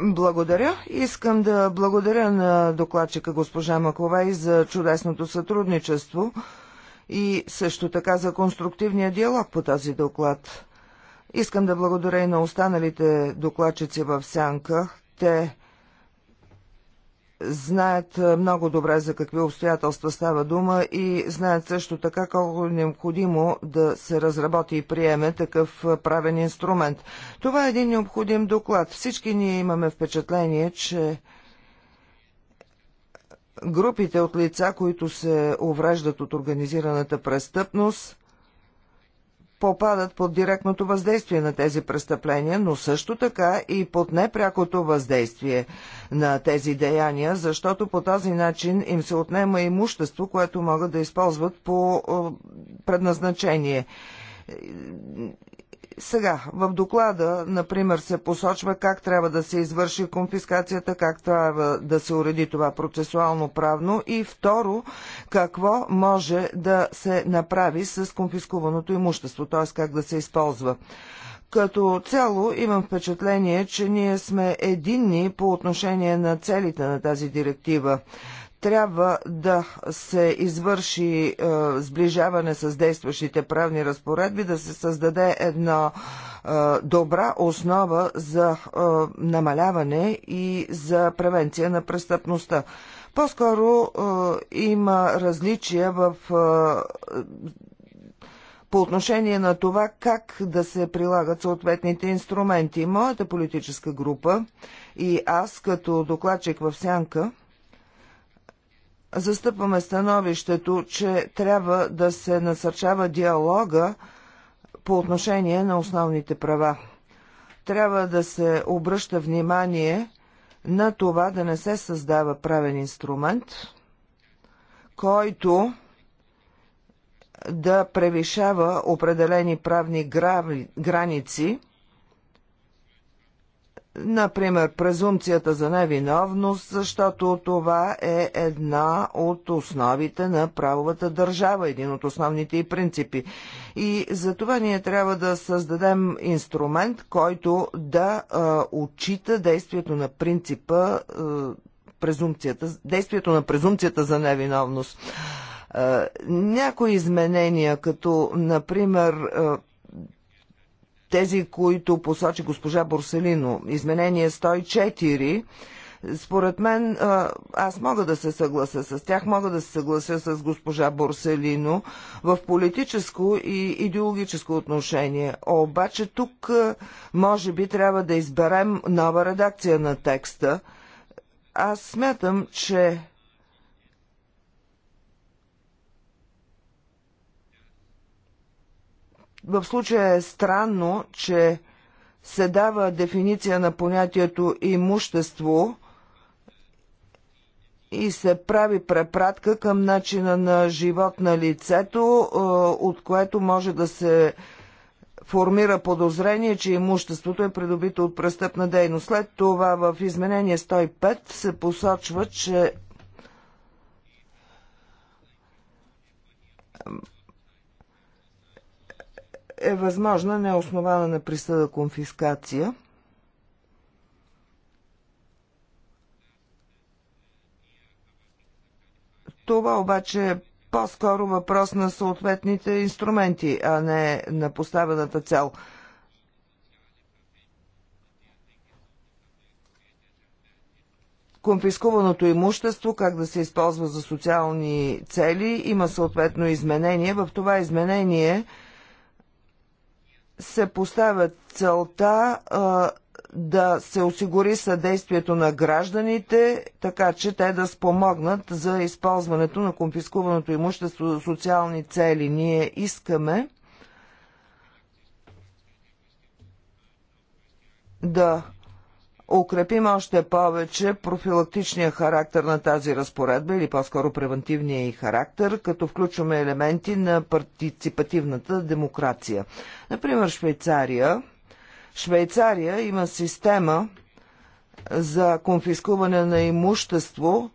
благодаря. Искам да благодаря на докладчика госпожа Маковей за чудесното сътрудничество и също така за конструктивния диалог по този доклад. Искам да благодаря и на останалите докладчици в Сянка. Те знаят е, много добре за какви обстоятелства става дума и знаят също така колко е необходимо да се разработи и приеме такъв е, правен инструмент. Това е един необходим доклад. Всички ние имаме впечатление, че групите от лица, които се увреждат от организираната престъпност, попадат под директното въздействие на тези престъпления, но също така и под непрякото въздействие – на тези деяния, защото по този начин им се отнема имущество, което могат да използват по е, предназначение. Сега, в доклада, например, се посочва как трябва да се извърши конфискацията, как трябва да се уреди това процесуално правно и второ, какво може да се направи с конфискуваното имущество, т.е. как да се използва. Като цяло имам впечатление, че ние сме единни по отношение на целите на тази директива трябва да се извърши е, сближаване с действащите правни разпоредби, да се създаде една е, добра основа за е, намаляване и за превенция на престъпността. По-скоро е, има различия в е, по отношение на това как да се прилагат съответните инструменти. Моята политическа група и аз като докладчик в Сянка застъпваме становището, че трябва да се насърчава диалога по отношение на основните права. Трябва да се обръща внимание на това да не се създава правен инструмент, който да превишава определени правни граници, например презумцията за невиновност, защото това е една от основите на правовата държава, един от основните и принципи. И за това ние трябва да създадем инструмент, който да а, отчита действието на принципа а, презумцията, действието на презумцията за невиновност. Някои изменения, като например тези, които посочи госпожа Борселино, изменение 104, според мен, аз мога да се съглася с тях, мога да се съглася с госпожа Борселино в политическо и идеологическо отношение. Обаче тук, може би, трябва да изберем нова редакция на текста. Аз смятам, че В случая е странно, че се дава дефиниция на понятието имущество и се прави препратка към начина на живот на лицето, е, от което може да се формира подозрение, че имуществото е придобито от престъпна дейност. След това в изменение 105 се посочва, че е възможна неоснована на присъда конфискация. Това обаче е по-скоро въпрос на съответните инструменти, а не на поставената цел. конфискуваното имущество, как да се използва за социални цели. Има съответно изменение. В това изменение се поставя целта а, да се осигури съдействието на гражданите, така че те да спомогнат за използването на конфискуваното имущество за социални цели. Ние искаме да укрепим още повече профилактичния характер на тази разпоредба или по-скоро превентивния и характер, като включваме елементи на партиципативната демокрация. Например, Швейцария. Швейцария има система за конфискуване на имущество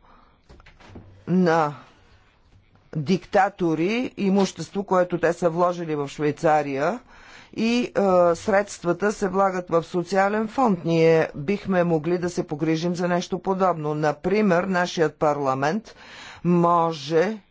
на диктатори, имущество, което те са вложили в Швейцария – и а, средствата се влагат в социален фонд. Ние бихме могли да се погрижим за нещо подобно. Например, нашият парламент може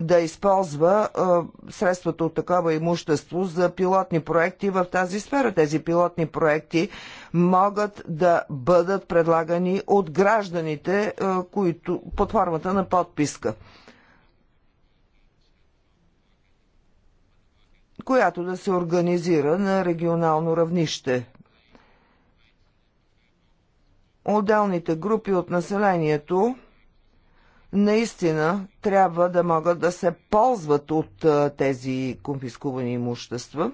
да използва а, средствата от такова имущество за пилотни проекти в тази сфера. Тези пилотни проекти могат да бъдат предлагани от гражданите, а, които под формата на подписка. която да се организира на регионално равнище. Отделните групи от населението наистина трябва да могат да се ползват от тези конфискувани имущества.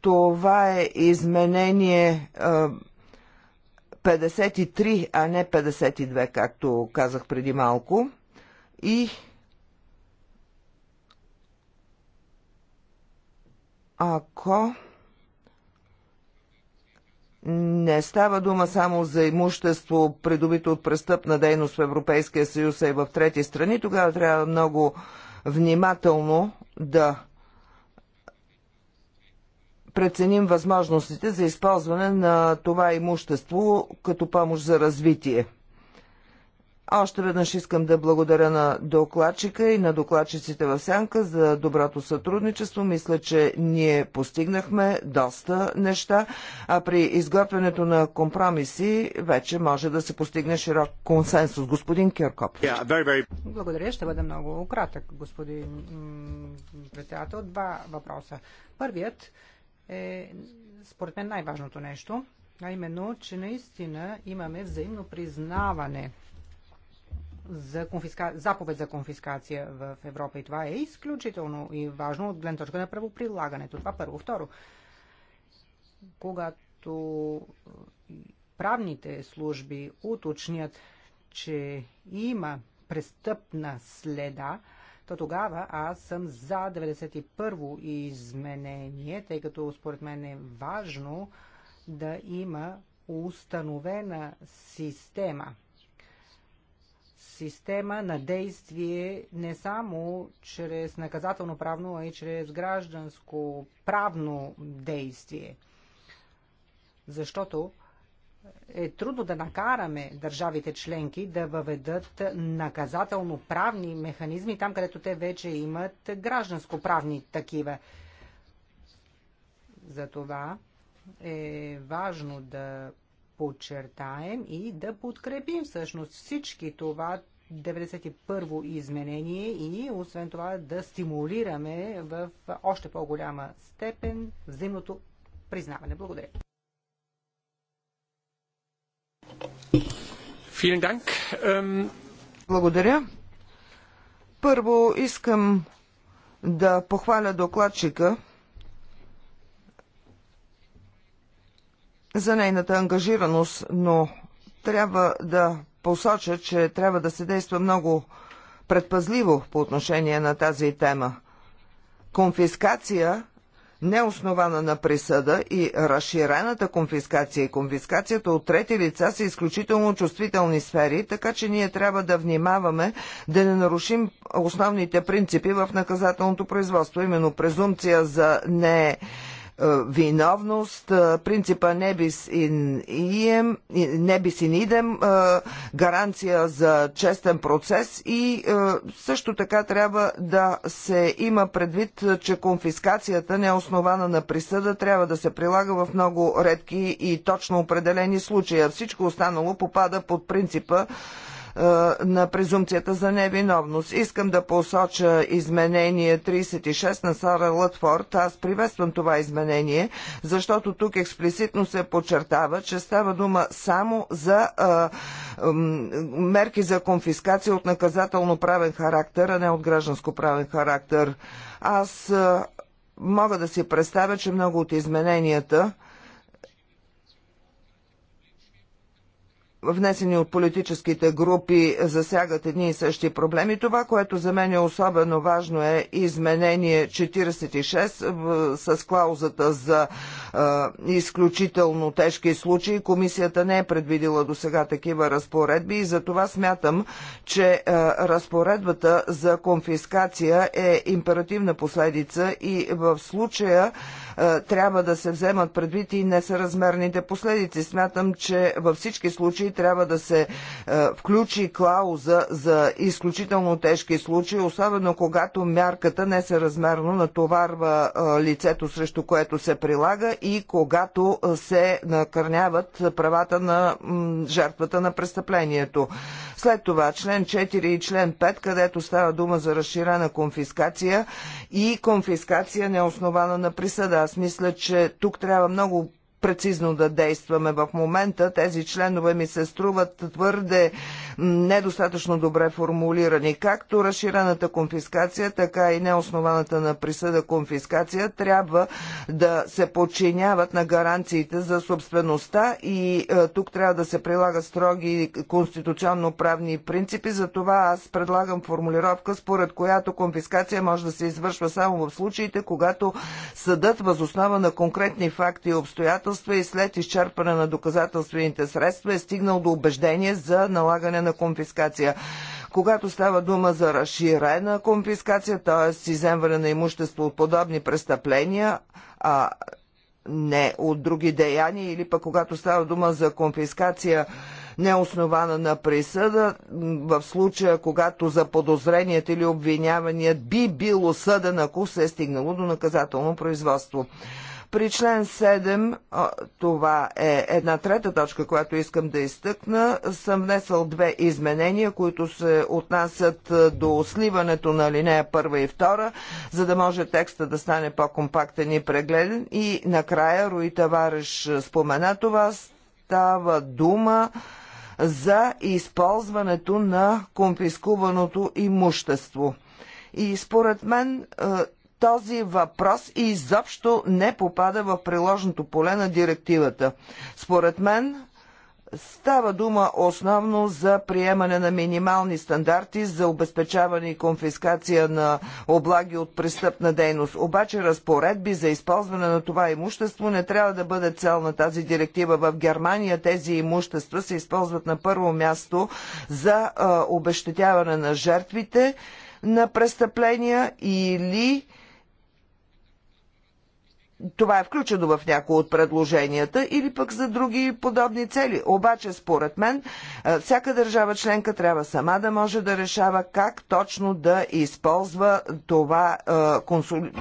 Това е изменение 53, а не 52, както казах преди малко. И ако не става дума само за имущество, придобито от престъпна дейност в Европейския съюз, а и в трети страни, тогава трябва много внимателно да преценим възможностите за използване на това имущество като помощ за развитие. Още веднъж искам да благодаря на докладчика и на докладчиците в Сянка за доброто сътрудничество. Мисля, че ние постигнахме доста неща, а при изготвянето на компромиси вече може да се постигне широк консенсус. Господин Киркоп. Yeah, very, very... Благодаря. Ще бъда много кратък, господин председател. Два въпроса. Първият е, според мен, най-важното нещо, а именно, че наистина имаме взаимно признаване за конфиска... заповед за конфискация в Европа и това е изключително и важно от гледна точка на правоприлагането. Това първо. Второ, когато правните служби уточнят, че има престъпна следа, то тогава аз съм за 91-во изменение, тъй като според мен е важно да има установена система – система на действие не само чрез наказателно-правно, а и чрез гражданско-правно действие. Защото е трудно да накараме държавите членки да въведат наказателно-правни механизми там, където те вече имат гражданско-правни такива. Затова е важно да подчертаем и да подкрепим всъщност всички това, 91-во изменение и освен това да стимулираме в още по-голяма степен взаимното признаване. Благодаря. Благодаря. Първо искам да похваля докладчика за нейната ангажираност, но трябва да посоча, че трябва да се действа много предпазливо по отношение на тази тема. Конфискация неоснована на присъда и разширената конфискация и конфискацията от трети лица са изключително чувствителни сфери, така че ние трябва да внимаваме да не нарушим основните принципи в наказателното производство, именно презумпция за не е, виновност, е, принципа небис ин ием, небис ин идем, е, гаранция за честен процес и също така трябва да се има предвид, че конфискацията не е основана на присъда, трябва да се прилага в много редки и точно определени случаи. Всичко останало попада под принципа е, на презумцията за невиновност. Искам да посоча изменение 36 на Сара Лътфорд. Аз приветствам това изменение, защото тук експлиситно се подчертава, че става дума само за а, е, мерки за конфискация от наказателно-правен характер, а не от гражданско-правен характер. Аз а, е, мога да си представя, че много от измененията внесени от политическите групи, засягат едни и същи проблеми. Това, което за мен е особено важно е изменение 46 с клаузата за е, изключително тежки случаи. Комисията не е предвидила до сега такива разпоредби и за това смятам, че е, разпоредбата за конфискация е императивна последица и в случая е, трябва да се вземат предвид и несъразмерните последици. Смятам, че във всички случаи трябва да се е, включи клауза за изключително тежки случаи, особено когато мярката не е размерно натоварва е, лицето, срещу което се прилага и когато се накърняват правата на жертвата на престъплението. След това член 4 и член 5, където става дума за разширена конфискация и конфискация неоснована на присъда. Аз мисля, че тук трябва много прецизно да действаме в момента. Тези членове ми се струват твърде недостатъчно добре формулирани. Както разширената конфискация, така и неоснованата на присъда конфискация трябва да се подчиняват на гаранциите за собствеността и е, тук трябва да се прилагат строги конституционно-правни принципи. Затова аз предлагам формулировка, според която конфискация може да се извършва само в случаите, когато съдът възоснова на конкретни факти и обстоятелства доказателства и след изчерпане на доказателствените средства е стигнал до убеждение за налагане на конфискация. Когато става дума за разширена конфискация, т.е. иземване на имущество от подобни престъпления, а не от други деяния, или пък когато става дума за конфискация, неоснована на присъда, в случая, когато за подозреният или обвиняваният би бил осъден, ако се е стигнало до наказателно производство. При член 7, това е една трета точка, която искам да изтъкна, съм внесъл две изменения, които се отнасят до сливането на линея 1 и 2, за да може текста да стане по-компактен и прегледен. И накрая Руи Тавареш спомена това, става дума за използването на конфискуваното имущество. И според мен този въпрос и изобщо не попада в приложното поле на директивата. Според мен става дума основно за приемане на минимални стандарти за обезпечаване и конфискация на облаги от престъпна дейност. Обаче разпоредби за използване на това имущество не трябва да бъде цел на тази директива. В Германия тези имущества се използват на първо място за обещетяване на жертвите на престъпления или това е включено в някои от предложенията или пък за други подобни цели. Обаче, според мен, всяка държава членка трябва сама да може да решава как точно да използва това консолидирано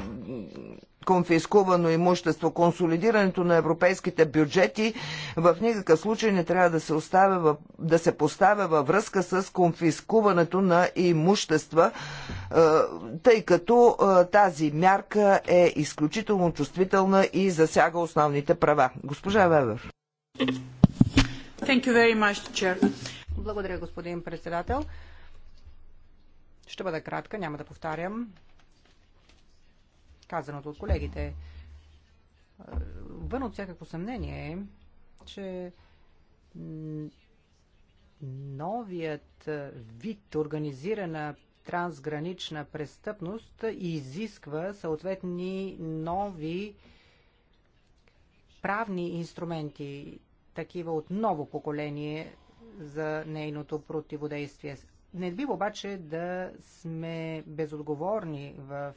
конфискувано имущество, консолидирането на европейските бюджети в никакъв случай не трябва да се, оставя, да се поставя във връзка с конфискуването на имущества, е, тъй като е, тази мярка е изключително чувствителна и засяга основните права. Госпожа Вебер. Thank you very much, chair. Благодаря, господин председател. Ще бъда кратка, няма да повтарям казаното от колегите. Вън от всякакво съмнение е, че новият вид организирана трансгранична престъпност изисква съответни нови правни инструменти, такива от ново поколение за нейното противодействие. Не бива обаче да сме безотговорни в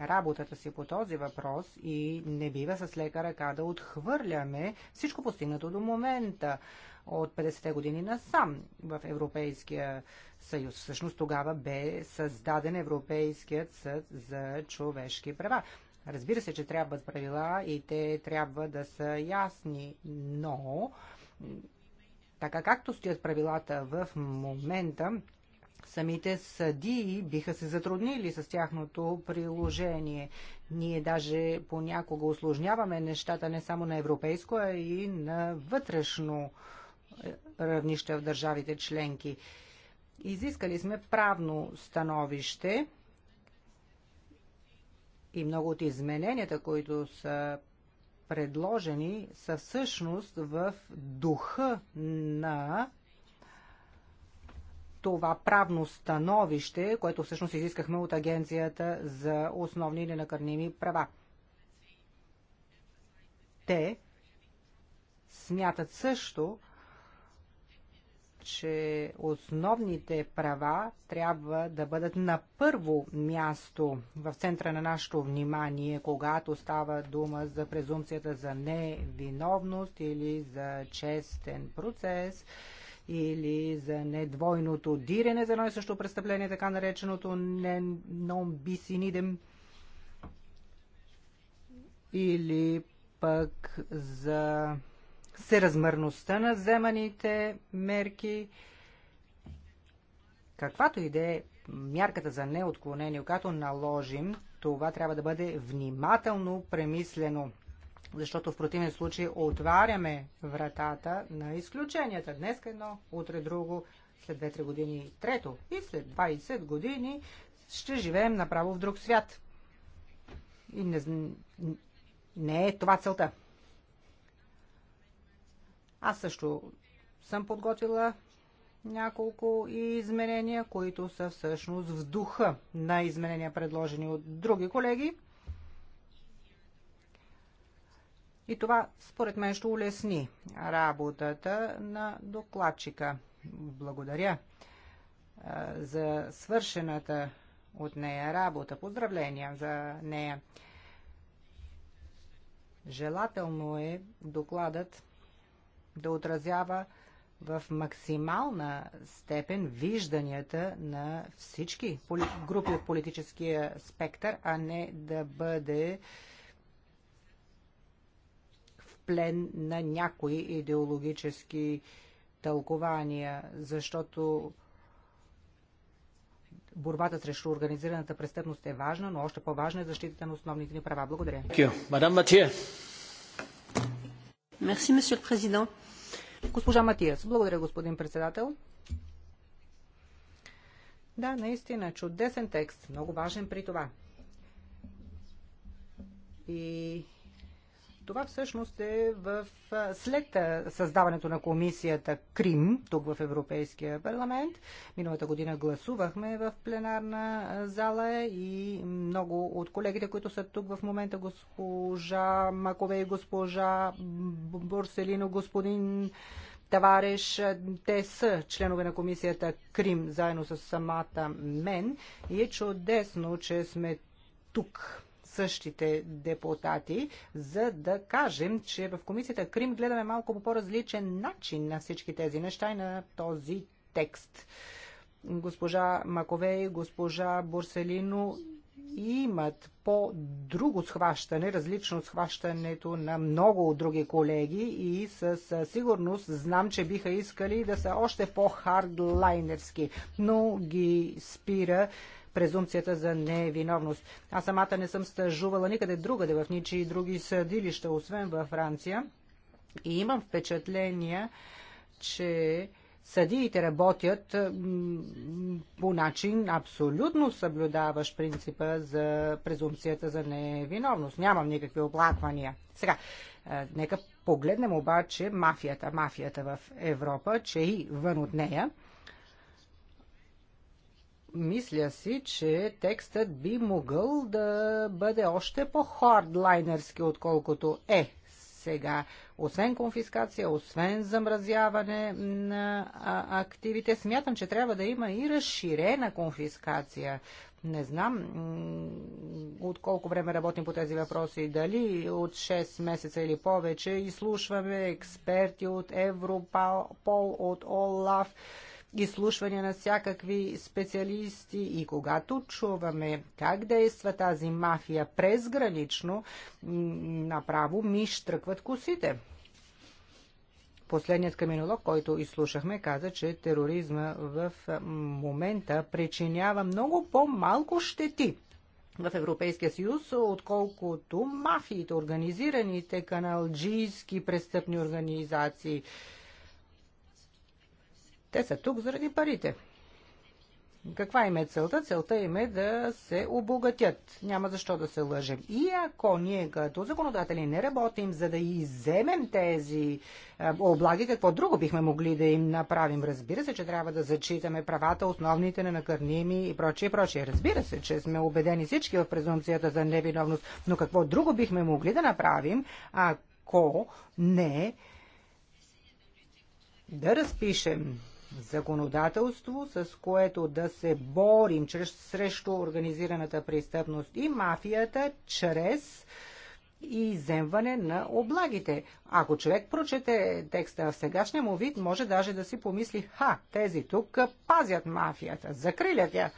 работата си по този въпрос и не бива с лека ръка да отхвърляме всичко постигнато до момента от 50-те години насам в Европейския съюз. Всъщност тогава бе създаден Европейският съд за човешки права. Разбира се, че трябват правила и те трябва да са ясни, но така както стоят правилата в момента, самите съдии биха се затруднили с тяхното приложение. Ние даже понякога осложняваме нещата не само на европейско, а и на вътрешно е, равнище в държавите членки. Изискали сме правно становище и много от измененията, които са предложени са всъщност в духа на това правно становище, което всъщност изискахме от Агенцията за основни и ненакърними права. Те смятат също, че основните права трябва да бъдат на първо място в центъра на нашето внимание, когато става дума за презумцията за невиновност или за честен процес или за недвойното дирене, за едно и също престъпление, така нареченото non bis in idem, или пък за серазмърността на вземаните мерки, каквато и да е мярката за неотклонение, когато наложим, това трябва да бъде внимателно премислено. Защото в противен случай отваряме вратата на изключенията. Днес едно, утре друго, след 2-3 години трето и след 20 години ще живеем направо в друг свят. И не, не е това целта. Аз също съм подготвила няколко изменения, които са всъщност в духа на изменения, предложени от други колеги. И това, според мен, ще улесни работата на докладчика. Благодаря за свършената от нея работа. Поздравления за нея. Желателно е докладът да отразява в максимална степен вижданията на всички групи от политическия спектър, а не да бъде в плен на някои идеологически тълкования, защото борбата срещу организираната престъпност е важна, но още по-важна е защитата на основните ни права. Благодаря. Мерси, месье президент. Госпожа Матиас. Благодаря, господин председател. Да, наистина, чудесен текст. Много важен при това. И това всъщност е в, след създаването на комисията Крим, тук в Европейския парламент. Миналата година гласувахме в пленарна зала и много от колегите, които са тук в момента, госпожа Макове и госпожа Борселино, господин Тавареш, те са членове на комисията Крим, заедно с самата мен. И е чудесно, че сме тук същите депутати, за да кажем, че в комисията Крим гледаме малко по по-различен начин на всички тези неща и на този текст. Госпожа Маковей, госпожа Борселино имат по-друго схващане, различно схващането на много други колеги и със сигурност знам, че биха искали да са още по-хардлайнерски, но ги спира презумпцията за невиновност. Аз самата не съм стажувала никъде другаде, в ничи други съдилища, освен във Франция. И имам впечатление, че съдиите работят по начин абсолютно съблюдаващ принципа за презумпцията за невиновност. Нямам никакви оплаквания. Сега, нека погледнем обаче мафията, мафията в Европа, че и вън от нея – мисля си, че текстът би могъл да бъде още по-хардлайнерски, отколкото е сега. Освен конфискация, освен замразяване на активите, смятам, че трябва да има и разширена конфискация. Не знам от колко време работим по тези въпроси. Дали от 6 месеца или повече изслушваме експерти от Европол, от ОЛАФ изслушвания на всякакви специалисти и когато чуваме как действа тази мафия презгранично, направо ми штръкват косите. Последният каминолог, който изслушахме, каза, че тероризма в момента причинява много по-малко щети в Европейския съюз, отколкото мафиите, организираните каналджийски престъпни организации. Те са тук заради парите. Каква им е целта? Целта им е да се обогатят. Няма защо да се лъжем. И ако ние като законодатели не работим, за да иземем тези облаги, какво друго бихме могли да им направим? Разбира се, че трябва да зачитаме правата, основните на накърними и прочие, прочие. Разбира се, че сме убедени всички в презумпцията за невиновност, но какво друго бихме могли да направим, ако не да разпишем законодателство, с което да се борим чрез, срещу организираната престъпност и мафията, чрез и иземване на облагите. Ако човек прочете текста в сегашния му вид, може даже да си помисли, ха, тези тук пазят мафията, закрилят я.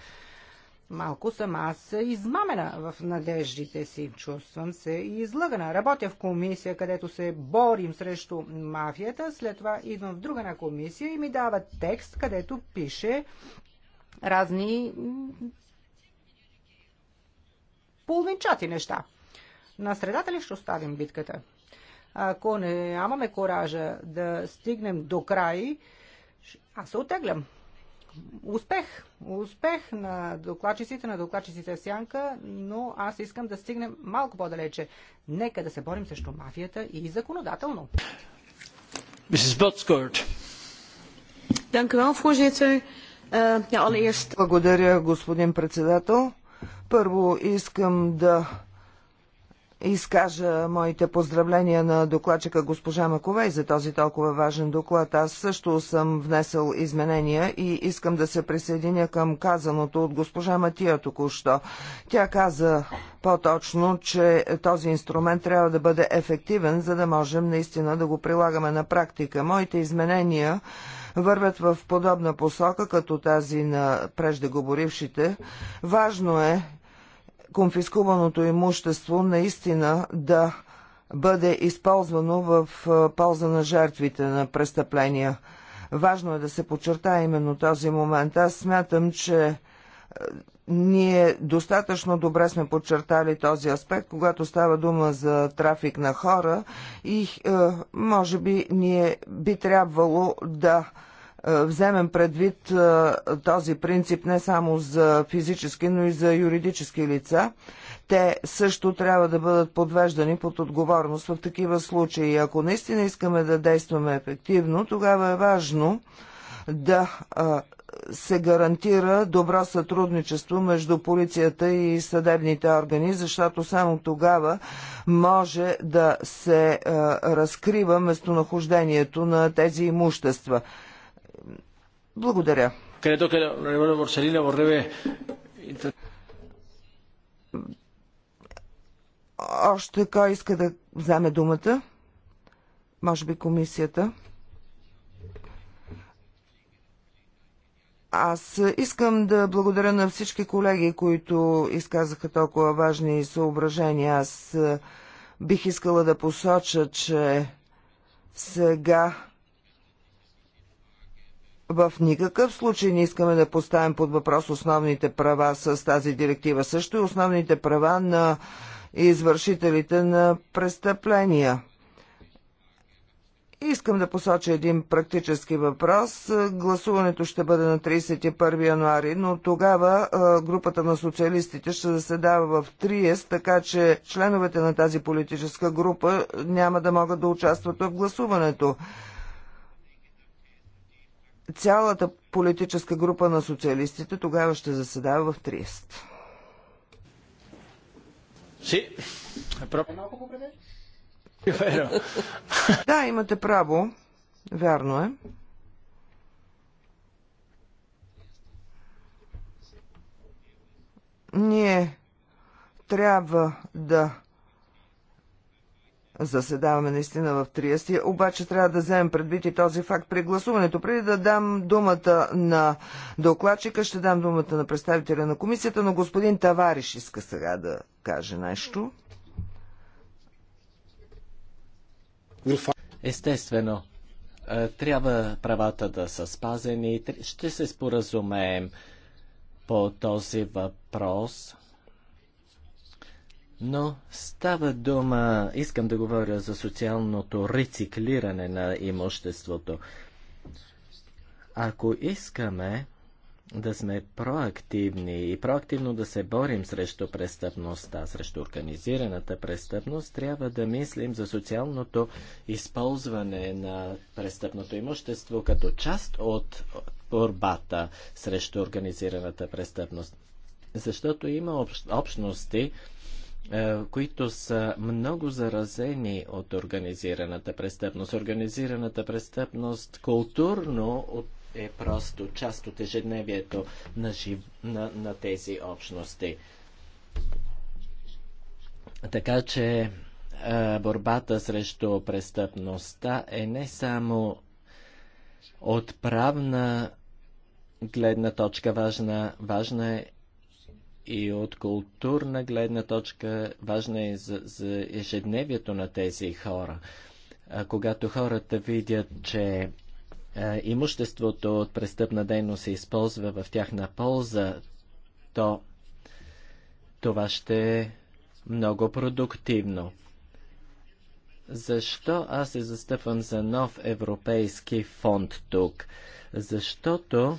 Малко съм аз измамена в надеждите си. Чувствам се и излъгана. Работя в комисия, където се борим срещу мафията. След това идвам в друга на комисия и ми дават текст, където пише разни половинчати неща. На средата ли ще оставим битката? Ако не нямаме коража да стигнем до край, аз се отеглям успех, успех на докладчиците, на докладчиците в сянка, но аз искам да стигнем малко по-далече. Нека да се борим срещу мафията и законодателно. Eh, Благодаря, господин председател. Първо искам да изкажа моите поздравления на докладчика госпожа Маковей за този толкова важен доклад. Аз също съм внесъл изменения и искам да се присъединя към казаното от госпожа Матия току-що. Тя каза по-точно, че този инструмент трябва да бъде ефективен, за да можем наистина да го прилагаме на практика. Моите изменения вървят в подобна посока, като тази на преждеговорившите. Важно е конфискуваното имущество наистина да бъде използвано в полза на жертвите на престъпления. Важно е да се почерта именно този момент. Аз смятам, че ние достатъчно добре сме подчертали този аспект, когато става дума за трафик на хора и е, може би ние би трябвало да е, е, вземем предвид е, този принцип не само за физически, но и за юридически лица. Те също трябва да бъдат подвеждани под отговорност в такива случаи. Ако наистина искаме да действаме ефективно, тогава е важно да е, се гарантира добро сътрудничество между полицията и съдебните органи, защото само тогава може да се разкрива местонахождението на тези имущества. Благодаря. Още кой иска да вземе думата? Може би комисията. Аз искам да благодаря на всички колеги, които изказаха толкова важни съображения. Аз бих искала да посоча, че сега в никакъв случай не искаме да поставим под въпрос основните права с тази директива. Също и основните права на извършителите на престъпления. Искам да посоча един практически въпрос. Гласуването ще бъде на 31 януари, но тогава групата на социалистите ще заседава в Триест, така че членовете на тази политическа група няма да могат да участват в гласуването цялата политическа група на социалистите тогава ще заседава в Триест. Си. Да, имате право. Вярно е. Ние трябва да заседаваме наистина в 30, обаче трябва да вземем предвид и този факт при гласуването. Преди да дам думата на докладчика, ще дам думата на представителя на комисията, но господин Тавариш иска сега да каже нещо. Естествено, е, трябва правата да са спазени. Ще се споразумеем по този въпрос но става дума, искам да говоря за социалното рециклиране на имуществото. Ако искаме да сме проактивни и проактивно да се борим срещу престъпността, срещу организираната престъпност, трябва да мислим за социалното използване на престъпното имущество като част от борбата срещу организираната престъпност. Защото има общ, общности, е, които са много заразени от организираната престъпност. Организираната престъпност културно е просто част от ежедневието на, жив... на, на тези общности. Така че е, борбата срещу престъпността е не само отправна гледна точка важна, важна е и от културна гледна точка важна е за, за ежедневието на тези хора. А, когато хората видят, че а, имуществото от престъпна дейност се използва в тяхна полза, то това ще е много продуктивно. Защо аз се застъпвам за нов европейски фонд тук? Защото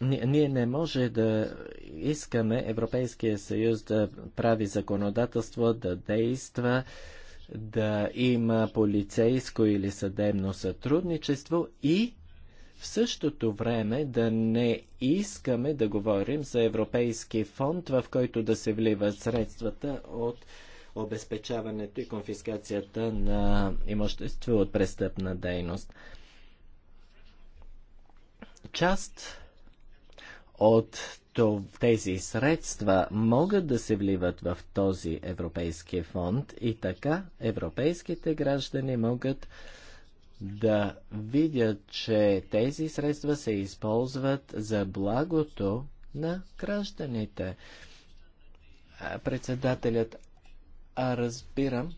ние не може да искаме Европейския съюз да прави законодателство, да действа, да има полицейско или съдебно сътрудничество и в същото време да не искаме да говорим за Европейски фонд, в който да се вливат средствата от обезпечаването и конфискацията на имущество от престъпна дейност. Част от тези средства могат да се вливат в този европейски фонд и така европейските граждани могат да видят, че тези средства се използват за благото на гражданите. Председателят, а разбирам,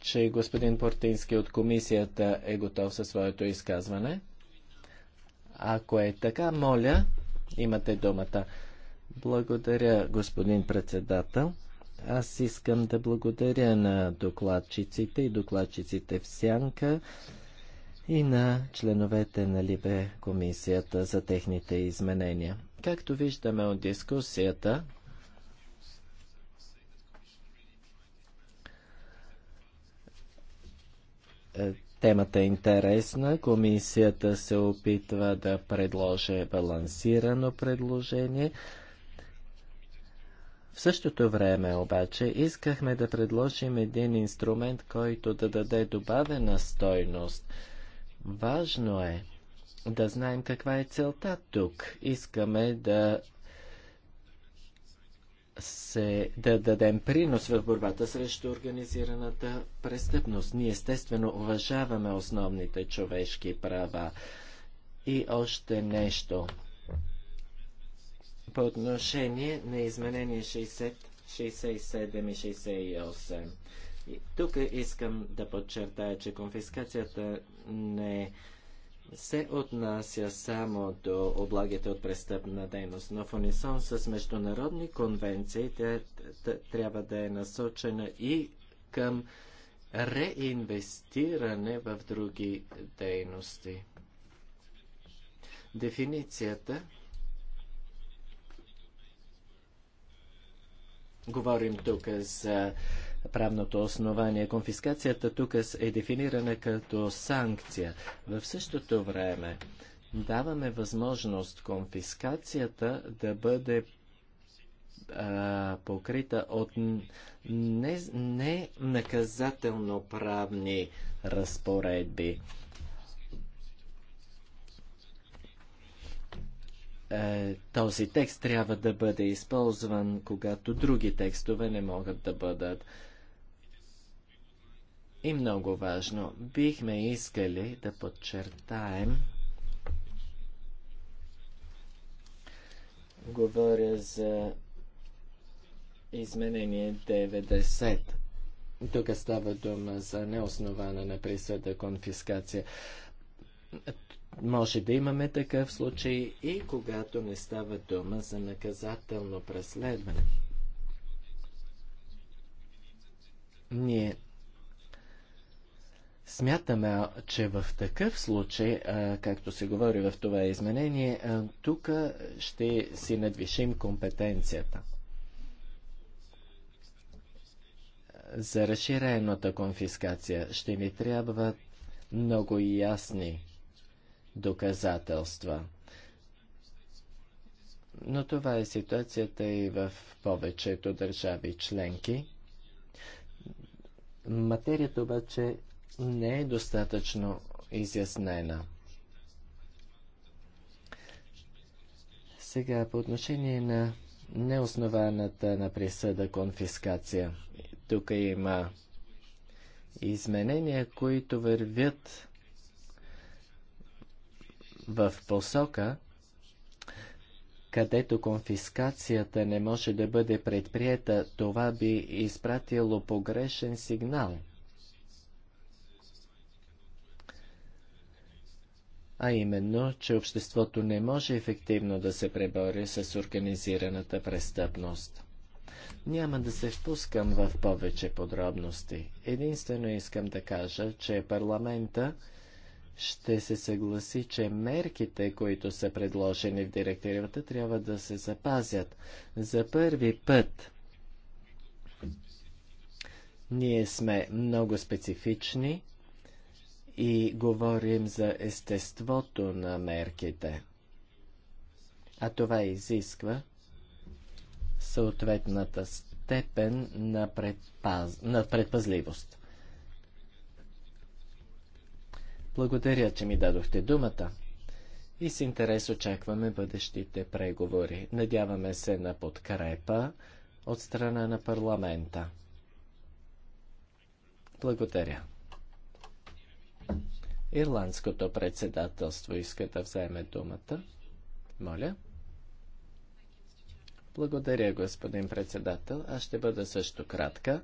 че господин Портински от комисията е готов със своето изказване. Ако е така, моля, имате думата. Благодаря, господин председател. Аз искам да благодаря на докладчиците и докладчиците в Сянка и на членовете на Либе комисията за техните изменения. Както виждаме от дискусията, Темата е интересна. Комисията се опитва да предложи балансирано предложение. В същото време обаче искахме да предложим един инструмент, който да даде добавена стойност. Важно е да знаем каква е целта тук. Искаме да се, да дадем принос в борбата срещу организираната престъпност. Ние естествено уважаваме основните човешки права. И още нещо. По отношение на изменение 60, 67 и 68. И тук искам да подчертая, че конфискацията не е се отнася само до облагите от престъпна дейност, но в унисон с международни конвенции те, трябва да е насочена и към реинвестиране в други дейности. Дефиницията говорим тук за правното основание. Конфискацията тук е дефинирана като санкция. В същото време даваме възможност конфискацията да бъде а, покрита от не, не наказателно правни разпоредби. Е, този текст трябва да бъде използван, когато други текстове не могат да бъдат и много важно. Бихме искали да подчертаем говоря за изменение 90. Тук става дума за неоснована на присъда конфискация. Може да имаме такъв случай и когато не става дума за наказателно преследване. Ние Смятаме, че в такъв случай, както се говори в това изменение, тук ще си надвишим компетенцията. За разширената конфискация ще ни трябват много ясни доказателства. Но това е ситуацията и в повечето държави членки. Материята обаче не е достатъчно изяснена. Сега по отношение на неоснованата на присъда конфискация. Тук има изменения, които вървят в посока, където конфискацията не може да бъде предприета, това би изпратило погрешен сигнал – а именно, че обществото не може ефективно да се пребори с организираната престъпност. Няма да се впускам в повече подробности. Единствено искам да кажа, че парламента ще се съгласи, че мерките, които са предложени в директивата, трябва да се запазят. За първи път ние сме много специфични и говорим за естеството на мерките. А това изисква съответната степен на, предпаз... на предпазливост. Благодаря, че ми дадохте думата и с интерес очакваме бъдещите преговори. Надяваме се на подкрепа от страна на парламента. Благодаря. Ирландското председателство иска да вземе думата. Моля. Благодаря, господин председател. Аз ще бъда също кратка.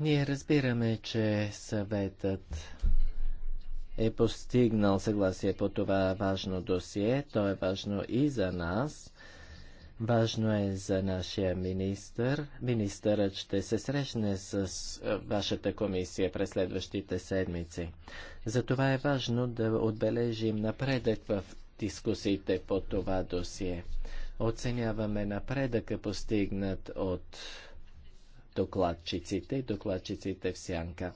Ние разбираме, че съветът е постигнал съгласие по това важно досие. То е важно и за нас. Важно е за нашия министър. Министърът ще се срещне с е, вашата комисия през следващите седмици. Затова е важно да отбележим напредък в дискусиите по това досие. Оценяваме напредъка постигнат от докладчиците и докладчиците в сянка.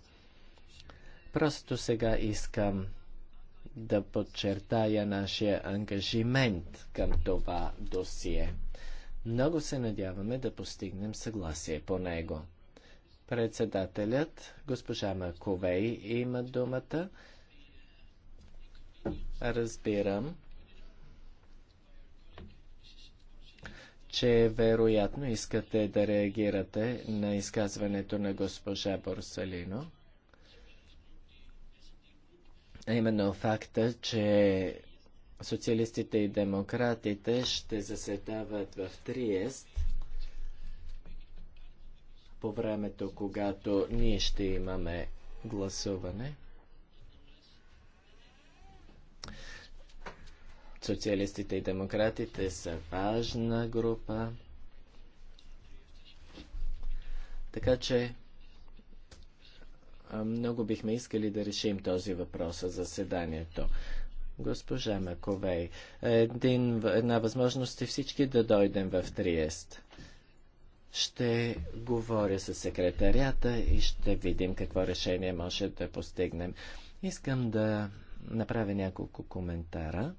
Просто сега искам да подчертая нашия ангажимент към това досие. Много се надяваме да постигнем съгласие по него. Председателят, госпожа Маковей, има думата. Разбирам, че вероятно искате да реагирате на изказването на госпожа Борсалино а именно факта, че социалистите и демократите ще заседават в Триест по времето, когато ние ще имаме гласуване. Социалистите и демократите са важна група. Така че много бихме искали да решим този въпрос за заседанието. Госпожа Маковей, един, една възможност е всички да дойдем в Триест. Ще говоря с секретарята и ще видим какво решение може да постигнем. Искам да направя няколко коментара.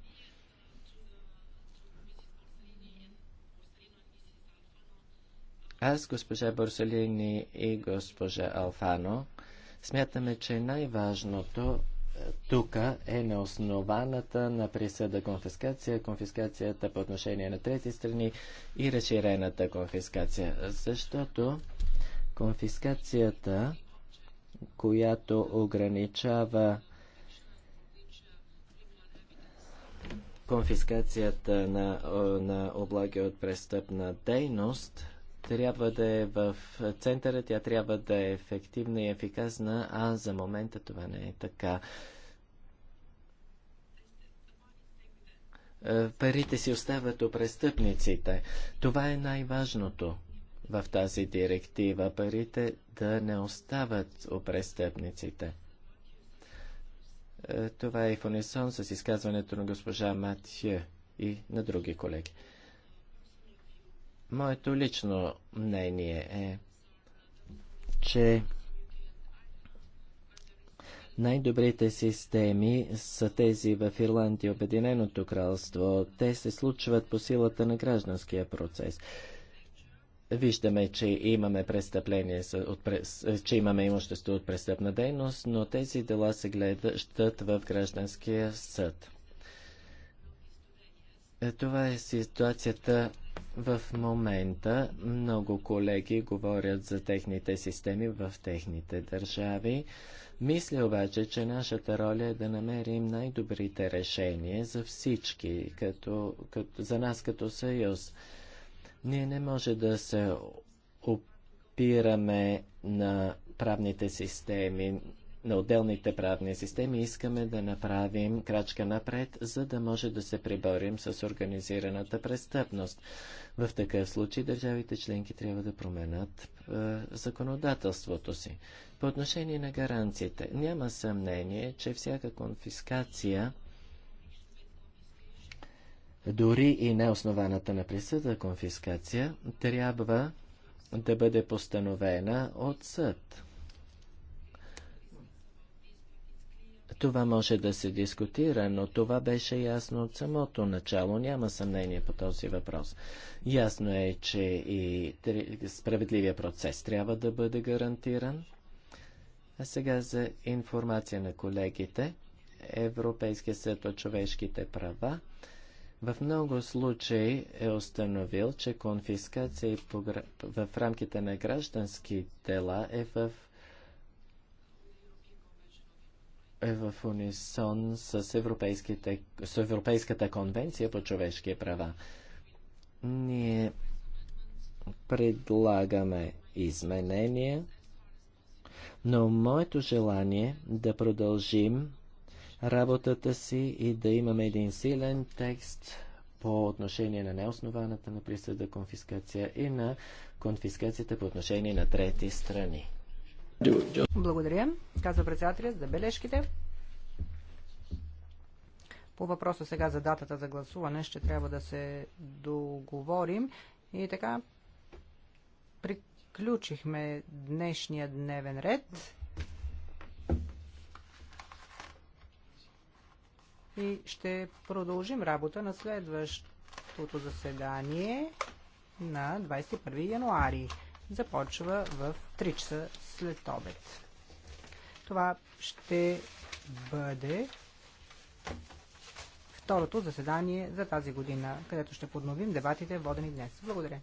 Аз, госпожа Борсолини и госпожа Алфано, Смятаме, че най-важното е, тук е неоснованата на присъда конфискация, конфискацията по отношение на трети страни и разширената конфискация. Защото конфискацията, която ограничава конфискацията на, на облаги от престъпна дейност, трябва да е в центъра, тя трябва да е ефективна и ефикасна, а за момента това не е така. Е, парите си остават у престъпниците. Това е най-важното в тази директива. Парите да не остават у престъпниците. Е, това е в унисон с изказването на госпожа Матье и на други колеги. Моето лично мнение е, че най-добрите системи са тези в Ирландия и Обединеното кралство. Те се случват по силата на гражданския процес. Виждаме, че имаме престъпление, че имаме имущество от престъпна дейност, но тези дела се гледат в гражданския съд. Е, това е ситуацията в момента много колеги говорят за техните системи в техните държави. Мисля обаче, че нашата роля е да намерим най-добрите решения за всички, като, като, за нас като съюз. Ние не може да се опираме на правните системи на отделните правни системи искаме да направим крачка напред, за да може да се приборим с организираната престъпност. В такъв случай държавите членки трябва да променят е, законодателството си. По отношение на гаранциите, няма съмнение, че всяка конфискация, дори и неоснованата на присъда конфискация, трябва да бъде постановена от съд. Това може да се дискутира, но това беше ясно от самото начало. Няма съмнение по този въпрос. Ясно е, че и справедливия процес трябва да бъде гарантиран. А сега за информация на колегите. Европейския съд по човешките права в много случаи е установил, че конфискация в рамките на граждански дела е в е в унисон с, с Европейската конвенция по човешки права. Ние предлагаме изменения, но моето желание е да продължим работата си и да имаме един силен текст по отношение на неоснованата на присъда конфискация и на конфискацията по отношение на трети страни. Благодаря, казва председателя за бележките. По въпроса сега за датата за гласуване ще трябва да се договорим. И така, приключихме днешния дневен ред. И ще продължим работа на следващото заседание на 21 януари започва в 3 часа след обед. Това ще бъде второто заседание за тази година, където ще подновим дебатите, водени днес. Благодаря.